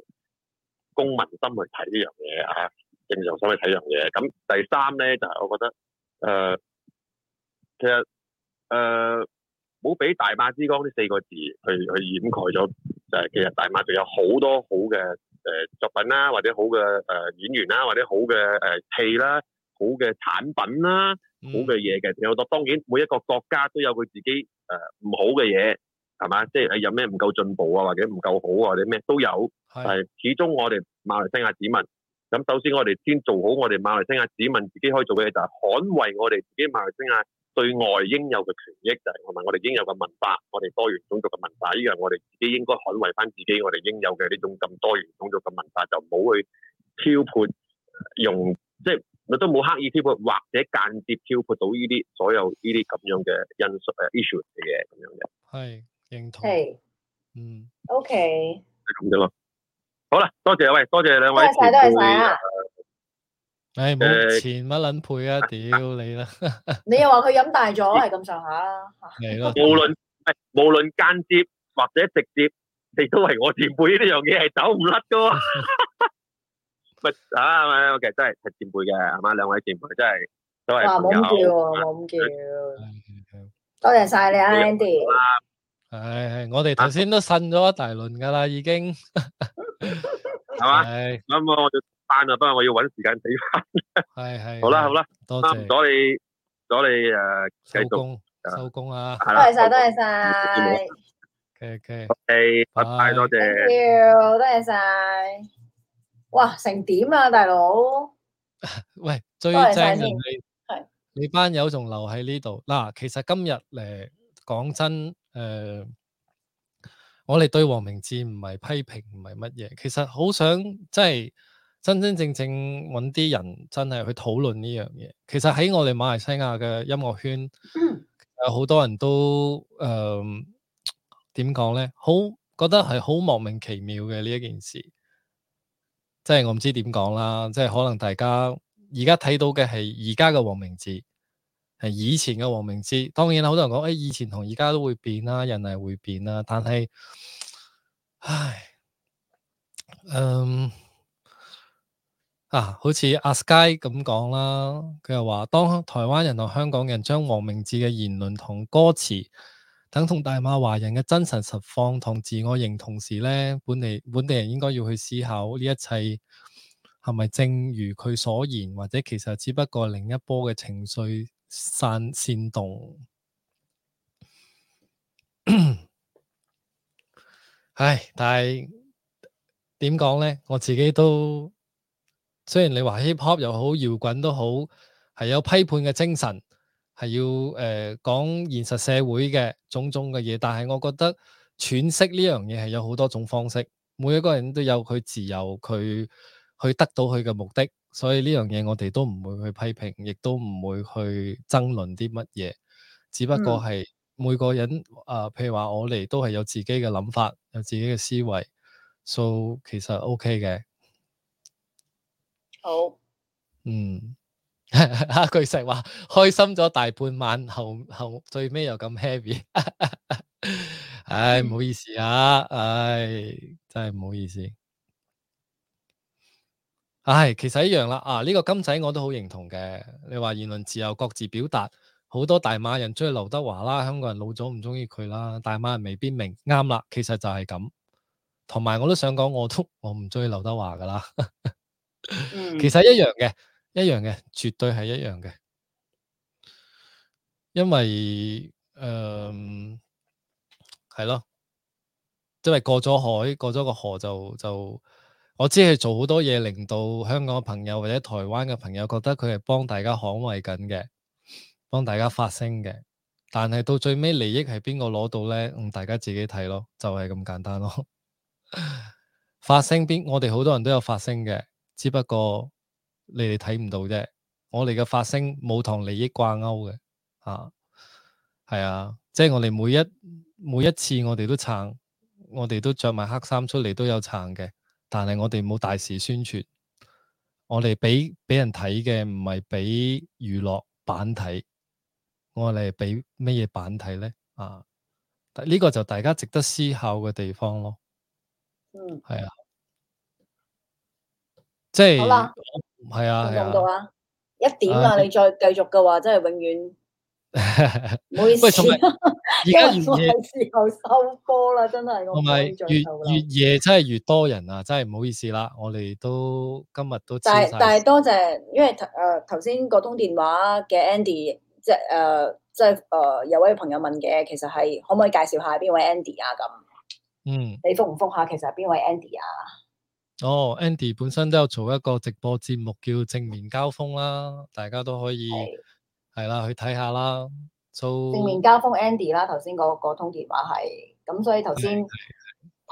Speaker 5: 公民心去睇呢樣嘢啊，正常心去睇樣嘢。咁第三咧就是、我覺得誒、呃，其實誒冇俾大馬之光呢四個字去去掩蓋咗，就係、是、其實大馬仲有好多好嘅誒、呃、作品啦、啊，或者好嘅誒、呃、演員啦、啊，或者好嘅誒、呃、戲啦、啊。好嘅產品啦，好嘅嘢嘅有好多。當然每一個國家都有佢自己誒唔好嘅嘢，係嘛？即係有咩唔夠進步啊，或者唔夠好啊，或者咩都有。係始終我哋馬來西亞市民。咁首先我哋先做好我哋馬來西亞市民自己可以做嘅嘢，就係捍衛我哋自己馬來西亞對外應有嘅權益，就係同埋我哋應有嘅文化，我哋多元種族嘅文化，呢樣我哋自己應該捍衛翻自己我哋應有嘅呢種咁多元種族嘅文化，就唔好去挑撥用即係。我都冇刻意挑撥，或者間接挑撥到呢啲所有呢啲咁樣嘅因素誒 issue 嘅嘢咁樣嘅。係
Speaker 2: 認同。
Speaker 3: 係。嗯。OK。
Speaker 5: 係咁嘅咯。好啦，多謝喂，多謝兩位。多謝多謝晒
Speaker 2: 啊。唉冇錢
Speaker 5: 乜撚配啊！屌你啦！你又話佢飲大
Speaker 1: 咗，係咁上下
Speaker 5: 啦。你咯。無論無論間接或者直接，你都係我前輩，呢樣嘢係走唔甩噶喎。咪啊，係咪？OK，真係係前輩嘅，係嘛？兩位前輩真係都係。哇，冇咁叫喎，冇咁叫。
Speaker 1: 多謝晒你啊
Speaker 5: ，Andy。
Speaker 2: 係，我哋頭先都呻咗一大輪噶啦，已經
Speaker 5: 係嘛？咁我我再翻，啊，不過我要揾時間俾翻。係係。好啦好啦，多謝唔該你，唔該你誒，收工收工啊！多謝晒，多謝晒。OK OK OK，拜拜，多謝。Thank you，
Speaker 3: 多謝
Speaker 1: 晒。哇，成點啊，大
Speaker 2: 佬！喂，最正係你，你，你班友仲留喺呢度嗱。其實今日誒，講、呃、真誒、呃，我哋對黃明志唔係批評，唔係乜嘢。其實好想即係真真正正揾啲人真係去討論呢樣嘢。其實喺我哋馬來西亞嘅音樂圈，有好、嗯呃、多人都誒點講咧，好覺得係好莫名其妙嘅呢一件事。即係我唔知點講啦，即係可能大家而家睇到嘅係而家嘅黃明志，係以前嘅黃明志。當然啦，好多人講誒、哎，以前同而家都會變啦，人係會變啦。但係，唉，嗯，啊，好似阿 Sky 咁講啦，佢又話當台灣人同香港人將黃明志嘅言論同歌詞。等同大馬華人嘅真實實況同自我認同時咧，本地本地人應該要去思考呢一切係咪正如佢所言，或者其實只不過另一波嘅情緒散煽動。 唉，但係點講咧？我自己都雖然你話 hip hop 又好，搖滾都好，係有批判嘅精神。係要誒講、呃、現實社會嘅種種嘅嘢，但係我覺得詮釋呢樣嘢係有好多種方式，每一個人都有佢自由，佢去得到佢嘅目的，所以呢樣嘢我哋都唔會去批評，亦都唔會去爭論啲乜嘢，只不過係每個人啊、嗯呃，譬如話我哋都係有自己嘅諗法，有自己嘅思維，所以，so，其實 OK 嘅。好。嗯。啊！ 句實話，開心咗大半晚，後後最尾又咁 heavy。唉、 哎，唔好意思啊，唉、哎，真係唔好意思。唉、哎，其實一樣啦。啊，呢、這個金仔我都好認同嘅。你話言論自由，各自表達。好多大馬人中意劉德華啦，香港人老咗唔中意佢啦。大馬人未必明。啱啦，其實就係咁。同埋我，我都想講，我都我唔中意劉德華噶啦。嗯， 其實一樣嘅。一樣嘅，絕對係一樣嘅，因為誒係咯，因為過咗海，過咗個河就就，我知係做好多嘢，令到香港嘅朋友或者台灣嘅朋友覺得佢係幫大家捍衛緊嘅，幫大家發聲嘅。但係到最尾利益係邊個攞到咧？大家自己睇咯，就係咁簡單咯。發聲邊？我哋好多人都有發聲嘅，只不過。你哋睇唔到啫，我哋嘅發聲冇同利益掛鈎嘅，啊，係啊，即係我哋每一每一次我哋都撐，我哋都着埋黑衫出嚟都有撐嘅，但係我哋冇大肆宣傳，我哋俾俾人睇嘅唔係俾娛樂版睇，我哋係俾咩嘢版睇咧？啊，呢個就大家值得思考嘅地方咯。嗯，係啊，即係。唔係啊，
Speaker 3: 咁
Speaker 1: 多啊，一點啊，你再繼續嘅話，真係永遠
Speaker 2: 唔好意思。而家係
Speaker 1: 時候收波啦，真係。同埋越越
Speaker 2: 夜真係越多人啊，真係唔好意思啦，我哋都今日都但係但係
Speaker 1: 多謝，因為誒頭先個通電話嘅 Andy 即係誒即係誒有位朋友問嘅，其實係可唔可以介紹下邊位 Andy 啊？咁嗯，你覆唔覆下？其實係邊位 Andy 啊？
Speaker 2: 哦、oh，Andy 本身都有做一個直播節目叫《正面交鋒》啦，大家都可以係啦是去睇下啦。做、so, 正面
Speaker 1: 交鋒 Andy 啦，頭先嗰個通電話係咁，所以頭先。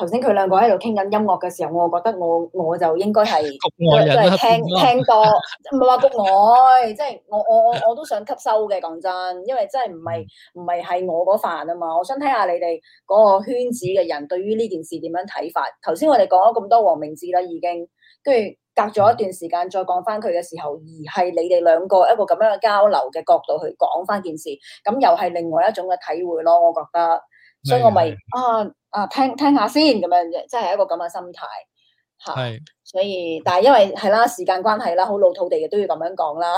Speaker 1: 頭先佢兩個喺度傾緊音樂嘅時候，我覺得我我就應該係即係聽聽多，唔係話國外，即係 我、即係、我我我都想吸收嘅。講真，因為真係唔係唔係係我嗰範啊嘛，我想睇下你哋嗰個圈子嘅人對於呢件事點樣睇法。頭先我哋講咗咁多黃明志啦，已經跟住隔咗一段時間再講返佢嘅時候，而係你哋兩個一個咁樣嘅交流嘅角度去講返件事，咁又係另外一種嘅體會咯，我覺得。所以我咪的啊啊聽聽下先咁樣嘅，即係一個咁嘅心態
Speaker 3: 吓。係，的
Speaker 1: 所以但係因為係啦，時間關係啦，好老土地嘅都要咁樣講啦。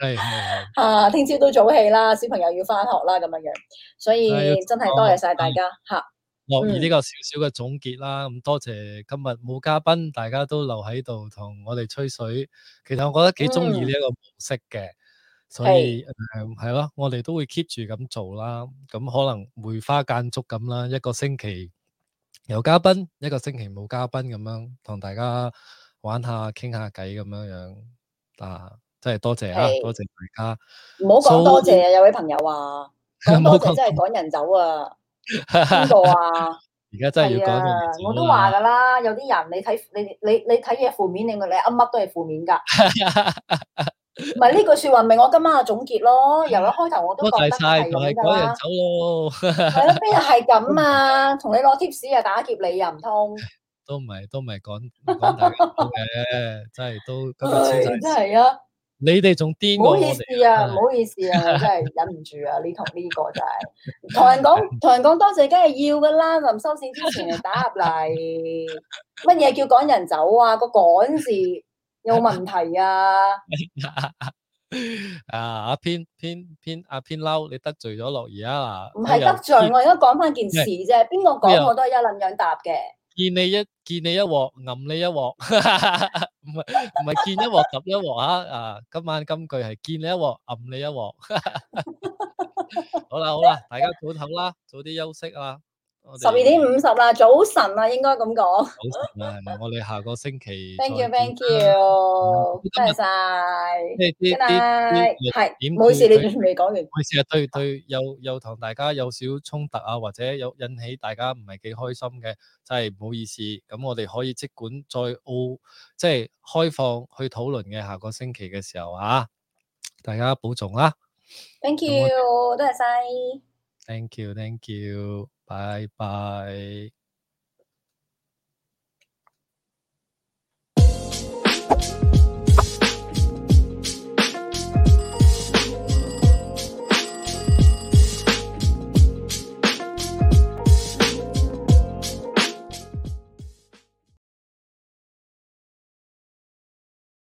Speaker 1: 係係吓，聽朝都早起啦，小朋友要返學啦咁樣樣。所以的真係多謝晒大家吓。
Speaker 2: 樂意呢個少少嘅總結啦，咁多謝今日冇嘉賓，大家都留喺度同我哋吹水。其實我覺得幾鍾意呢一個模式嘅。嗯所以係咯 Hey.、嗯，我哋都會 keep 住咁做啦。咁、嗯、可能梅花間竹咁啦，一個星期有嘉賓，一個星期冇嘉賓咁樣，同大家玩下、傾下偈咁樣樣。啊，真係多謝，謝啊，Hey. 多謝大家。唔好講多謝，so，有位朋友啊，咁 多謝真係
Speaker 1: 趕人走啊。
Speaker 3: 邊個 啊？而家真係要趕人走，啊。我都話噶啦，
Speaker 1: 有啲人你睇你你你睇嘢負面，你我你噏乜都係負面噶。唔係呢句說話，咪我今晚嘅總結咯。由一開頭我都覺得係咁噶啦，趕人走
Speaker 2: 咯，係咯
Speaker 1: 邊日係咁啊？同你攞 tips 又打劫你又唔通？
Speaker 2: 都唔係都唔係趕趕人走嘅，真係都咁嘅潛質。係啊，你哋仲癲？唔好意思啊，唔好意思啊，我真係
Speaker 1: 忍唔住啊。你同呢個就係同人講，同人講多謝，梗係要噶啦。臨收線之前就打入嚟，乜嘢叫趕人走啊？個趕字。有
Speaker 2: 問題啊！ 啊，阿偏偏偏，阿偏嬲，你得罪咗樂兒啊？唔係得罪偏我，而家講
Speaker 1: 翻件事啫。邊個講我都係一粒樣
Speaker 2: 答嘅。見你一見你一鑊，揞你一鑊，唔係唔係見一鑊揞一鑊啊！ 啊，今晚金句係見你一鑊暗你一鑊。 好啦好啦，大家早唞啦，早啲休息啊！十二點五
Speaker 1: 十啦，50, 早晨
Speaker 2: 啊，應該咁講。 早晨啊，我哋下個星期。
Speaker 1: Thank you, thank you，多謝晒，再見。係，冇 事楽，你未講完。冇事
Speaker 2: 啊，對對，對對對又有同大家有少衝突啊，或者有引起大家唔係幾開心嘅，真係唔好意思。咁我哋可以即管再澳，即、就、係、是、開放去討論嘅。下個星期嘅時候啊，大家保重啦、啊。Thank you， 多
Speaker 3: 謝晒。
Speaker 2: Thank you, thank you。 拜拜。